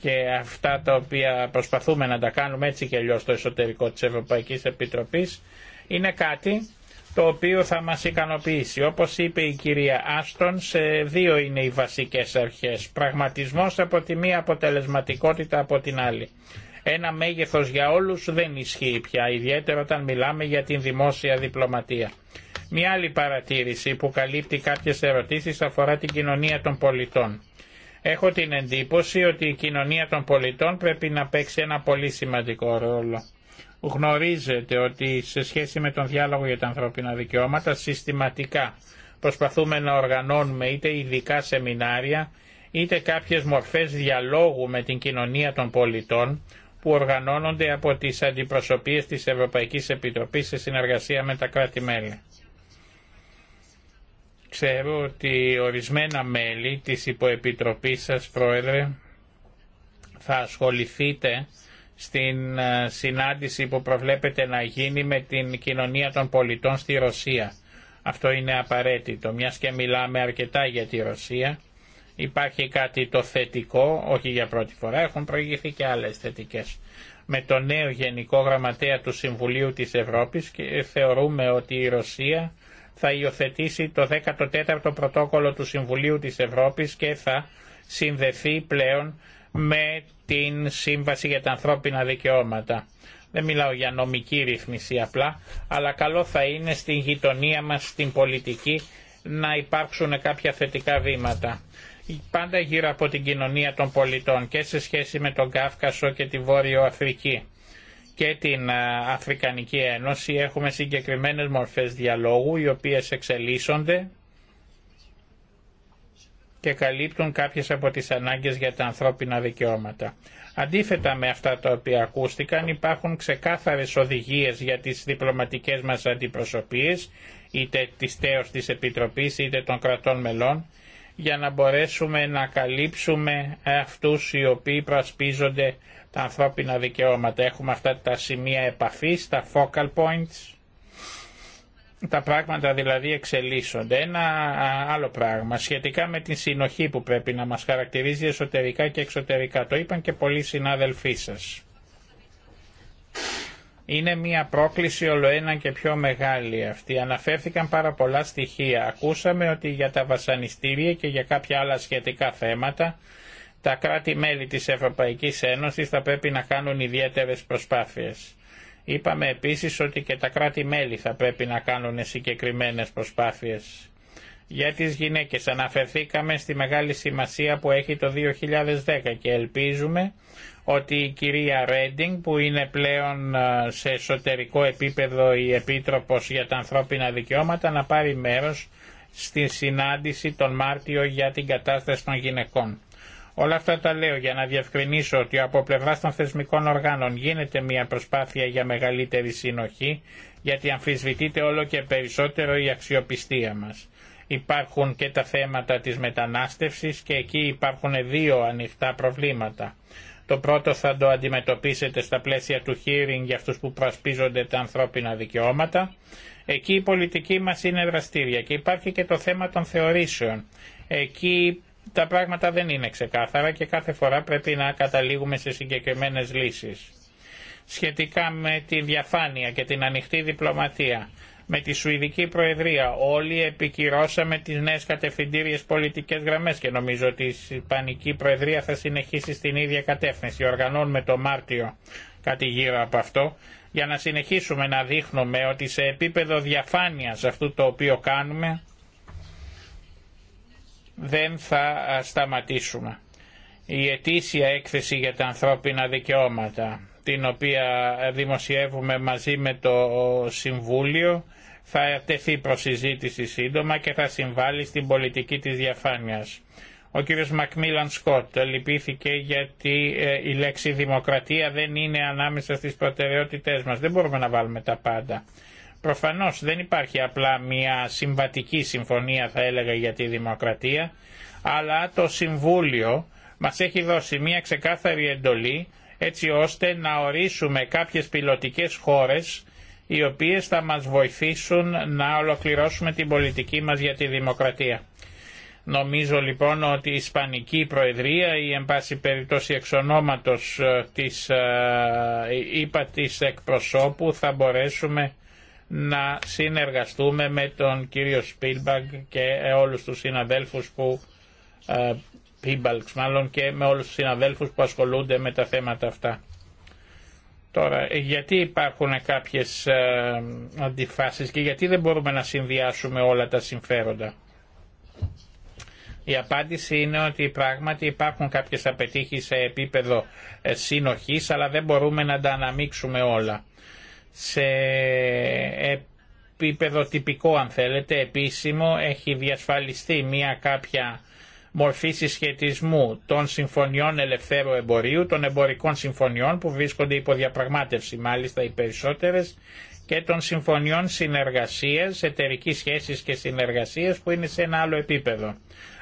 και αυτά τα οποία προσπαθούμε να τα κάνουμε έτσι και αλλιώς στο εσωτερικό της Ευρωπαϊκής Επιτροπής είναι κάτι το οποίο θα μας ικανοποιήσει. Όπως είπε η κυρία Άστον, σε δύο είναι οι βασικές αρχές. Πραγματισμός από τη μία, αποτελεσματικότητα από την άλλη. Ένα μέγεθος για όλους δεν ισχύει πια, ιδιαίτερα όταν μιλάμε για την δημόσια διπλωματία. Μια άλλη παρατήρηση που καλύπτει κάποιες ερωτήσεις αφορά την κοινωνία των πολιτών. Έχω την εντύπωση ότι η κοινωνία των πολιτών πρέπει να παίξει ένα πολύ σημαντικό ρόλο. Γνωρίζετε ότι σε σχέση με τον διάλογο για τα ανθρώπινα δικαιώματα συστηματικά προσπαθούμε να οργανώνουμε είτε ειδικά σεμινάρια είτε κάποιες μορφές διαλόγου με την κοινωνία των πολιτών που οργανώνονται από τις αντιπροσωπείες της Ευρωπαϊκής Επιτροπής σε συνεργασία με τα κράτη-μέλη. Ξέρω ότι ορισμένα μέλη της υποεπιτροπής σας, Πρόεδρε, θα ασχοληθείτε στην ε, συνάντηση που προβλέπετε να γίνει με την κοινωνία των πολιτών στη Ρωσία. Αυτό είναι απαραίτητο, μιας και μιλάμε αρκετά για τη Ρωσία. Υπάρχει κάτι το θετικό, όχι για πρώτη φορά, έχουν προηγηθεί και άλλες θετικές. Με το νέο Γενικό Γραμματέα του Συμβουλίου της Ευρώπης θεωρούμε ότι η Ρωσία θα υιοθετήσει το 14ο πρωτόκολλο του Συμβουλίου της Ευρώπης και θα συνδεθεί πλέον με την Σύμβαση για τα Ανθρώπινα Δικαιώματα. Δεν μιλάω για νομική ρύθμιση απλά, αλλά καλό θα είναι στην γειτονία μας, στην πολιτική, να υπάρξουν κάποια θετικά βήματα. Πάντα γύρω από την κοινωνία των πολιτών και σε σχέση με τον Κάφκασο και τη Βόρειο Αφρική και την ε, Αφρικανική Ένωση έχουμε συγκεκριμένες μορφές διαλόγου οι οποίες εξελίσσονται και καλύπτουν κάποιες από τις ανάγκες για τα ανθρώπινα δικαιώματα. Αντίθετα με αυτά τα οποία ακούστηκαν υπάρχουν ξεκάθαρες οδηγίες για τις διπλωματικές μας αντιπροσωπείες είτε της τέος της Επιτροπής είτε των κρατών μελών για να μπορέσουμε να καλύψουμε αυτούς οι οποίοι προασπίζονται ανθρώπινα δικαιώματα. Έχουμε αυτά τα σημεία επαφής, τα focal points. Τα πράγματα δηλαδή εξελίσσονται. Ένα άλλο πράγμα σχετικά με την συνοχή που πρέπει να μας χαρακτηρίζει εσωτερικά και εξωτερικά. Το είπαν και πολλοί συνάδελφοί σας. Είναι μια πρόκληση ολοένα και πιο μεγάλη αυτή. Αναφέρθηκαν πάρα πολλά στοιχεία. Ακούσαμε ότι για τα βασανιστήρια και για κάποια άλλα σχετικά θέματα τα κράτη-μέλη της Ευρωπαϊκής Ένωσης θα πρέπει να κάνουν ιδιαίτερες προσπάθειες. Είπαμε επίσης ότι και τα κράτη-μέλη θα πρέπει να κάνουν συγκεκριμένες προσπάθειες. Για τις γυναίκες αναφερθήκαμε στη μεγάλη σημασία που έχει το 2010 και ελπίζουμε ότι η κυρία Ρέντινγκ που είναι πλέον ε, σε εσωτερικό επίπεδο η Επίτροπος για τα ανθρώπινα δικαιώματα να πάρει μέρος στη συνάντηση τον Μάρτιο για την κατάσταση των γυναικών. Όλα αυτά τα λέω για να διευκρινίσω ότι από πλευρά των θεσμικών οργάνων γίνεται μια προσπάθεια για μεγαλύτερη συνοχή, γιατί αμφισβητείται όλο και περισσότερο η αξιοπιστία μας. Υπάρχουν και τα θέματα της μετανάστευσης και εκεί υπάρχουν δύο ανοιχτά προβλήματα. Το πρώτο θα το αντιμετωπίσετε στα πλαίσια του hearing για αυτούς που προασπίζονται τα ανθρώπινα δικαιώματα. Εκεί η πολιτική μας είναι δραστήρια και υπάρχει και το θέμα των θεωρήσεων. Εκεί τα πράγματα δεν είναι ξεκάθαρα και κάθε φορά πρέπει να καταλήγουμε σε συγκεκριμένες λύσεις. Σχετικά με τη διαφάνεια και την ανοιχτή διπλωματία, με τη Σουηδική Προεδρία όλοι επικυρώσαμε τις νέες κατευθυντήριες πολιτικές γραμμές και νομίζω ότι η Ισπανική Προεδρία θα συνεχίσει στην ίδια κατεύθυνση. Οργανώνουμε το Μάρτιο κάτι γύρω από αυτό για να συνεχίσουμε να δείχνουμε ότι σε επίπεδο διαφάνειας αυτού το οποίο κάνουμε δεν θα σταματήσουμε. Η ετήσια έκθεση για τα ανθρώπινα δικαιώματα, την οποία δημοσιεύουμε μαζί με το Συμβούλιο, θα τεθεί προσυζήτηση σύντομα και θα συμβάλλει στην πολιτική της διαφάνειας. Ο κ. Μακμίλαν Σκοτ λυπήθηκε γιατί ε, η λέξη δημοκρατία δεν είναι ανάμεσα στις προτεραιότητές μας. Δεν μπορούμε να βάλουμε τα πάντα. Προφανώς δεν υπάρχει απλά μια συμβατική συμφωνία θα έλεγα για τη δημοκρατία, αλλά το Συμβούλιο μας έχει δώσει μια ξεκάθαρη εντολή έτσι ώστε να ορίσουμε κάποιες πιλωτικές χώρες οι οποίες θα μας βοηθήσουν να ολοκληρώσουμε την πολιτική μας για τη δημοκρατία. Νομίζω λοιπόν ότι η Ισπανική Προεδρία ή εν πάση περιπτώσει εξ ονόματος ε, της, ε, είπα, εκπροσώπου θα μπορέσουμε να συνεργαστούμε με τον κύριο Σπίλμπαγκ και όλους τους συναδέλφους που ε, Πίμπαλξ και με όλους τους συναδέλφους που ασχολούνται με τα θέματα αυτά. Τώρα, γιατί υπάρχουν κάποιες ε, αντιφάσεις και γιατί δεν μπορούμε να συνδυάσουμε όλα τα συμφέροντα. Η απάντηση είναι ότι πράγματι υπάρχουν κάποιες απαιτήσεις σε επίπεδο ε, συνοχής, αλλά δεν μπορούμε να τα αναμίξουμε όλα σε επίπεδο τυπικό αν θέλετε επίσημο έχει διασφαλιστεί μια κάποια μορφή συσχετισμού των συμφωνιών ελευθέρου εμπορίου, των εμπορικών συμφωνιών που βρίσκονται υπό διαπραγμάτευση μάλιστα οι περισσότερες και των συμφωνιών συνεργασίας, εταιρικής σχέσης και συνεργασίας που είναι σε ένα άλλο επίπεδο.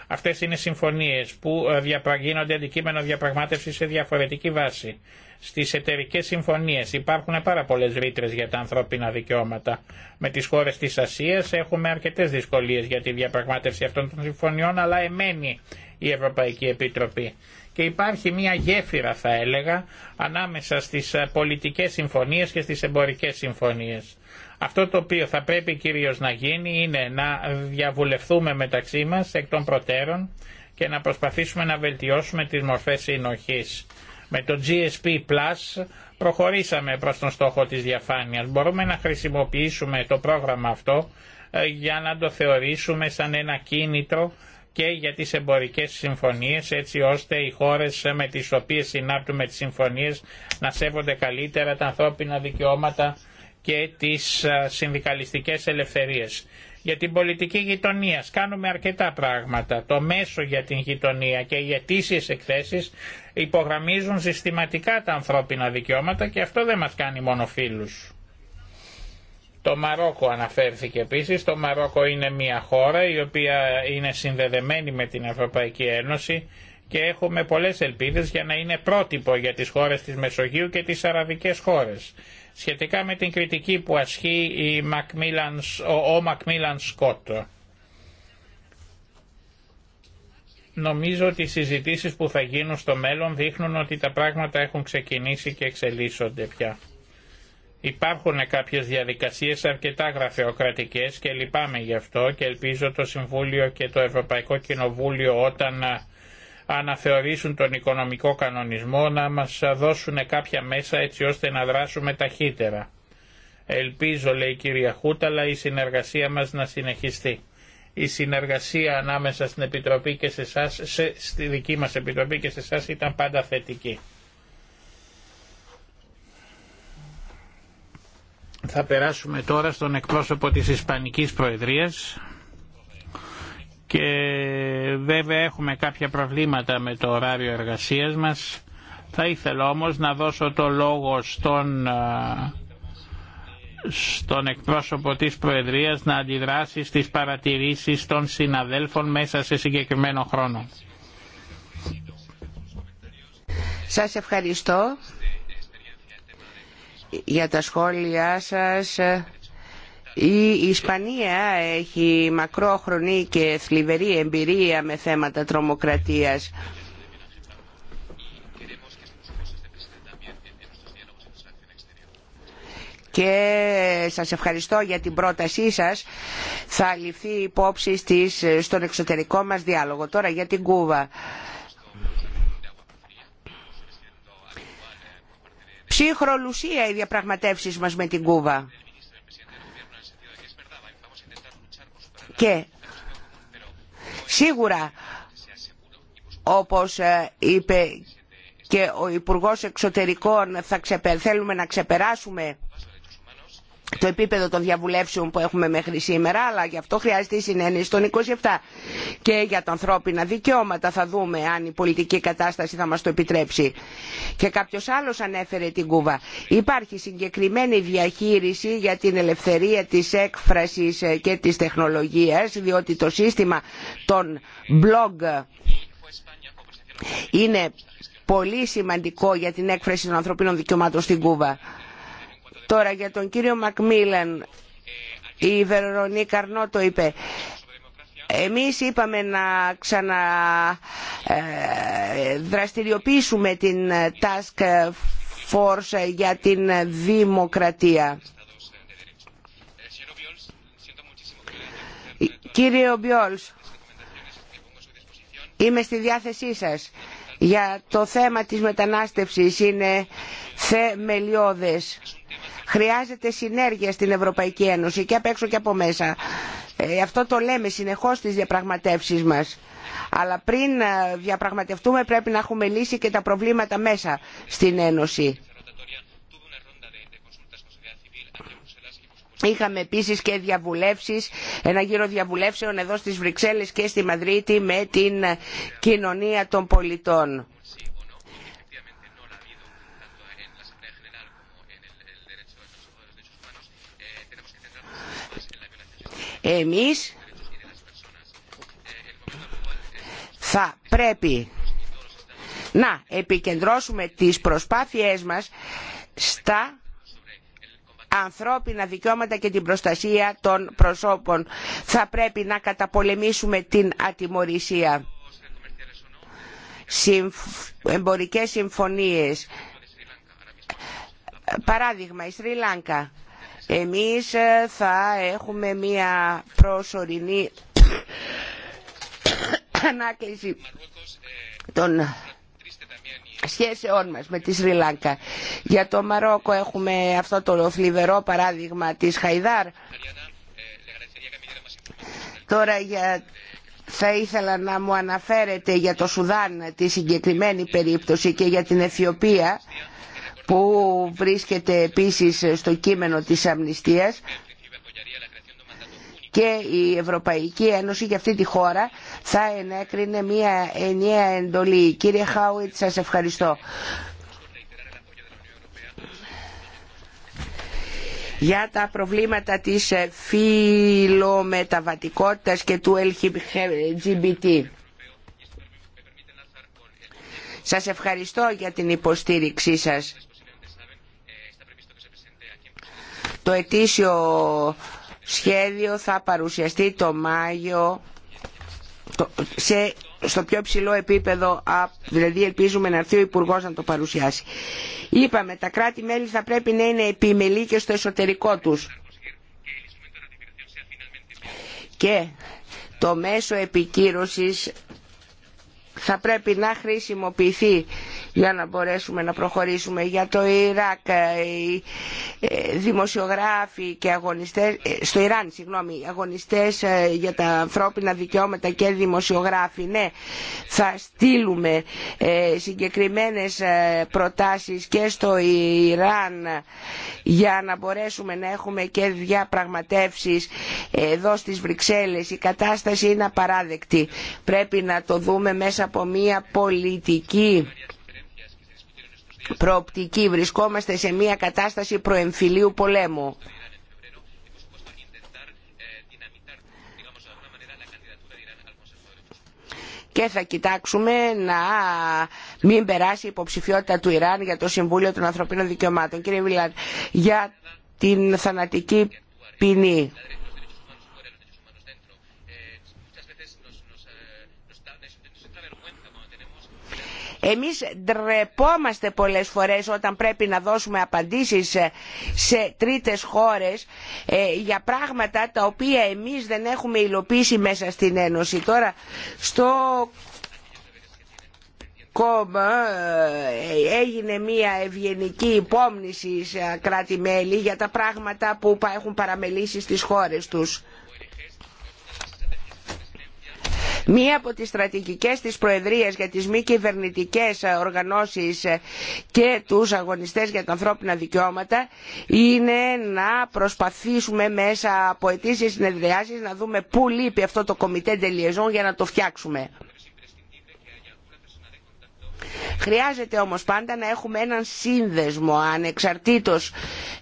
Αυτές είναι συμφωνίες που ε, γίνονται αντικείμενο διαπραγμάτευση σε διαφορετική βάση στις εταιρικές συμφωνίες. Υπάρχουν πάρα πολλές ρήτρες για τα ανθρώπινα δικαιώματα. Με τις χώρες της Ασίας έχουμε αρκετές δυσκολίες για τη διαπραγμάτευση αυτών των συμφωνιών, αλλά εμένει η Ευρωπαϊκή Επιτροπή. Και υπάρχει μια γέφυρα θα έλεγα ανάμεσα στις ε, πολιτικές συμφωνίες και στις εμπορικές συμφωνίες. Αυτό το οποίο θα πρέπει κυρίως να γίνει είναι να διαβουλευτούμε μεταξύ μας εκ των προτέρων και να προσπαθήσουμε να βελτιώσουμε τις μορφές συνοχής. Με το GSP Plus προχωρήσαμε προς τον στόχο της διαφάνειας. Μπορούμε να χρησιμοποιήσουμε το πρόγραμμα αυτό ε, για να το θεωρήσουμε σαν ένα κίνητρο και για τις εμπορικές συμφωνίες έτσι ώστε οι χώρες με τις οποίες συνάπτουμε τις συμφωνίες να σέβονται καλύτερα τα ανθρώπινα δικαιώματα και τις ε, συνδικαλιστικές ελευθερίες. Για την πολιτική γειτονία κάνουμε αρκετά πράγματα. Το μέσο για την γειτονία και οι αιτήσει εκθέσει υπογραμμίζουν συστηματικά τα ανθρώπινα δικαιώματα και αυτό δεν μα κάνει μόνο φίλου. Το Μαρόκο αναφέρθηκε επίσης. Το Μαρόκο είναι μια χώρα η οποία είναι συνδεδεμένη με την Ευρωπαϊκή Ένωση και έχουμε πολλές ελπίδες για να είναι πρότυπο για τις χώρες της Μεσογείου και τις αραβικές χώρες σχετικά με την κριτική που ασχεί η ο, ο Μακμίλαν Σκότ. Νομίζω ότι οι συζητήσεις που θα γίνουν στο μέλλον δείχνουν ότι τα πράγματα έχουν ξεκινήσει και εξελίσσονται πια. Υπάρχουν κάποιες διαδικασίες αρκετά γραφειοκρατικές και λυπάμαι γι' αυτό και ελπίζω το Συμβούλιο και το Ευρωπαϊκό Κοινοβούλιο όταν αναθεωρήσουν τον οικονομικό κανονισμό, να μας δώσουν κάποια μέσα έτσι ώστε να δράσουμε ταχύτερα. Ελπίζω, λέει η κυρία Χούταλα, η συνεργασία μας να συνεχιστεί. Η συνεργασία ανάμεσα στην Επιτροπή και σε εσάς, στη δική μας Επιτροπή και σε εσά ήταν πάντα θετική. Θα περάσουμε τώρα στον εκπρόσωπο της Ισπανικής Προεδρίας και βέβαια έχουμε κάποια προβλήματα με το ωράριο εργασίας μας. Θα ήθελα όμως να δώσω το λόγο στον, στον εκπρόσωπο της Προεδρίας να αντιδράσει στις παρατηρήσεις των συναδέλφων μέσα σε συγκεκριμένο χρόνο. Σας ευχαριστώ για τα σχόλιά σας η Ισπανία έχει μακρόχρονη και θλιβερή εμπειρία με θέματα τρομοκρατίας. και σας ευχαριστώ για την πρότασή σας. Θα ληφθεί υπόψη στις, στον εξωτερικό μας διάλογο. Τώρα για την Κούβα. Ψύχρολουσία οι διαπραγματεύσεις μας με την Κούβα. και σίγουρα όπως ε, είπε και ο Υπουργός Εξωτερικών θα θέλουμε να ξεπεράσουμε το επίπεδο των διαβουλεύσεων που έχουμε μέχρι σήμερα αλλά γι' αυτό χρειάζεται η συνένεση των 27 και για τα ανθρώπινα δικαιώματα θα δούμε αν η πολιτική κατάσταση θα μας το επιτρέψει και κάποιος άλλος ανέφερε την Κούβα υπάρχει συγκεκριμένη διαχείριση για την ελευθερία της έκφρασης ε, και της τεχνολογίας διότι το σύστημα των blog είναι πολύ σημαντικό για την έκφραση των ανθρωπίνων δικαιωμάτων στην Κούβα Τώρα για τον κύριο Μακμίλαν, η Βερονή Καρνό το είπε. Εμείς είπαμε να ξαναδραστηριοποιήσουμε ε, την Task Force για την Δημοκρατία. Κύριε Μπιόλς, είμαι στη διάθεσή σας για το θέμα της μετανάστευσης είναι θεμελιώδες. Χρειάζεται συνέργεια στην Ευρωπαϊκή Ένωση και απ' έξω και από μέσα. Ε, αυτό το λέμε συνεχώς στις διαπραγματεύσεις μας. Αλλά πριν ε, διαπραγματευτούμε πρέπει να έχουμε λύσει και τα προβλήματα μέσα στην Ένωση. Είχαμε επίσης και διαβουλεύσεις, ένα γύρο διαβουλεύσεων εδώ στις Βρυξέλλες και στη Μαδρίτη με την κοινωνία των πολιτών. Εμείς θα πρέπει να επικεντρώσουμε τις προσπάθειές μας στα ανθρώπινα δικαιώματα και την προστασία των προσώπων. Θα πρέπει να καταπολεμήσουμε την ατιμορρησία. Εμπορικές συμφωνίες. Παράδειγμα, η Σρι Λάνκα. Εμείς ε, θα έχουμε μία προσωρινή ανάκληση των σχέσεών μας με τη Σρι Για το Μαρόκο έχουμε αυτό το θλιβερό παράδειγμα της Χαϊδάρ. Τώρα για... θα ήθελα να μου αναφέρετε για το Σουδάν τη συγκεκριμένη περίπτωση και για την Αιθιοπία που βρίσκεται επίσης στο κείμενο της αμνηστίας και η Ευρωπαϊκή Ένωση για αυτή τη χώρα θα ενέκρινε μια ενιαία εντολή. Κύριε Χάουιτ, σας ευχαριστώ. για τα προβλήματα της φιλομεταβατικότητας και του LGBT. Σας ευχαριστώ για την υποστήριξή σας. Το ετήσιο σχέδιο θα παρουσιαστεί το Μάιο στο πιο ψηλό επίπεδο, δηλαδή ελπίζουμε να έρθει ο Υπουργός να το παρουσιάσει. Είπαμε, τα κράτη-μέλη θα πρέπει να είναι επιμελή και στο εσωτερικό τους. Και το μέσο επικύρωσης θα πρέπει να χρησιμοποιηθεί για να μπορέσουμε να προχωρήσουμε. Για το Ιράκ, ε, οι ε, δημοσιογράφοι και αγωνιστές, ε, στο Ιράν, συγγνώμη, αγωνιστές για τα ανθρώπινα δικαιώματα και δημοσιογράφοι, ναι, θα στείλουμε συγκεκριμένες προτάσεις και στο Ιράν για να μπορέσουμε να έχουμε και διαπραγματεύσεις εδώ στις Βρυξέλλες. Η κατάσταση είναι απαράδεκτη. Πρέπει να το δούμε μέσα από μια πολιτική προοπτική. Βρισκόμαστε σε μια κατάσταση προεμφυλίου πολέμου. και θα κοιτάξουμε να μην περάσει η υποψηφιότητα του Ιράν για το Συμβούλιο των Ανθρωπίνων Δικαιωμάτων. Κύριε Βιλάν, για την θανατική ποινή. Εμείς ντρεπόμαστε πολλές φορές όταν πρέπει να δώσουμε απαντήσεις σε τρίτες χώρες ε, για πράγματα τα οποία εμείς δεν έχουμε υλοποιήσει μέσα στην Ένωση. Τώρα στο κόμμα ε, έγινε μια ευγενική υπόμνηση σε κράτη-μέλη για τα πράγματα που έχουν παραμελήσει στις χώρες τους. Μία από τις στρατηγικές της Προεδρίας για τις μη κυβερνητικέ οργανώσεις και τους αγωνιστές για τα ανθρώπινα δικαιώματα είναι να προσπαθήσουμε μέσα από αιτήσεις συνεδριάσεις να δούμε πού λείπει αυτό το κομιτέ τελειεζόν για να το φτιάξουμε. Χρειάζεται όμως πάντα να έχουμε έναν σύνδεσμο ανεξαρτήτως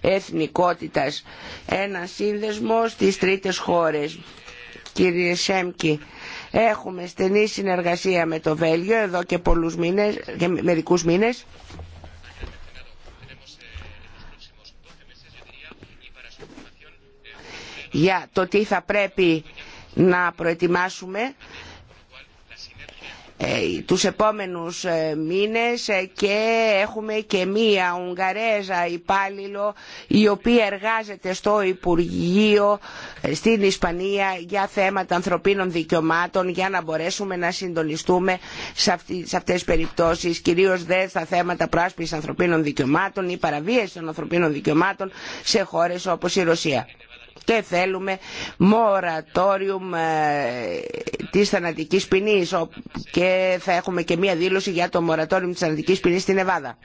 εθνικότητας, έναν σύνδεσμο στις τρίτες χώρες. Κύριε Σέμκι, Έχουμε στενή συνεργασία με το Βέλγιο εδώ και, πολλούς μήνες, μερικούς μήνες. για το τι θα πρέπει να προετοιμάσουμε ε, τους επόμενους ε, μήνες ε, και έχουμε και μία Ουγγαρέζα υπάλληλο η οποία εργάζεται στο Υπουργείο στην Ισπανία για θέματα ανθρωπίνων δικαιωμάτων για να μπορέσουμε να συντονιστούμε σε αυτές τις περιπτώσεις κυρίως δε στα θέματα πράσπισης ανθρωπίνων δικαιωμάτων ή παραβίαση των ανθρωπίνων δικαιωμάτων σε χώρες όπως η Ρωσία και θέλουμε μορατόριουμ ε, της θανατικής ποινής και θα έχουμε και μία δήλωση για το μορατόριουμ της θανατικής ποινής στην Εβάδα.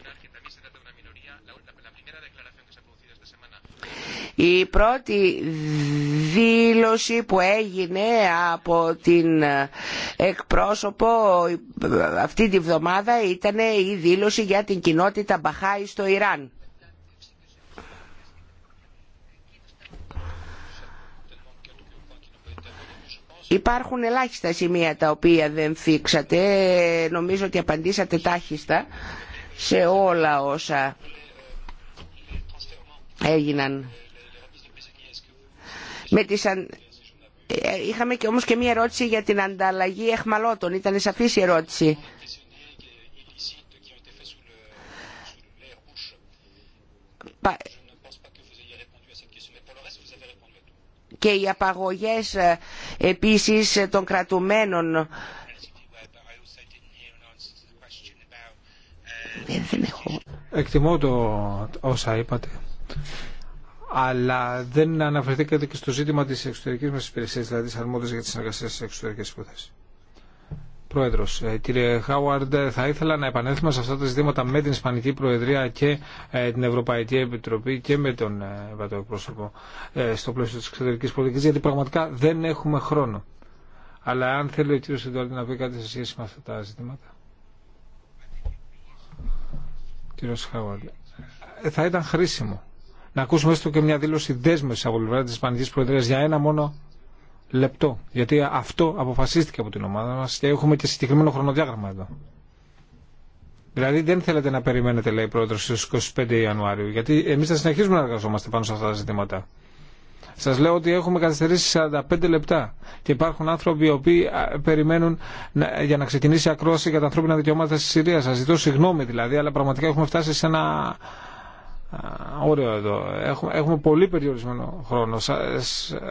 Η πρώτη δήλωση που έγινε από την εκπρόσωπο αυτή τη βδομάδα ήταν η δήλωση για την κοινότητα Μπαχάη στο Ιράν. Υπάρχουν ελάχιστα σημεία τα οποία δεν θίξατε. Νομίζω ότι απαντήσατε τάχιστα σε όλα όσα έγιναν. Ε, είχαμε και όμως και μία ερώτηση για την ανταλλαγή εχμαλώτων. Ήταν σαφής η ερώτηση. και οι απαγωγές ε, επίσης ε, των κρατουμένων. Ε, Εκτιμώ το όσα είπατε. Αλλά δεν αναφερθήκατε και στο ζήτημα της εξωτερικής μας υπηρεσίας, δηλαδή της αρμόδιας για τις συνεργασία στις εξωτερικές υποθέσεις. Πρόεδρο. Ε, κύριε Χάουαρντ, θα ήθελα να επανέλθουμε σε αυτά τα ζητήματα με την Ισπανική Προεδρία και ε, την Ευρωπαϊκή Επιτροπή και με τον Ευρωπαϊκό ε, στο πλαίσιο τη εξωτερική πολιτική, γιατί πραγματικά δεν έχουμε χρόνο. Αλλά αν θέλει ο κύριο Σεντουάρντι να πει κάτι σε σχέση με αυτά τα ζητήματα. Κύριο Χάουαρντ, θα ήταν χρήσιμο να ακούσουμε έστω και μια δήλωση δέσμευση από πλευρά τη Ισπανική Προεδρία για ένα μόνο λεπτό. Γιατί αυτό αποφασίστηκε από την ομάδα μα και έχουμε και συγκεκριμένο χρονοδιάγραμμα εδώ. Δηλαδή δεν θέλετε να περιμένετε, λέει η πρόεδρο, στις 25 Ιανουαρίου, γιατί εμεί θα συνεχίσουμε να εργαζόμαστε πάνω σε αυτά τα ζητήματα. Σα λέω ότι έχουμε καθυστερήσει 45 λεπτά και υπάρχουν άνθρωποι οι οποίοι περιμένουν για να ξεκινήσει η ακρόαση για τα ανθρώπινα δικαιώματα στη Συρία. Σας ζητώ συγγνώμη δηλαδή, αλλά πραγματικά έχουμε φτάσει σε ένα Ωραίο εδώ. Έχουμε, πολύ περιορισμένο χρόνο.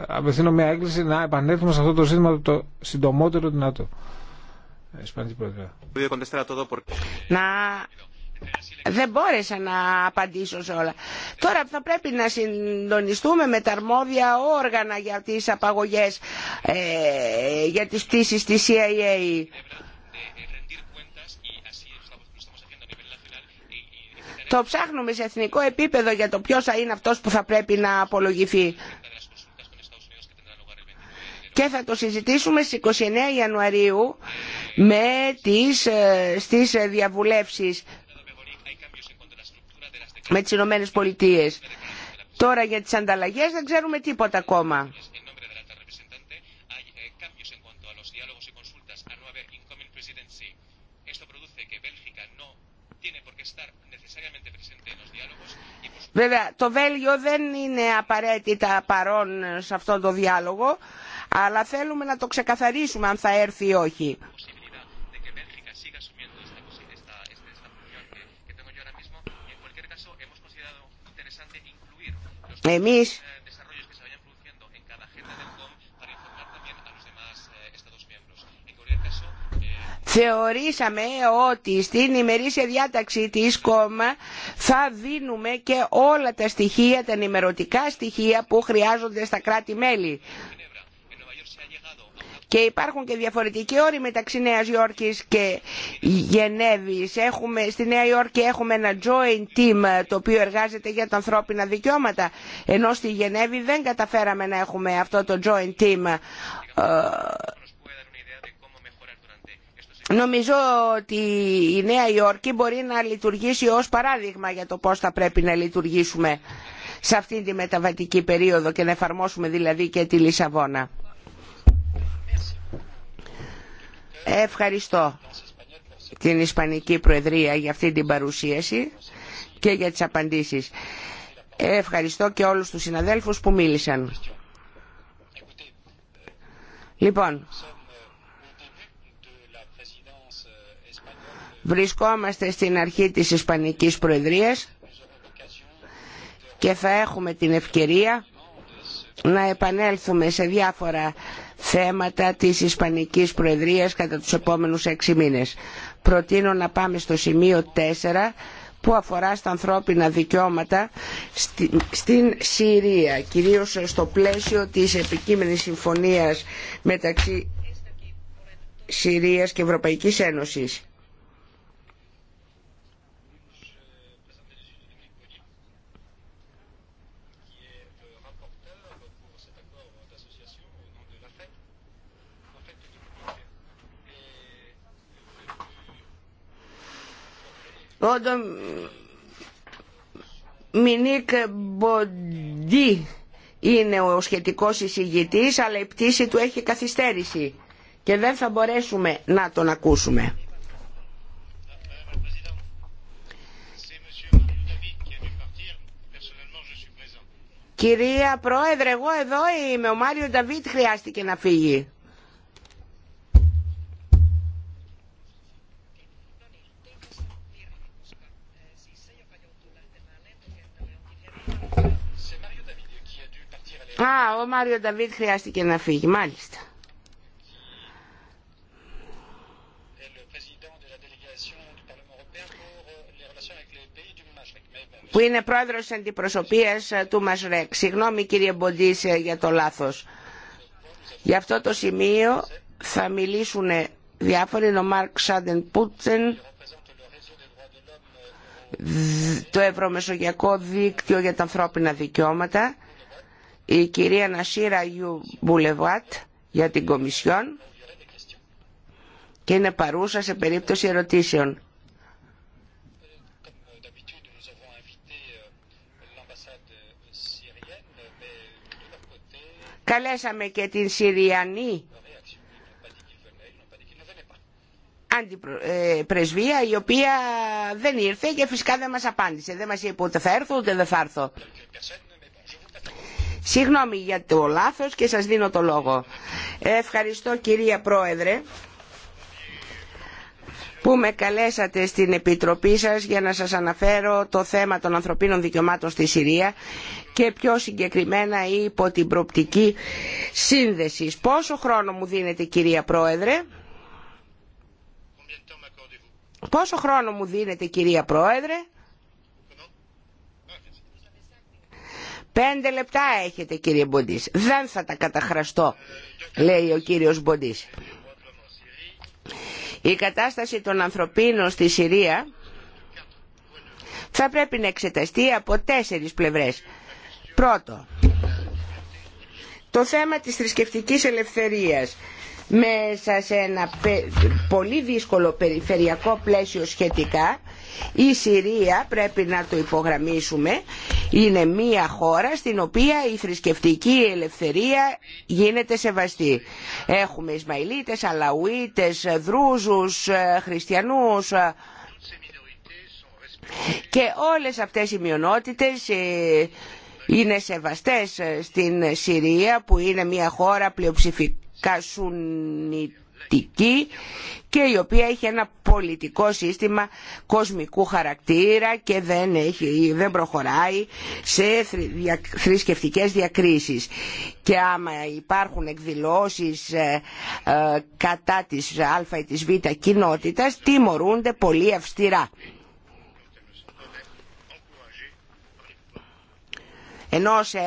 απευθύνω μια έκκληση να επανέλθουμε σε αυτό το ζήτημα το συντομότερο δυνατό. Ε, να... Δεν μπόρεσα να απαντήσω σε όλα. Τώρα θα πρέπει να συντονιστούμε με τα αρμόδια όργανα για τις απαγωγές, ε, για τις πτήσεις της CIA. το ψάχνουμε σε εθνικό επίπεδο για το ποιο θα είναι αυτός που θα πρέπει να απολογηθεί. Και θα το συζητήσουμε στις 29 Ιανουαρίου με τις, ε, στις διαβουλεύσεις με τις Ηνωμένε Πολιτείες. Τώρα για τις ανταλλαγές δεν ξέρουμε τίποτα ακόμα. Βέβαια το Βέλγιο δεν είναι απαραίτητα παρόν σε αυτόν τον διάλογο αλλά θέλουμε να το ξεκαθαρίσουμε αν θα έρθει ή όχι. Εμείς θεωρήσαμε ότι στην ημερήσια διάταξη της κόμμα θα δίνουμε και όλα τα στοιχεία, τα ενημερωτικά στοιχεία που χρειάζονται στα κράτη-μέλη. Και υπάρχουν και διαφορετικοί όροι μεταξύ Νέας Υόρκης και Γενέβης. Έχουμε, στη Νέα Υόρκη έχουμε ένα joint team το οποίο εργάζεται για τα ανθρώπινα δικαιώματα. Ενώ στη Γενέβη δεν καταφέραμε να έχουμε αυτό το joint team ε, Νομίζω ότι η Νέα Υόρκη μπορεί να λειτουργήσει ως παράδειγμα για το πώς θα πρέπει να λειτουργήσουμε σε αυτή τη μεταβατική περίοδο και να εφαρμόσουμε δηλαδή και τη Λισαβόνα. Ευχαριστώ την Ισπανική Προεδρία για αυτή την παρουσίαση και για τις απαντήσεις. Ευχαριστώ και όλους τους συναδέλφους που μίλησαν. Λοιπόν, Βρισκόμαστε στην αρχή της Ισπανικής Προεδρίας και θα έχουμε την ευκαιρία να επανέλθουμε σε διάφορα θέματα της Ισπανικής Προεδρίας κατά τους επόμενους έξι μήνες. Προτείνω να πάμε στο σημείο 4 που αφορά στα ανθρώπινα δικαιώματα στην Συρία, κυρίως στο πλαίσιο της επικείμενης συμφωνίας μεταξύ Συρίας και Ευρωπαϊκής Ένωσης. Ο Μινίκ Μποντί είναι ο σχετικός εισηγητής αλλά η πτήση του έχει καθυστέρηση και δεν θα μπορέσουμε να τον ακούσουμε. Κυρία Πρόεδρε, εγώ εδώ είμαι. Ο Μάριο Νταβίτ χρειάστηκε να φύγει. Α, ο Μάριο Νταβίτ χρειάστηκε να φύγει, μάλιστα. Euh, που είναι πρόεδρος της αντιπροσωπείας ε, του Μασρέκ. Συγγνώμη κύριε Μποντίσια ε, για το λάθος. Γι' αυτό το σημείο θα μιλήσουν διάφοροι, ο Μάρκ Σάντεν Πούτσεν, το Ευρωμεσογειακό Δίκτυο για τα Ανθρώπινα Δικαιώματα, η κυρία Νασίρα Ιου Μπουλεβάτ για την Κομισιόν και είναι παρούσα σε περίπτωση ερωτήσεων. Καλέσαμε και την Συριανή αντιπρεσβεία ε, η οποία δεν ήρθε και φυσικά δεν μας απάντησε. Δεν μας είπε ούτε θα έρθω ούτε δεν θα έρθω. Συγγνώμη για το λάθος και σας δίνω το λόγο. Ευχαριστώ κυρία Πρόεδρε που με καλέσατε στην Επιτροπή σας για να σας αναφέρω το θέμα των ανθρωπίνων δικαιωμάτων στη Συρία και πιο συγκεκριμένα υπό την προπτική σύνδεσης. Πόσο χρόνο μου δίνετε κυρία Πρόεδρε? Πόσο χρόνο μου δίνετε κυρία Πρόεδρε? Πέντε λεπτά έχετε κύριε Μποντής. Δεν θα τα καταχραστώ, λέει ο κύριος Μποντής. Η κατάσταση των ανθρωπίνων στη Συρία θα πρέπει να εξεταστεί από τέσσερις πλευρές. Πρώτο, το θέμα της θρησκευτικής ελευθερίας μέσα σε ένα πολύ δύσκολο περιφερειακό πλαίσιο σχετικά η Συρία πρέπει να το υπογραμμίσουμε είναι μια χώρα στην οποία η θρησκευτική ελευθερία γίνεται σεβαστή έχουμε Ισμαηλίτες, Αλαουίτες, Δρούζους, Χριστιανούς και όλες αυτές οι μειονότητες ε, είναι σεβαστές στην Συρία που είναι μια χώρα πλειοψηφική κασουνιτική και η οποία έχει ένα πολιτικό σύστημα κοσμικού χαρακτήρα και δεν, έχει, δεν προχωράει σε θρησκευτικέ διακρίσεις. Και άμα υπάρχουν εκδηλώσεις ε, ε, κατά της α ή της β κοινότητας τιμωρούνται πολύ αυστηρά. Ενώ σε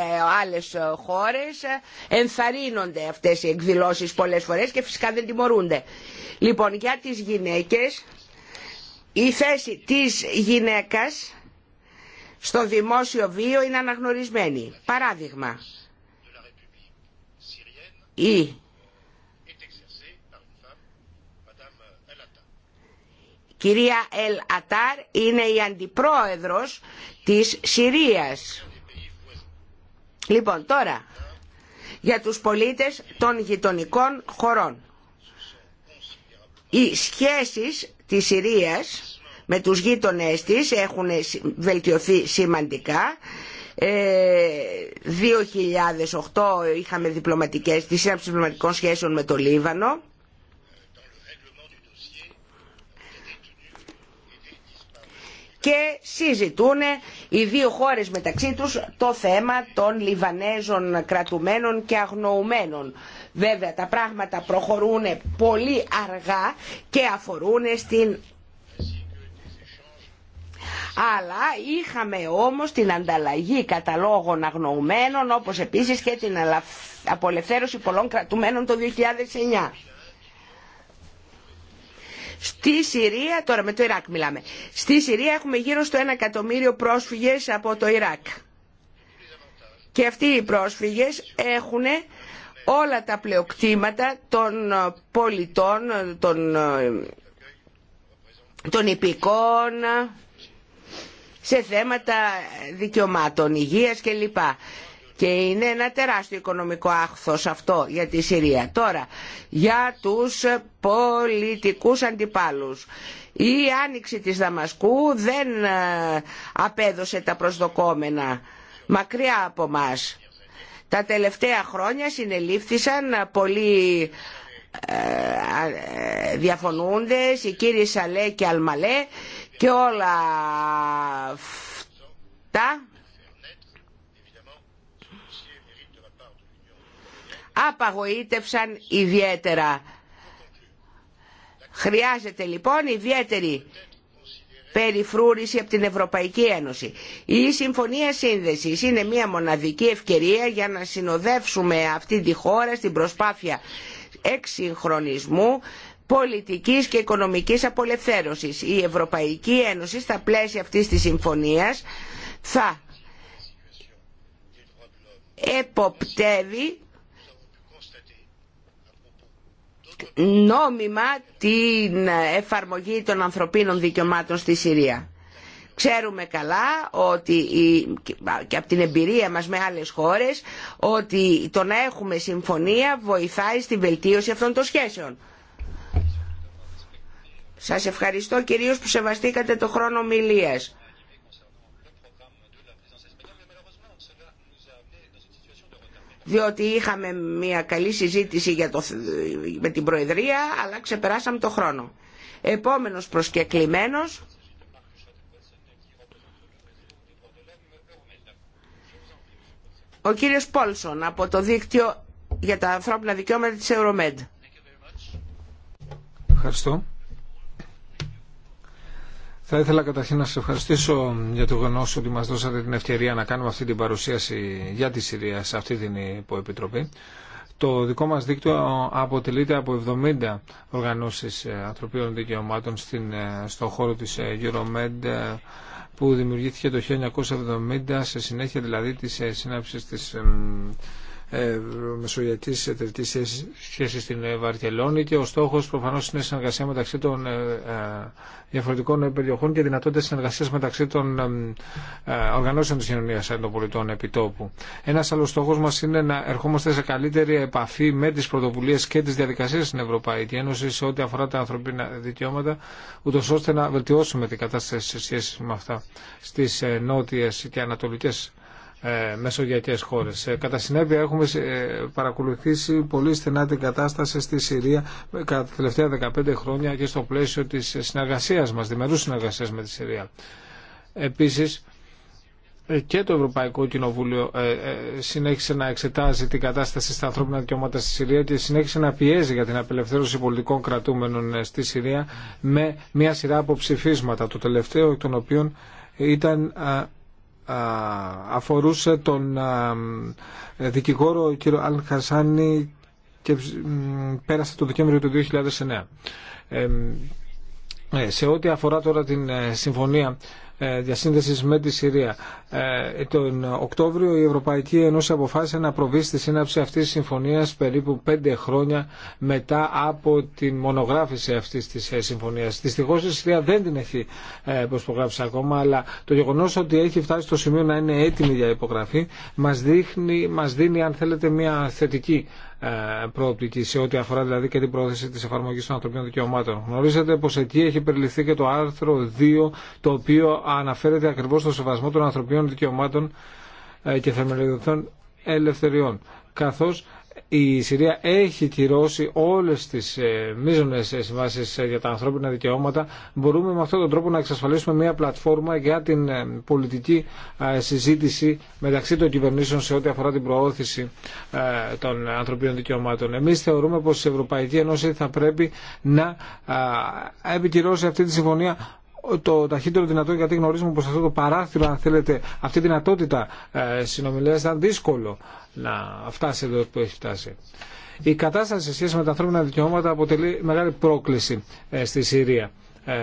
άλλες χώρες ενθαρρύνονται αυτές οι εκδηλώσεις πολλές φορές και φυσικά δεν τιμωρούνται. Λοιπόν, για τις γυναίκες, η θέση της γυναίκας στο δημόσιο βίο είναι αναγνωρισμένη. Παράδειγμα, η κυρία Ελ Ατάρ είναι η αντιπρόεδρος της Συρίας. Λοιπόν, τώρα, για τους πολίτες των γειτονικών χωρών. Οι σχέσεις της Συρίας με τους γείτονές της έχουν βελτιωθεί σημαντικά. 2008 ε, είχαμε διπλωματικές, τη σύναψη διπλωματικών σχέσεων με το Λίβανο. Και συζητούν οι δύο χώρες μεταξύ τους το θέμα των Λιβανέζων κρατουμένων και αγνοουμένων. Βέβαια τα πράγματα προχωρούν πολύ αργά και αφορούν στην αλλά είχαμε όμως την ανταλλαγή καταλόγων αγνοουμένων όπως επίσης και την απολευθέρωση πολλών κρατουμένων το 2009. Στη Συρία, τώρα με το Ιράκ μιλάμε, στη Συρία έχουμε γύρω στο ένα εκατομμύριο πρόσφυγες από το Ιράκ. Και αυτοί οι πρόσφυγες έχουν όλα τα πλεοκτήματα των πολιτών, των, των υπηκών, σε θέματα δικαιωμάτων, υγείας κλπ και είναι ένα τεράστιο οικονομικό άχθος αυτό για τη Συρία. Τώρα, για τους πολιτικούς αντιπάλους. Η άνοιξη της Δαμασκού δεν ε, απέδωσε τα προσδοκόμενα μακριά από μας. Τα τελευταία χρόνια συνελήφθησαν ε, πολλοί ε, διαφωνούντες, οι κύριοι Σαλέ και Αλμαλέ και όλα αυτά απαγοήτευσαν ιδιαίτερα. Χρειάζεται λοιπόν ιδιαίτερη περιφρούρηση από την Ευρωπαϊκή Ένωση. Η Συμφωνία Σύνδεσης είναι μια μοναδική ευκαιρία για να συνοδεύσουμε αυτή τη χώρα στην προσπάθεια εξυγχρονισμού πολιτικής και οικονομικής απολευθέρωσης. Η Ευρωπαϊκή Ένωση στα πλαίσια αυτής της συμφωνίας θα εποπτεύει νόμιμα την εφαρμογή των ανθρωπίνων δικαιωμάτων στη Συρία. Ξέρουμε καλά ότι και από την εμπειρία μας με άλλες χώρες ότι το να έχουμε συμφωνία βοηθάει στη βελτίωση αυτών των σχέσεων. Σας ευχαριστώ κυρίως που σεβαστήκατε το χρόνο μιλίας. διότι είχαμε μια καλή συζήτηση για το, με την Προεδρία, αλλά ξεπεράσαμε το χρόνο. Επόμενος προσκεκλημένος, ο κύριος Πόλσον από το Δίκτυο για τα Ανθρώπινα Δικαιώματα της Euromed. Ευχαριστώ. Θα ήθελα καταρχήν να σα ευχαριστήσω για το γεγονό ότι μα δώσατε την ευκαιρία να κάνουμε αυτή την παρουσίαση για τη Συρία σε αυτή την υποεπιτροπή. Το δικό μας δίκτυο αποτελείται από 70 οργανώσεις ε, ανθρωπίνων δικαιωμάτων ε, στον χώρο της ε, Euromed που δημιουργήθηκε το 1970 σε συνέχεια δηλαδή της συνάψης της μεσογειακής σχέση σχέση στην ε, Βαρκελόνη και ο στόχο προφανώ είναι συνεργασία μεταξύ των ε, ε, διαφορετικών περιοχών και δυνατότητα συνεργασία μεταξύ των οργανώσεων τη κοινωνίας των πολιτών επιτόπου. Ένας άλλο στόχο μας είναι να ερχόμαστε σε καλύτερη επαφή με τι πρωτοβουλίε και τι διαδικασίε στην Ευρωπαϊκή Ένωση σε ό,τι αφορά τα ανθρωπίνα δικαιώματα, ούτω ώστε να βελτιώσουμε την κατάσταση σε σχέση με αυτά στις νότιε και ανατολικέ ε, μεσογειακές χώρες. Ε, κατά συνέπεια έχουμε ε, παρακολουθήσει πολύ στενά την κατάσταση στη Συρία κατά τα τελευταία 15 χρόνια και στο πλαίσιο της συνεργασίας μας, διμερούς συνεργασίας με τη Συρία. Επίσης, και το Ευρωπαϊκό Κοινοβούλιο συνέχισε να εξετάζει την κατάσταση στα ανθρώπινα δικαιώματα στη Συρία και συνέχισε να πιέζει για την απελευθέρωση πολιτικών κρατούμενων στη Συρία με μια σειρά αποψηφίσματα το τελευταίο των οποίων ήταν αφορούσε τον δικηγόρο κύριο Αλ Χασάνη και πέρασε το Δεκέμβριο του 2009. Ε, σε ό,τι αφορά τώρα την ε, συμφωνία ε, διασύνδεσης με τη Συρία. Τον Οκτώβριο η Ευρωπαϊκή Ένωση αποφάσισε να προβεί στη σύναψη αυτής της συμφωνίας περίπου πέντε χρόνια μετά από την μονογράφηση αυτής της συμφωνίας. Δυστυχώς η Συρία δεν την έχει προσπογράψει ακόμα, αλλά το γεγονός ότι έχει φτάσει στο σημείο να είναι έτοιμη για υπογραφή μας, δείχνει, μας δίνει, αν θέλετε, μια θετική ε, προοπτική σε ό,τι αφορά δηλαδή και την πρόθεση της εφαρμογής των ανθρωπίνων δικαιωμάτων. Γνωρίζετε πως εκεί έχει περιληφθεί και το άρθρο 2 το οποίο αναφέρεται ακριβώς στο σεβασμό των ανθρωπίνων δικαιωμάτων ε, και θεμελιωδών ελευθεριών καθώς η Συρία έχει κυρώσει όλες τις ε, συμβάσει ε, για τα ανθρώπινα δικαιώματα, μπορούμε με αυτόν τον τρόπο να εξασφαλίσουμε μια πλατφόρμα για την ε, πολιτική ε, συζήτηση μεταξύ των κυβερνήσεων σε ό,τι αφορά την προώθηση των ανθρωπίνων δικαιωμάτων. Εμείς θεωρούμε πως η Ευρωπαϊκή Ένωση θα πρέπει να επικυρώσει αυτή τη συμφωνία το ταχύτερο δυνατό γιατί γνωρίζουμε πως αυτό το παράθυρο αν θέλετε αυτή η δυνατότητα ε, συνομιλίας ήταν δύσκολο να φτάσει εδώ που έχει φτάσει. Η κατάσταση σε σχέση με τα ανθρώπινα δικαιώματα αποτελεί μεγάλη πρόκληση ε, στη Συρία. Ε,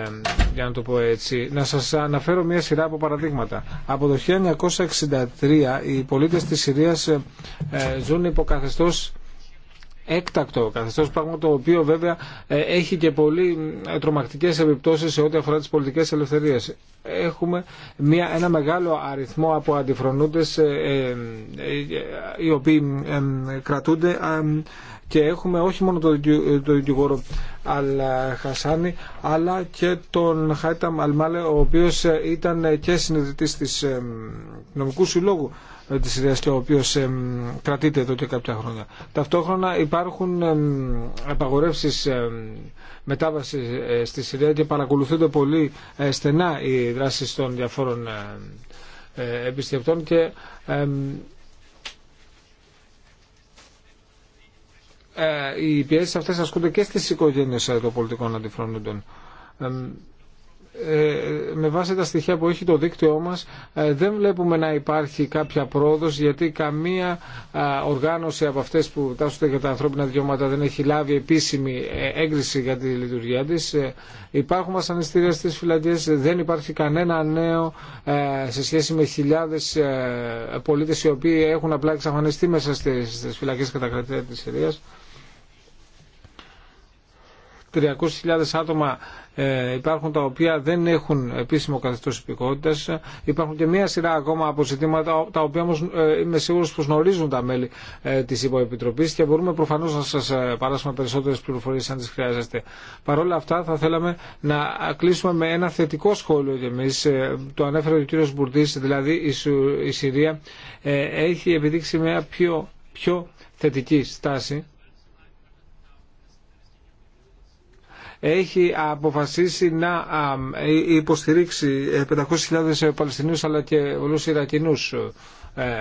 για να το πω έτσι. Να σας αναφέρω μια σειρά από παραδείγματα. Από το 1963 οι πολίτες της Συρίας ε, ε, ζουν υποκαθεστώς έκτακτο καθεστώς, πράγμα το οποίο βέβαια ε, έχει και πολύ ε, τρομακτικές επιπτώσεις σε ό,τι αφορά τις πολιτικές ελευθερίες. Έχουμε μια, ένα μεγάλο αριθμό από αντιφρονούντες ε, οι οποίοι κρατούνται και έχουμε όχι μόνο τον το δικηγόρο Αλ-Χασάνη αλλά και τον Χάιταμ Αλμάλε ο οποίος ήταν και συνειδητής της νομικού συλλόγου τη Συρία και ο οποίο κρατείται εδώ και κάποια χρόνια. Ταυτόχρονα υπάρχουν απαγορεύσεις μετάβαση ε, στη Συρία και παρακολουθούνται πολύ ε, στενά οι δράσει των διαφόρων ε, επισκεπτών και οι πιέσει αυτέ ασκούνται και στι οικογένειε των πολιτικών αντιφρονούντων. Ε, με βάση τα στοιχεία που έχει το δίκτυό μας ε, δεν βλέπουμε να υπάρχει κάποια πρόοδος γιατί καμία οργάνωση από αυτές που τάσσονται για τα ανθρώπινα δικαιώματα δεν έχει λάβει επίσημη ε, έγκριση για τη λειτουργία της. Υπάρχουν μας ανεστήρια στις φυλακές, δεν υπάρχει κανένα νέο σε σχέση με χιλιάδες πολίτες οι οποίοι έχουν απλά εξαφανιστεί μέσα στις φυλακές κατά της Συρίας. 300.000 άτομα ε, υπάρχουν τα οποία δεν έχουν επίσημο καθεστώς υπηκότητας, υπάρχουν και μία σειρά ακόμα από τα οποία όμως ε, είμαι σίγουρο πως γνωρίζουν τα μέλη ε, της υποεπιτροπής και μπορούμε προφανώς να σας παράσουμε περισσότερες πληροφορίες αν τις χρειάζεστε. Παρ' όλα αυτά θα θέλαμε να κλείσουμε με ένα θετικό σχόλιο κι εμείς, το ανέφερε ο κ. Μπουρτής, δηλαδή η Συρία έχει επιδείξει μια πιο, πιο θετική στάση έχει αποφασίσει να ε, υποστηρίξει 500.000 ε, ε, Παλαιστινίους αλλά και όλους Ιρακινούς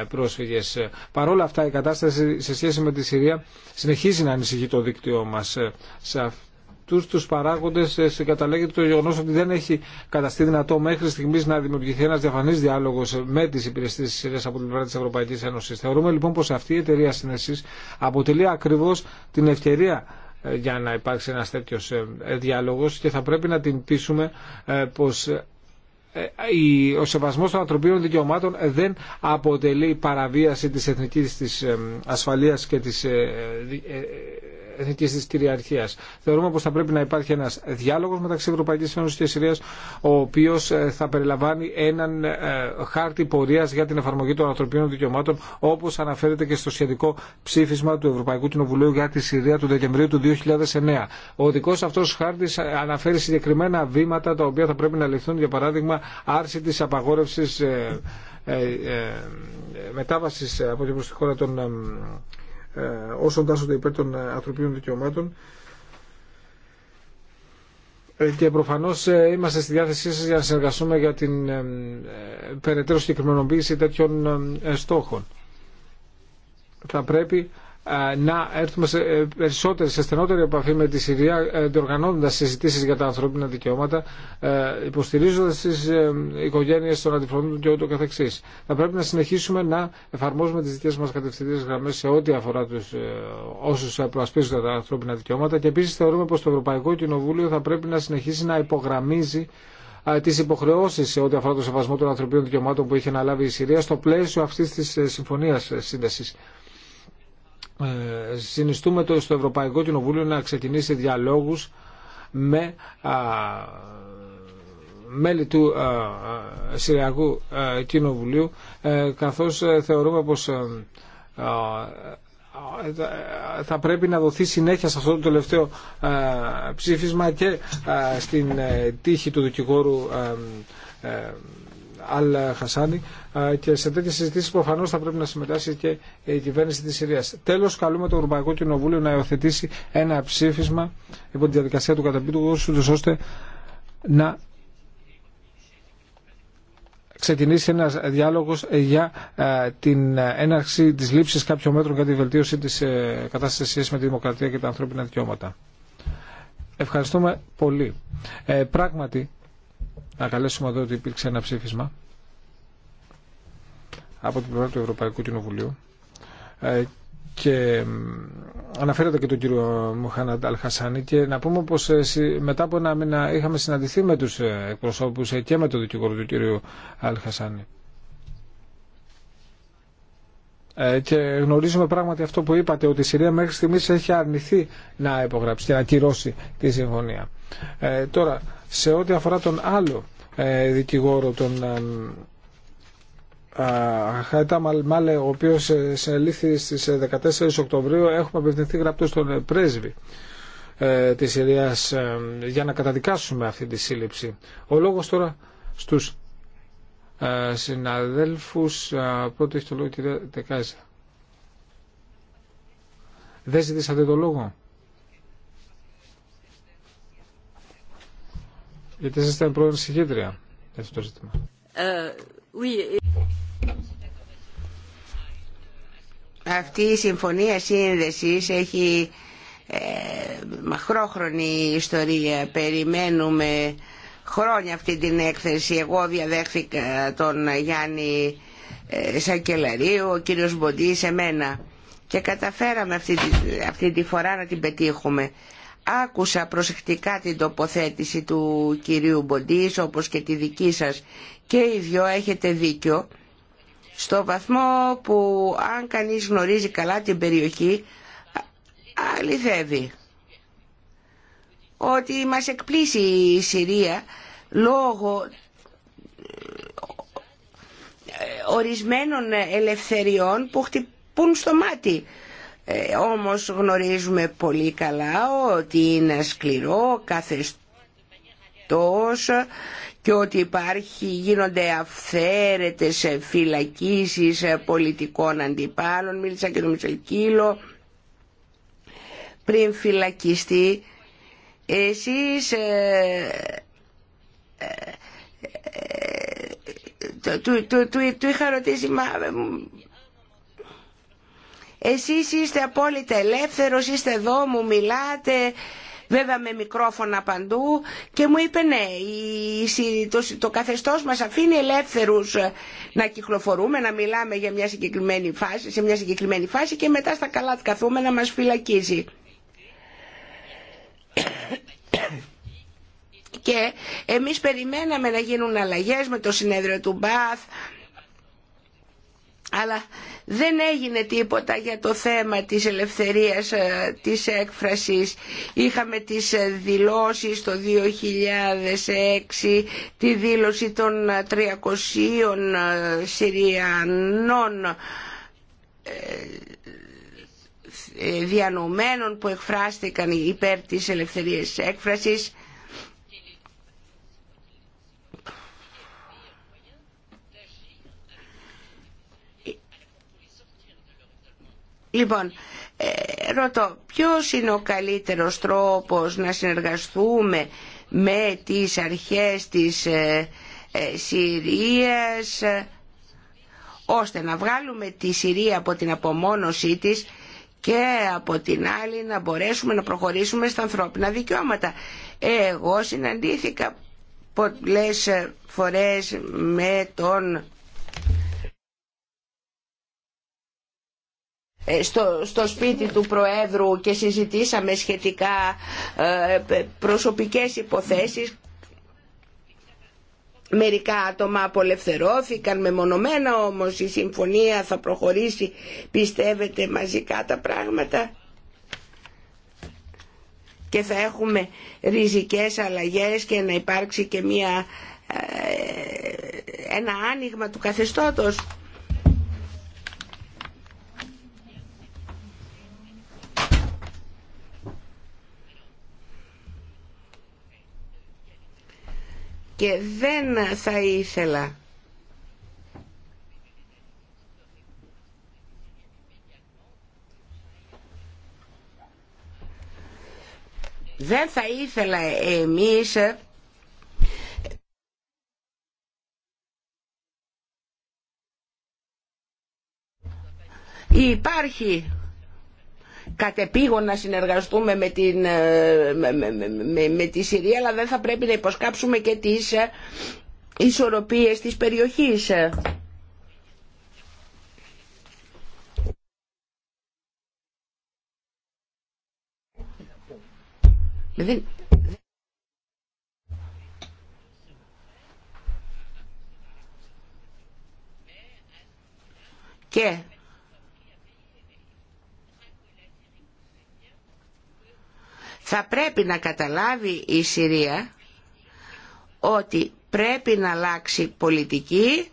πρόσφυγες. Παρόλα αυτά η κατάσταση σε σχέση με τη Συρία συνεχίζει να ανησυχεί το δίκτυό μας σε αυτό αυτούς τους παράγοντες συγκαταλέγεται το γεγονός ότι δεν έχει καταστεί δυνατό μέχρι στιγμής να δημιουργηθεί ένας διαφανής διάλογος με τις υπηρεσίες της Συρίας από την πλευρά της Ευρωπαϊκής Ένωσης. Θεωρούμε λοιπόν πως αυτή η εταιρεία συνέσης αποτελεί ακριβώς την ευκαιρία ε, για να υπάρξει ένας τέτοιος ε, ε, διάλογος και θα πρέπει να την πείσουμε πως ο σεβασμός των ανθρωπίνων δικαιωμάτων δεν αποτελεί παραβίαση της εθνικής της ασφαλείας και της εθνική τη κυριαρχία. Θεωρούμε πω θα πρέπει να υπάρχει ένα διάλογο μεταξύ Ευρωπαϊκή Ένωση και Συρία, ο οποίο ε, θα περιλαμβάνει έναν ε, χάρτη πορεία για την εφαρμογή των ανθρωπίνων δικαιωμάτων, όπω αναφέρεται και στο σχετικό ψήφισμα του Ευρωπαϊκού Κοινοβουλίου για τη Συρία του Δεκεμβρίου του 2009. Ο δικό αυτό χάρτη ε, αναφέρει συγκεκριμένα βήματα τα οποία θα πρέπει να ληφθούν, για παράδειγμα, άρση τη απαγόρευση μετάβαση από την προσ των ε, όσων τάσσονται υπέρ των ε, ανθρωπίνων δικαιωμάτων ε, και προφανώς είμαστε στη διάθεσή σας για να συνεργαστούμε για την περαιτέρω συγκεκριμενοποίηση τέτοιων στόχων. Θα πρέπει ε, να έρθουμε σε ε, περισσότερη, σε στενότερη επαφή με τη Συρία, ε, διοργανώνοντα συζητήσει για τα ανθρώπινα δικαιώματα, υποστηρίζοντα τι οικογένειε των αντιφροντών και ούτω καθεξής. Θα πρέπει να συνεχίσουμε να εφαρμόζουμε τι δικέ μα κατευθυντήριε γραμμέ σε ό,τι αφορά του όσου προασπίζονται τα ανθρώπινα δικαιώματα και επίση θεωρούμε πως το Ευρωπαϊκό Κοινοβούλιο θα πρέπει να συνεχίσει να υπογραμμίζει τι υποχρεώσει σε ό,τι αφορά το σεβασμό των ανθρωπίνων δικαιωμάτων που είχε αναλάβει η Συρία στο πλαίσιο αυτή τη συμφωνία σύνδεση. Ε, συνιστούμε το, στο Ευρωπαϊκό Κοινοβούλιο να ξεκινήσει διαλόγους με μέλη του Συριακού Κοινοβουλίου ε, καθώς ε, θεωρούμε πως θα πρέπει να δοθεί συνέχεια σε αυτό το τελευταίο ψήφισμα και στην τύχη του δικηγόρου Αλ Χασάνη και σε τέτοιε συζητήσει προφανώ θα πρέπει να συμμετάσχει και η κυβέρνηση τη Συρία. Τέλο, καλούμε το Ευρωπαϊκό Κοινοβούλιο να υιοθετήσει ένα ψήφισμα υπό τη διαδικασία του καταπίτου, ώστε να ξεκινήσει ένα διάλογο για την έναρξη τη λήψη κάποιων μέτρων για τη βελτίωση της ε, κατάστασης με τη δημοκρατία και τα ανθρώπινα δικαιώματα. Ευχαριστούμε πολύ. Ε, πράγματι, να καλέσουμε εδώ ότι υπήρξε ένα ψήφισμα από την πλευρά του Ευρωπαϊκού Κοινοβουλίου ε, και αναφέρεται και τον κύριο Μουχάναντ Αλχασάνη και να πούμε πως ε, μετά από ένα μήνα είχαμε συναντηθεί με τους ε, εκπροσώπους και με τον δικηγόρο του κύριου Αλχασάνη και γνωρίζουμε πράγματι αυτό που είπατε ότι η Συρία μέχρι στιγμής έχει αρνηθεί να υπογράψει και να κυρώσει τη συμφωνία. τώρα σε ό,τι αφορά τον άλλο ε, δικηγόρο, τον ε, Χαϊτά Μάλε, ο οποίος ε, συνελήφθη στις 14 Οκτωβρίου, έχουμε απευθυνθεί γραπτό στον πρέσβη της Συρίας για να καταδικάσουμε αυτή τη σύλληψη. Ο λόγος τώρα στους συναδέλφους πρώτη έχει το λόγο κυρία Τεκάζα. Δεν ζητήσατε το λόγο. Γιατί είστε πρώτη συγκέντρια για αυτό το ζήτημα. Ε, αυτή η συμφωνία σύνδεσης έχει ε, μαχρόχρονη ιστορία. Περιμένουμε χρόνια αυτή την έκθεση. Εγώ διαδέχθηκα τον Γιάννη ε, Σακελαρίου, ο κύριος Μποντή σε μένα. Και καταφέραμε αυτή, αυτή τη φορά να την πετύχουμε. Άκουσα προσεκτικά την τοποθέτηση του κυρίου Μποντής όπως και τη δική σας και οι δυο έχετε δίκιο στο βαθμό που αν κανείς γνωρίζει καλά την περιοχή αληθεύει ότι μας εκπλήσει η Συρία λόγω ε, ορισμένων ελευθεριών που χτυπούν στο μάτι όμως γνωρίζουμε πολύ καλά ότι είναι σκληρό καθεστώς και ότι υπάρχει, γίνονται αυθαίρετες φυλακίσεις πολιτικών αντιπάλων. Μίλησα και τον Μητσελκύλο πριν φυλακιστεί. Εσείς ε, του, του, του, του είχα ρωτήσει εσείς είστε απόλυτα ελεύθερος, είστε εδώ, μου μιλάτε, βέβαια με μικρόφωνα παντού και μου είπε ναι, το καθεστώς μας αφήνει ελεύθερους να κυκλοφορούμε, να μιλάμε για μια συγκεκριμένη φάση, σε μια συγκεκριμένη φάση και μετά στα καλά καθούμε να μας φυλακίζει. Και εμείς περιμέναμε να γίνουν αλλαγές με το συνέδριο του Μπαθ, αλλά δεν έγινε τίποτα για το θέμα της ελευθερίας ε, της έκφρασης. Είχαμε τις ε, δηλώσεις το 2006, τη δήλωση των 300 ε, Συριανών διανομένων που εκφράστηκαν υπέρ της ελευθερίας της έκφρασης Λοιπόν, ε, ρωτώ, ποιος είναι ο καλύτερος τρόπος να συνεργαστούμε με τις αρχές της ε, ε, Συρίας ώστε να βγάλουμε τη Συρία από την απομόνωσή της και από την άλλη να μπορέσουμε να προχωρήσουμε στα ανθρώπινα δικαιώματα. Εγώ συναντήθηκα πολλές φορές με τον Ε, στο, σπίτι του Προέδρου και συζητήσαμε σχετικά ε, προσωπικές υποθέσεις Μερικά άτομα απολευθερώθηκαν μεμονωμένα όμως η συμφωνία θα προχωρήσει πιστεύετε μαζικά τα πράγματα και θα έχουμε ριζικές αλλαγές και να υπάρξει και μια, ε, ένα άνοιγμα του καθεστώτος. και δεν θα ήθελα δεν θα ήθελα εμείς υπάρχει Κατεπίγονα να συνεργαστούμε με, την, ε, με, με, τη Συρία αλλά δεν θα πρέπει να υποσκάψουμε και τις ε, ισορροπίες της περιοχής. Και θα πρέπει να καταλάβει η Συρία ότι πρέπει να αλλάξει πολιτική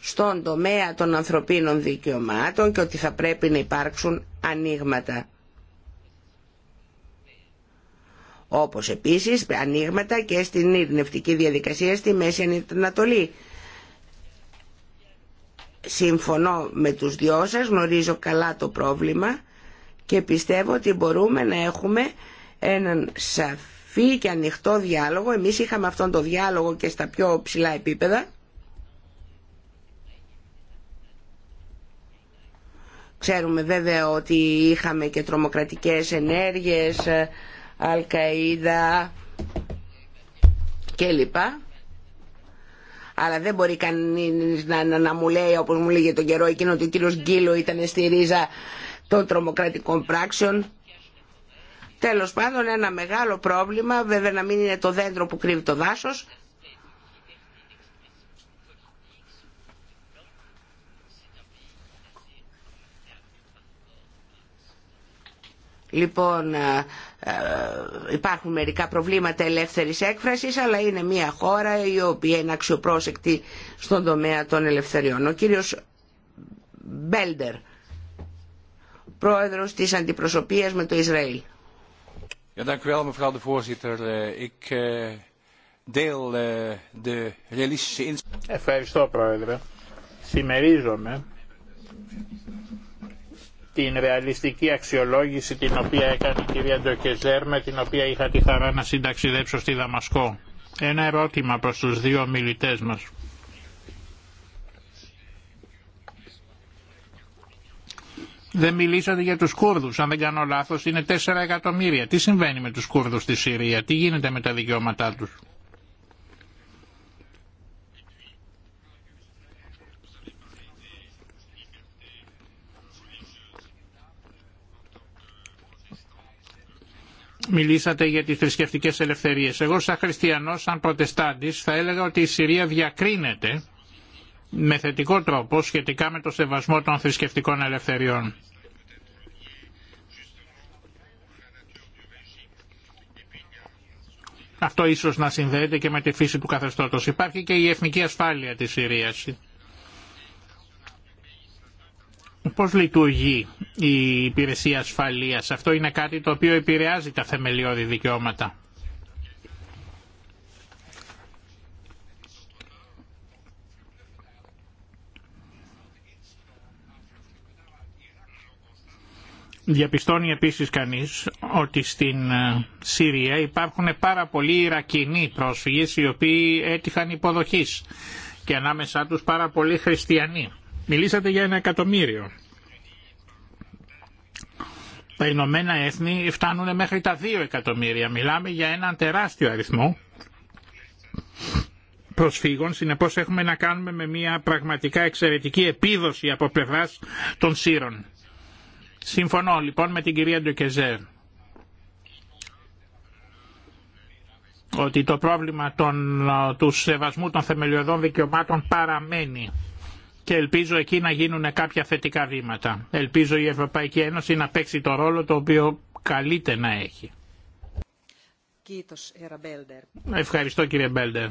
στον τομέα των ανθρωπίνων δικαιωμάτων και ότι θα πρέπει να υπάρξουν ανοίγματα. Όπως επίσης ανοίγματα και στην ειρηνευτική διαδικασία στη Μέση Ανατολή. Συμφωνώ με τους δυο σας, γνωρίζω καλά το πρόβλημα και πιστεύω ότι μπορούμε να έχουμε έναν σαφή και ανοιχτό διάλογο. Εμείς είχαμε αυτόν τον διάλογο και στα πιο ψηλά επίπεδα. Ξέρουμε βέβαια ότι είχαμε και τρομοκρατικές ενέργειες, Αλκαΐδα κλπ. Αλλά δεν μπορεί κανείς να, να, μου λέει, όπως μου λέγε τον καιρό εκείνο, ότι ο κύριος Γκίλο ήταν στη ρίζα των τρομοκρατικών πράξεων. Τέλος πάντων ένα μεγάλο πρόβλημα, βέβαια να μην είναι το δέντρο που κρύβει το δάσος. Λοιπόν, ε, ε, υπάρχουν μερικά προβλήματα ελεύθερης έκφρασης, αλλά είναι μια χώρα η οποία είναι αξιοπρόσεκτη στον τομέα των ελευθεριών. Ο κύριος Μπέλντερ, πρόεδρος της αντιπροσωπείας με το Ισραήλ. Ευχαριστώ πρόεδρε. Σημερίζομαι την ρεαλιστική αξιολόγηση την οποία έκανε η κυρία Ντοκεζέρ με την οποία είχα τη χαρά να συνταξιδέψω στη Δαμασκό. Ένα ερώτημα προς τους δύο μιλητές μας. Δεν μιλήσατε για τους Κούρδους, αν δεν κάνω λάθος είναι 4 εκατομμύρια. Τι συμβαίνει με τους Κούρδους στη Συρία, τι γίνεται με τα δικαιώματά τους. μιλήσατε για τις θρησκευτικές ελευθερίες. Εγώ σαν χριστιανός, σαν προτεστάντης θα έλεγα ότι η Συρία διακρίνεται με θετικό τρόπο σχετικά με το σεβασμό των θρησκευτικών ελευθεριών. Αυτό ίσως να συνδέεται και με τη φύση του καθεστώτος. Υπάρχει και η εθνική ασφάλεια της Συρίας. Πώς λειτουργεί η υπηρεσία ασφαλείας. Αυτό είναι κάτι το οποίο επηρεάζει τα θεμελιώδη δικαιώματα. Διαπιστώνει επίσης κανείς ότι στην ε, Συρία υπάρχουν πάρα πολλοί Ιρακινοί πρόσφυγες οι οποίοι έτυχαν υποδοχής και ανάμεσά τους πάρα πολλοί χριστιανοί. Μιλήσατε για ένα εκατομμύριο. Τα Ηνωμένα Έθνη φτάνουν μέχρι τα δύο εκατομμύρια. Μιλάμε για έναν τεράστιο αριθμό προσφύγων. Συνεπώς έχουμε να κάνουμε με μια πραγματικά εξαιρετική επίδοση από πλευράς των Σύρων. Συμφωνώ λοιπόν με την κυρία Ντοκεζέ ότι το πρόβλημα των, του σεβασμού των θεμελιωδών δικαιωμάτων παραμένει και ελπίζω εκεί να γίνουν κάποια θετικά βήματα. Ελπίζω η Ευρωπαϊκή Ένωση να παίξει το ρόλο το οποίο καλείται να έχει. Ευχαριστώ κύριε Μπέλντερ.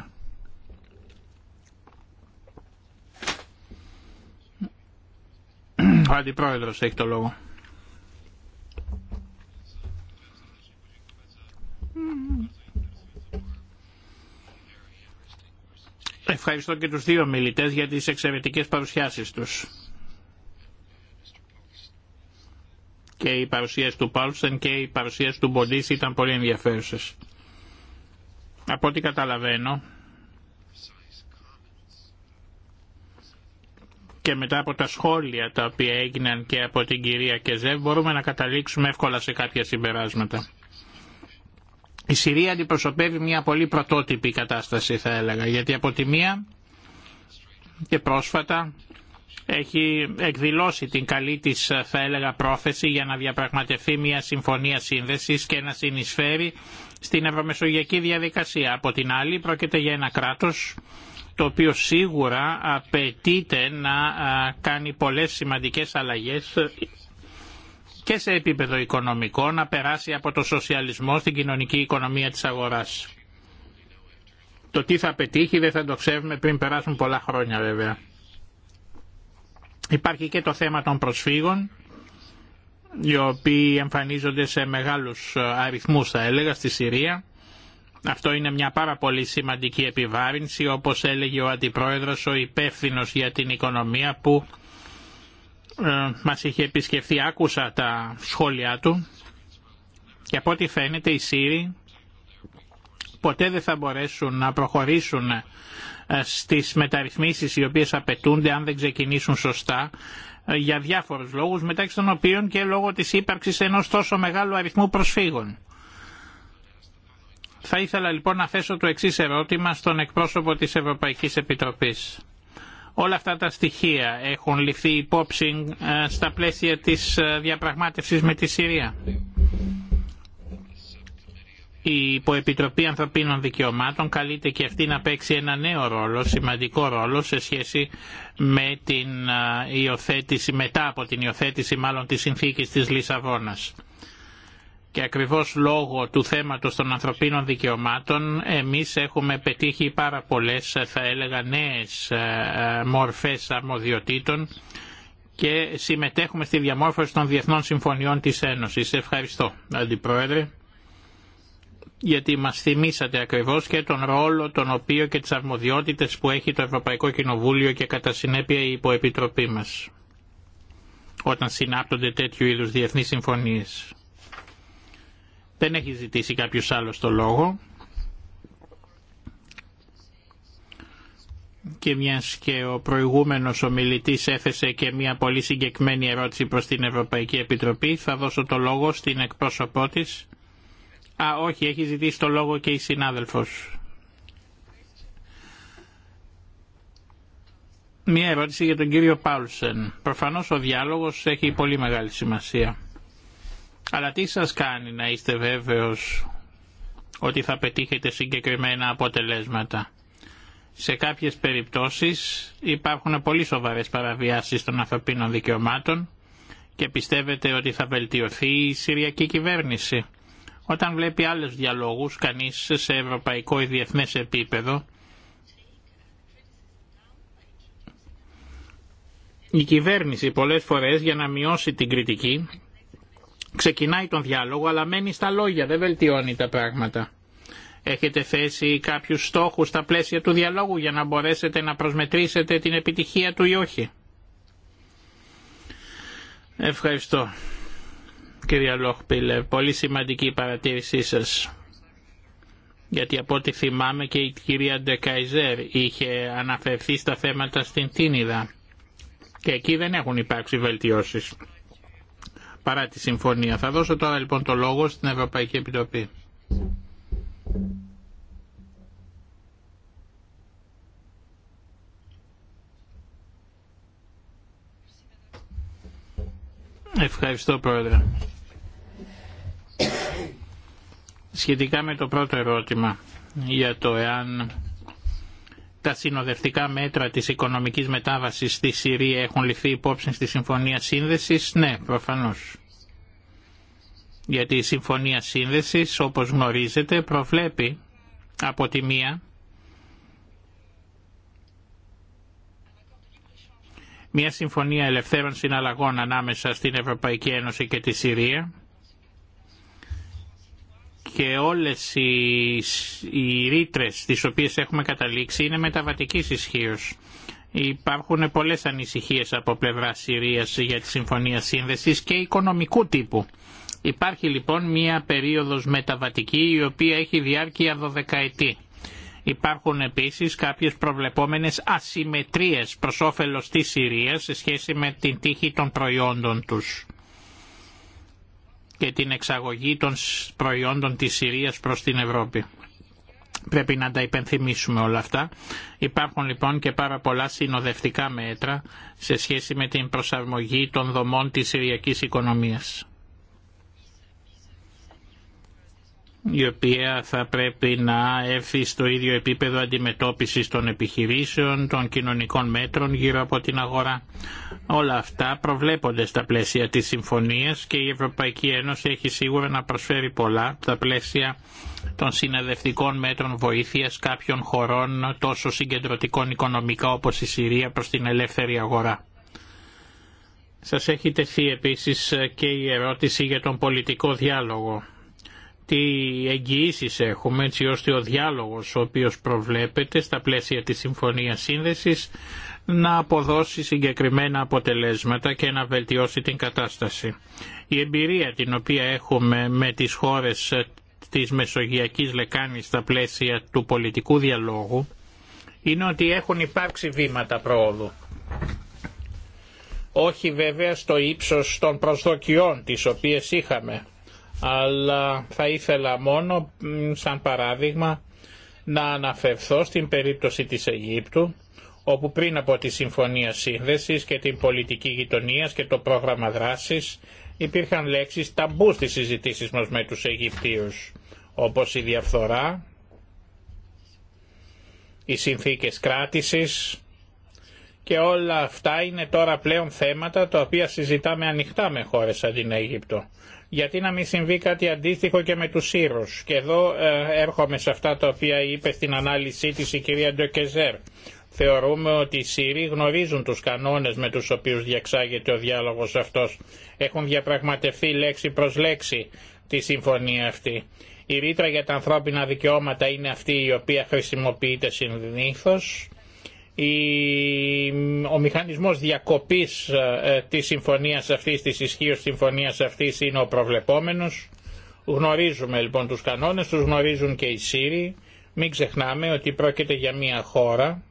Ο Αντιπρόεδρος έχει το λόγο. Ευχαριστώ και τους δύο μιλητές για τις εξαιρετικές παρουσιάσεις τους. Και οι παρουσίες του Πάλσεν και οι παρουσίες του Μποντής ήταν πολύ ενδιαφέρουσες. Από ό,τι καταλαβαίνω, και μετά από τα σχόλια τα οποία έγιναν και από την κυρία Κεζεύ μπορούμε να καταλήξουμε εύκολα σε κάποια συμπεράσματα. Η Συρία αντιπροσωπεύει μια πολύ πρωτότυπη κατάσταση θα έλεγα, γιατί από τη μία και πρόσφατα έχει εκδηλώσει την καλή της θα έλεγα πρόθεση για να διαπραγματευτεί μια συμφωνία σύνδεσης και να συνεισφέρει στην ευρωμεσογειακή διαδικασία. Από την άλλη πρόκειται για ένα κράτος το οποίο σίγουρα απαιτείται να κάνει πολλές σημαντικές αλλαγές και σε επίπεδο οικονομικό να περάσει από το σοσιαλισμό στην κοινωνική οικονομία της αγοράς. Το τι θα πετύχει δεν θα το ξέρουμε πριν περάσουν πολλά χρόνια βέβαια. Υπάρχει και το θέμα των προσφύγων, οι οποίοι εμφανίζονται σε μεγάλους ε, αριθμούς θα έλεγα στη Συρία. Αυτό είναι μια πάρα πολύ σημαντική επιβάρυνση, όπως έλεγε ο Αντιπρόεδρος, ο υπεύθυνο για την οικονομία που ε, μας είχε επισκεφθεί, άκουσα τα σχόλιά του και από ό,τι φαίνεται οι Σύριοι ποτέ δεν θα μπορέσουν να προχωρήσουν ε, στις μεταρρυθμίσεις οι οποίες απαιτούνται αν δεν ξεκινήσουν σωστά ε, για διάφορους λόγους μεταξύ των οποίων και λόγω της ύπαρξης ενός τόσο μεγάλου αριθμού προσφύγων. Θα ήθελα λοιπόν να θέσω το εξής ερώτημα στον εκπρόσωπο της Ευρωπαϊκής Επιτροπής. Όλα αυτά τα στοιχεία έχουν ληφθεί υπόψη ε, στα πλαίσια της ε, διαπραγμάτευσης με τη Συρία. Η Υποεπιτροπή Ανθρωπίνων Δικαιωμάτων καλείται και αυτή να παίξει ένα νέο ρόλο, σημαντικό ρόλο σε σχέση με την ε, υιοθέτηση, μετά από την υιοθέτηση μάλλον της συνθήκης της Λισαβόνας και ακριβώς λόγω του θέματος των ανθρωπίνων δικαιωμάτων εμείς έχουμε πετύχει πάρα πολλές θα έλεγα νέες ε, ε, μορφές αρμοδιοτήτων και συμμετέχουμε στη διαμόρφωση των διεθνών συμφωνιών της Ένωσης. Ευχαριστώ Αντιπρόεδρε γιατί μας θυμήσατε ακριβώς και τον ρόλο τον οποίο και τις αρμοδιότητες που έχει το Ευρωπαϊκό Κοινοβούλιο και κατά συνέπεια η υποεπιτροπή μας όταν συνάπτονται τέτοιου είδους διεθνείς συμφωνίες. Δεν έχει ζητήσει κάποιος άλλος το λόγο. Και μιας και ο προηγούμενος ομιλητής έθεσε και μια πολύ συγκεκριμένη ερώτηση προς την Ευρωπαϊκή Επιτροπή, θα δώσω το λόγο στην εκπρόσωπό της. Α, όχι, έχει ζητήσει το λόγο και η συνάδελφος. Μία ερώτηση για τον κύριο Πάουλσεν. Προφανώς ο διάλογος έχει πολύ μεγάλη σημασία. Αλλά τι σας κάνει να είστε βέβαιος ότι θα πετύχετε συγκεκριμένα αποτελέσματα. Σε κάποιες περιπτώσεις υπάρχουν πολύ σοβαρές παραβιάσεις των ανθρωπίνων δικαιωμάτων και πιστεύετε ότι θα βελτιωθεί η Συριακή κυβέρνηση. Όταν βλέπει άλλους διαλόγους κανείς σε ευρωπαϊκό ή διεθνές επίπεδο, η κυβέρνηση πολλές φορές για να μειώσει την κριτική ξεκινάει τον διάλογο αλλά μένει στα λόγια, δεν βελτιώνει τα πράγματα. Έχετε θέσει κάποιους στόχους στα πλαίσια του διαλόγου για να μπορέσετε να προσμετρήσετε την επιτυχία του ή όχι. Ευχαριστώ κύριε Λόχπιλε. Πολύ σημαντική η παρατήρησή σας. Γιατί από ό,τι θυμάμαι και η κυρία Ντεκαϊζέρ είχε αναφερθεί στα θέματα στην Τίνιδα. Και εκεί δεν έχουν υπάρξει βελτιώσεις παρά τη συμφωνία. Θα δώσω τώρα λοιπόν το λόγο στην Ευρωπαϊκή Επιτροπή. Ευχαριστώ Πρόεδρε. Σχετικά με το πρώτο ερώτημα για το εάν τα συνοδευτικά μέτρα της οικονομικής μετάβασης στη Συρία έχουν ληφθεί υπόψη στη Συμφωνία Σύνδεσης. Ναι, προφανώς. Γιατί η Συμφωνία Σύνδεσης, όπως γνωρίζετε, προβλέπει από τη μία μια συμφωνία ελευθέρων συναλλαγών ανάμεσα στην Ευρωπαϊκή Ένωση και τη Συρία και όλες οι, οι ρήτρε τις οποίες έχουμε καταλήξει είναι μεταβατικής ισχύω. Υπάρχουν πολλές ανησυχίες από πλευρά Συρίας για τη Συμφωνία Σύνδεσης και οικονομικού τύπου. Υπάρχει λοιπόν μία περίοδος μεταβατική η οποία έχει διάρκεια 12 ετή. Υπάρχουν επίσης κάποιες προβλεπόμενες ασυμμετρίες προς όφελος της Συρίας σε σχέση με την τύχη των προϊόντων τους και την εξαγωγή των προϊόντων της Συρίας προς την Ευρώπη. Πρέπει να τα υπενθυμίσουμε όλα αυτά. Υπάρχουν λοιπόν και πάρα πολλά συνοδευτικά μέτρα σε σχέση με την προσαρμογή των δομών της Συριακής οικονομίας. η οποία θα πρέπει να έρθει στο ίδιο επίπεδο αντιμετώπισης των επιχειρήσεων, των κοινωνικών μέτρων γύρω από την αγορά. Όλα αυτά προβλέπονται στα πλαίσια της συμφωνίας και η Ευρωπαϊκή Ένωση έχει σίγουρα να προσφέρει πολλά στα πλαίσια των συναδευτικών μέτρων βοήθειας κάποιων χωρών τόσο συγκεντρωτικών οικονομικά όπως η Συρία προς την ελεύθερη αγορά. Σας έχει τεθεί επίσης και η ερώτηση για τον πολιτικό διάλογο τι εγγυήσεις έχουμε έτσι ώστε ο διάλογος ο οποίος προβλέπεται στα πλαίσια της Συμφωνίας Σύνδεσης να αποδώσει συγκεκριμένα αποτελέσματα και να βελτιώσει την κατάσταση. Η εμπειρία την οποία έχουμε με τις χώρες της Μεσογειακής Λεκάνης στα πλαίσια του πολιτικού διαλόγου είναι ότι έχουν υπάρξει βήματα προόδου. Όχι βέβαια στο ύψος των προσδοκιών τις οποίες είχαμε αλλά θα ήθελα μόνο σαν παράδειγμα να αναφερθώ στην περίπτωση της Αιγύπτου όπου πριν από τη Συμφωνία Σύνδεσης και την πολιτική γειτονία και το πρόγραμμα δράσης υπήρχαν λέξεις ταμπού στις συζητήσει μας με τους Αιγυπτίους όπως η διαφθορά, οι συνθήκες κράτησης και όλα αυτά είναι τώρα πλέον θέματα τα οποία συζητάμε ανοιχτά με χώρες σαν την Αίγυπτο γιατί να μην συμβεί κάτι αντίστοιχο και με τους Σύρους. Και εδώ ε, έρχομαι σε αυτά τα οποία είπε στην ανάλυση της η κυρία Ντοκεζέρ. Θεωρούμε ότι οι Σύροι γνωρίζουν τους κανόνες με τους οποίους διαξάγεται ο διάλογος αυτός. Έχουν διαπραγματευτεί λέξη προς λέξη τη συμφωνία αυτή. Η ρήτρα για τα ανθρώπινα δικαιώματα είναι αυτή η οποία χρησιμοποιείται συνήθως ο μηχανισμός διακοπής ε, ε, της συμφωνίας αυτής, της ισχύω συμφωνίας αυτής είναι ο προβλεπόμενος. Γνωρίζουμε λοιπόν τους κανόνες, τους γνωρίζουν και οι Σύριοι. Μην ξεχνάμε ότι πρόκειται για μια χώρα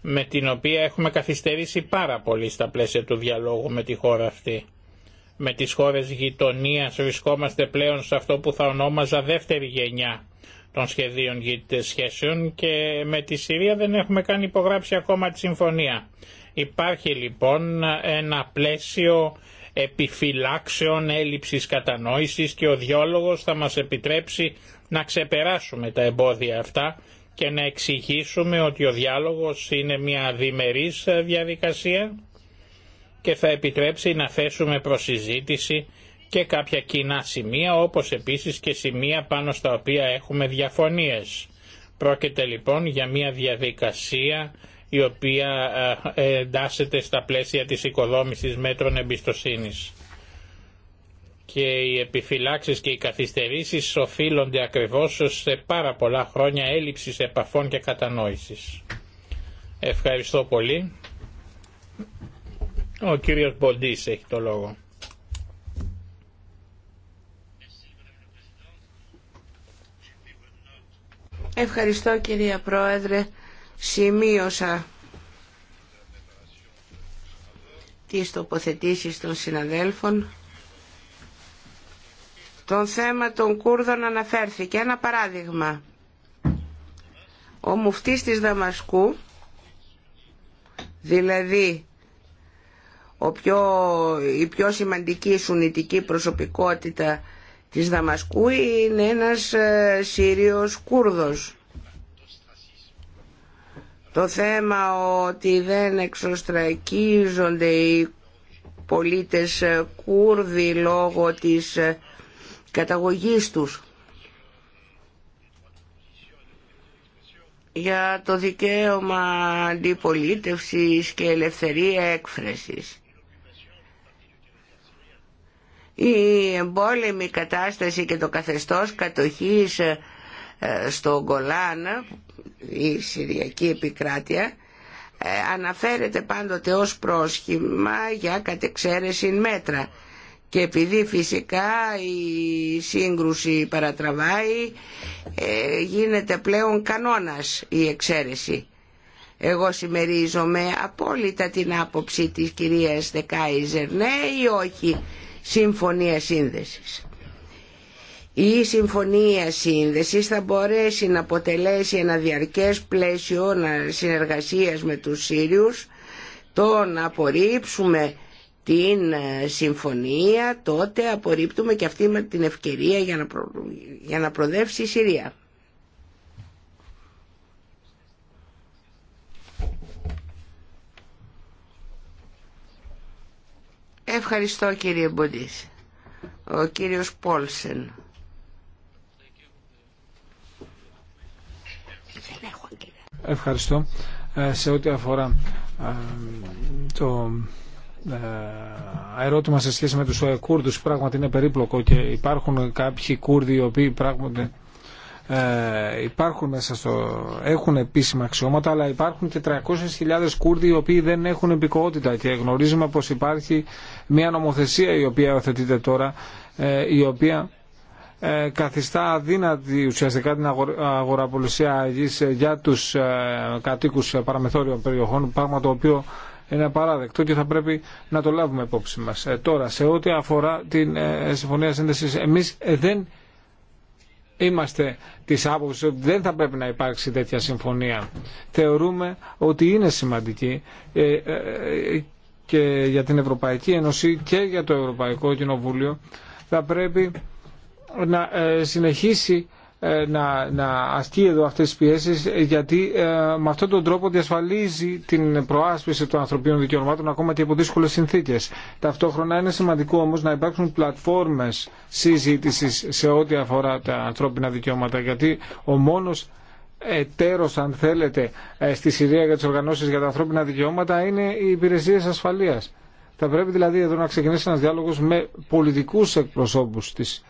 με την οποία έχουμε καθυστερήσει πάρα πολύ στα πλαίσια του διαλόγου με τη χώρα αυτή. Με τις χώρες γειτονίας βρισκόμαστε πλέον σε αυτό που θα ονόμαζα δεύτερη γενιά των σχεδίων σχέσεων και με τη Συρία δεν έχουμε κάνει υπογράψει ακόμα τη συμφωνία. Υπάρχει λοιπόν ένα πλαίσιο επιφυλάξεων, έλλειψης κατανόησης και ο διόλογος θα μας επιτρέψει να ξεπεράσουμε τα εμπόδια αυτά και να εξηγήσουμε ότι ο διάλογος είναι μια διμερής διαδικασία και θα επιτρέψει να θέσουμε προσυζήτηση και κάποια κοινά σημεία όπως επίσης και σημεία πάνω στα οποία έχουμε διαφωνίες. Πρόκειται λοιπόν για μια διαδικασία η οποία εντάσσεται στα πλαίσια της οικοδόμησης μέτρων εμπιστοσύνης. Και οι επιφυλάξεις και οι καθυστερήσεις οφείλονται ακριβώς σε πάρα πολλά χρόνια έλλειψης επαφών και κατανόησης. Ευχαριστώ πολύ. Ο κύριος Μποντής έχει το λόγο. Ευχαριστώ κυρία Πρόεδρε. Σημείωσα τις τοποθετήσεις των συναδέλφων. Το θέμα των Κούρδων αναφέρθηκε. Ένα παράδειγμα. Ο μουφτής της Δαμασκού, δηλαδή ο πιο, η πιο σημαντική σουνητική προσωπικότητα της Δαμασκού είναι ένας ε, Σύριος Κούρδος. Το θέμα ότι δεν εξωστρακίζονται οι πολίτες ε, Κούρδοι λόγω της ε, καταγωγής τους. για το δικαίωμα αντιπολίτευσης και ελευθερία έκφρασης. Η εμπόλεμη κατάσταση και το καθεστώς κατοχής ε, στο Γκολάν, η Συριακή επικράτεια, ε, αναφέρεται πάντοτε ως πρόσχημα για κατεξαίρεση μέτρα. Και επειδή φυσικά η σύγκρουση παρατραβάει, ε, γίνεται πλέον κανόνας η εξαίρεση. Εγώ συμμερίζομαι απόλυτα την άποψη της κυρίας Δεκάιζερ, ναι ή όχι συμφωνία σύνδεσης. Η συμφωνία σύνδεσης θα μπορέσει να αποτελέσει ένα διαρκές πλαίσιο συνεργασίας με τους Σύριους, το να απορρίψουμε την ε, συμφωνία, τότε απορρίπτουμε και αυτή με την ευκαιρία για να, για προδεύσει η Συρία. Ευχαριστώ κύριε Μποντής. Ο κύριος Πόλσεν. Ευχαριστώ. Ε, σε ό,τι αφορά ε, το ε, ερώτημα σε σχέση με τους Κούρδους, πράγματι είναι περίπλοκο και υπάρχουν κάποιοι Κούρδοι οι οποίοι πράγματι ε, υπάρχουν μέσα στο, έχουν επίσημα αξιώματα, αλλά υπάρχουν και 300.000 Κούρδοι οι οποίοι δεν έχουν επικοότητα και γνωρίζουμε πως υπάρχει μια νομοθεσία η οποία οθετείται τώρα, ε, η οποία ε, καθιστά αδύνατη ουσιαστικά την αγοραπολισία γης ε, για τους ε, κατοίκους παραμεθόριων περιοχών, πράγμα το οποίο είναι απαράδεκτο και θα πρέπει να το λάβουμε υπόψη μας. Ε, τώρα, σε ό,τι αφορά την Συμφωνία Σύνδεσης, εμείς δεν είμαστε της άποψης ότι δεν θα πρέπει να υπάρξει τέτοια συμφωνία. Θεωρούμε ότι είναι σημαντική ε, ε, και για την Ευρωπαϊκή Ένωση και για το Ευρωπαϊκό Κοινοβούλιο θα πρέπει να ε, συνεχίσει ε, να, να ασκεί εδώ αυτές τις πιέσεις γιατί ε, με αυτόν τον τρόπο διασφαλίζει την προάσπιση των ανθρωπίνων δικαιωμάτων ακόμα και από δύσκολες συνθήκες. Ταυτόχρονα είναι σημαντικό όμως να υπάρξουν πλατφόρμες συζήτηση σε ό,τι αφορά τα ανθρώπινα δικαιώματα γιατί ο μόνος εταίρος αν θέλετε ε, στη Συρία για τις οργανώσεις για τα ανθρώπινα δικαιώματα είναι οι υπηρεσίες ασφαλείας. Θα πρέπει δηλαδή εδώ να ξεκινήσει ένας διάλογος με πολιτικούς εκπροσώπους της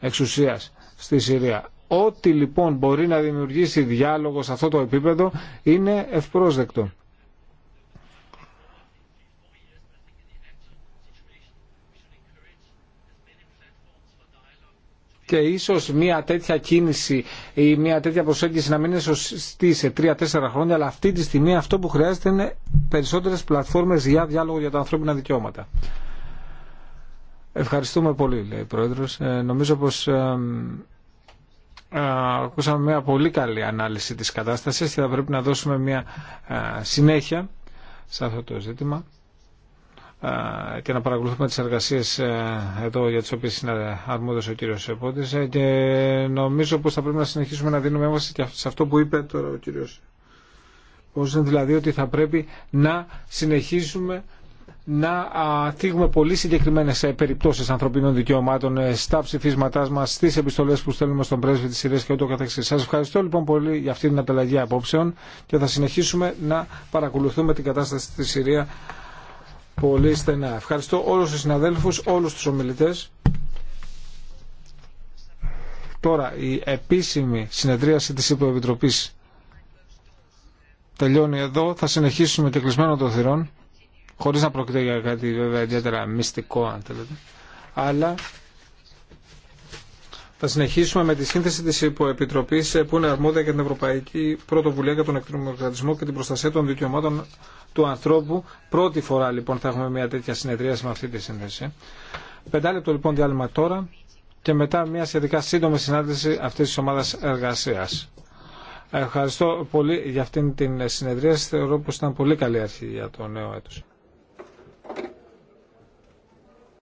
εξουσίας στη Συρία. Ό,τι λοιπόν μπορεί να δημιουργήσει διάλογο σε αυτό το επίπεδο είναι ευπρόσδεκτο. και ίσως μια τέτοια κίνηση ή μια τέτοια προσέγγιση να μην είναι σωστή σε τρία-τέσσερα χρόνια, αλλά αυτή τη στιγμή αυτό που χρειάζεται είναι περισσότερες πλατφόρμες για διάλογο για τα ανθρώπινα δικαιώματα. Ευχαριστούμε πολύ, λέει ο Πρόεδρος. Ε, νομίζω πως ακούσαμε μια πολύ καλή ανάλυση της κατάστασης και θα πρέπει να δώσουμε μια συνέχεια σε αυτό το ζήτημα και να παρακολουθούμε τις εργασίες ε, εδώ για τις οποίες είναι αρμόδιος ο κύριος Επότη. Ε, και νομίζω πως θα πρέπει να συνεχίσουμε να δίνουμε έμβαση και σε αυτό που είπε τώρα ο κύριος είναι δηλαδή ότι θα πρέπει να συνεχίσουμε να θίγουμε πολύ συγκεκριμένε ε, περιπτώσει ανθρωπίνων δικαιωμάτων ε, στα ψηφίσματά μα στι επιστολέ που στέλνουμε στον πρέσβη τη Συρία και ούτω καθεξή. Σα. ευχαριστώ λοιπόν πολύ για αυτή την ανταλλαγή απόψεων και θα συνεχίσουμε να παρακολουθούμε την κατάσταση στη Συρία πολύ στενά. Ευχαριστώ όλου του συναδέλφου, όλου του ομιλητέ. Τώρα η επίσημη συνεδρίαση της Υποεπιτροπής τελειώνει εδώ. Θα συνεχίσουμε και κλεισμένο των θυρών χωρίς να πρόκειται για κάτι βέβαια ιδιαίτερα μυστικό αν θέλετε, αλλά θα συνεχίσουμε με τη σύνθεση της υποεπιτροπής ε, που είναι αρμόδια για την Ευρωπαϊκή Πρωτοβουλία για τον Εκτρομοκρατισμό και την Προστασία των Δικαιωμάτων του Ανθρώπου. Πρώτη φορά λοιπόν θα έχουμε μια τέτοια συνεδρία με αυτή τη σύνθεση. Πεντάλεπτο λοιπόν διάλειμμα τώρα και μετά μια σχετικά σύντομη συνάντηση αυτής της ομάδας εργασίας. Ευχαριστώ πολύ για αυτήν την συνεδρία. Θεωρώ πως ήταν πολύ καλή αρχή για το νέο έτος.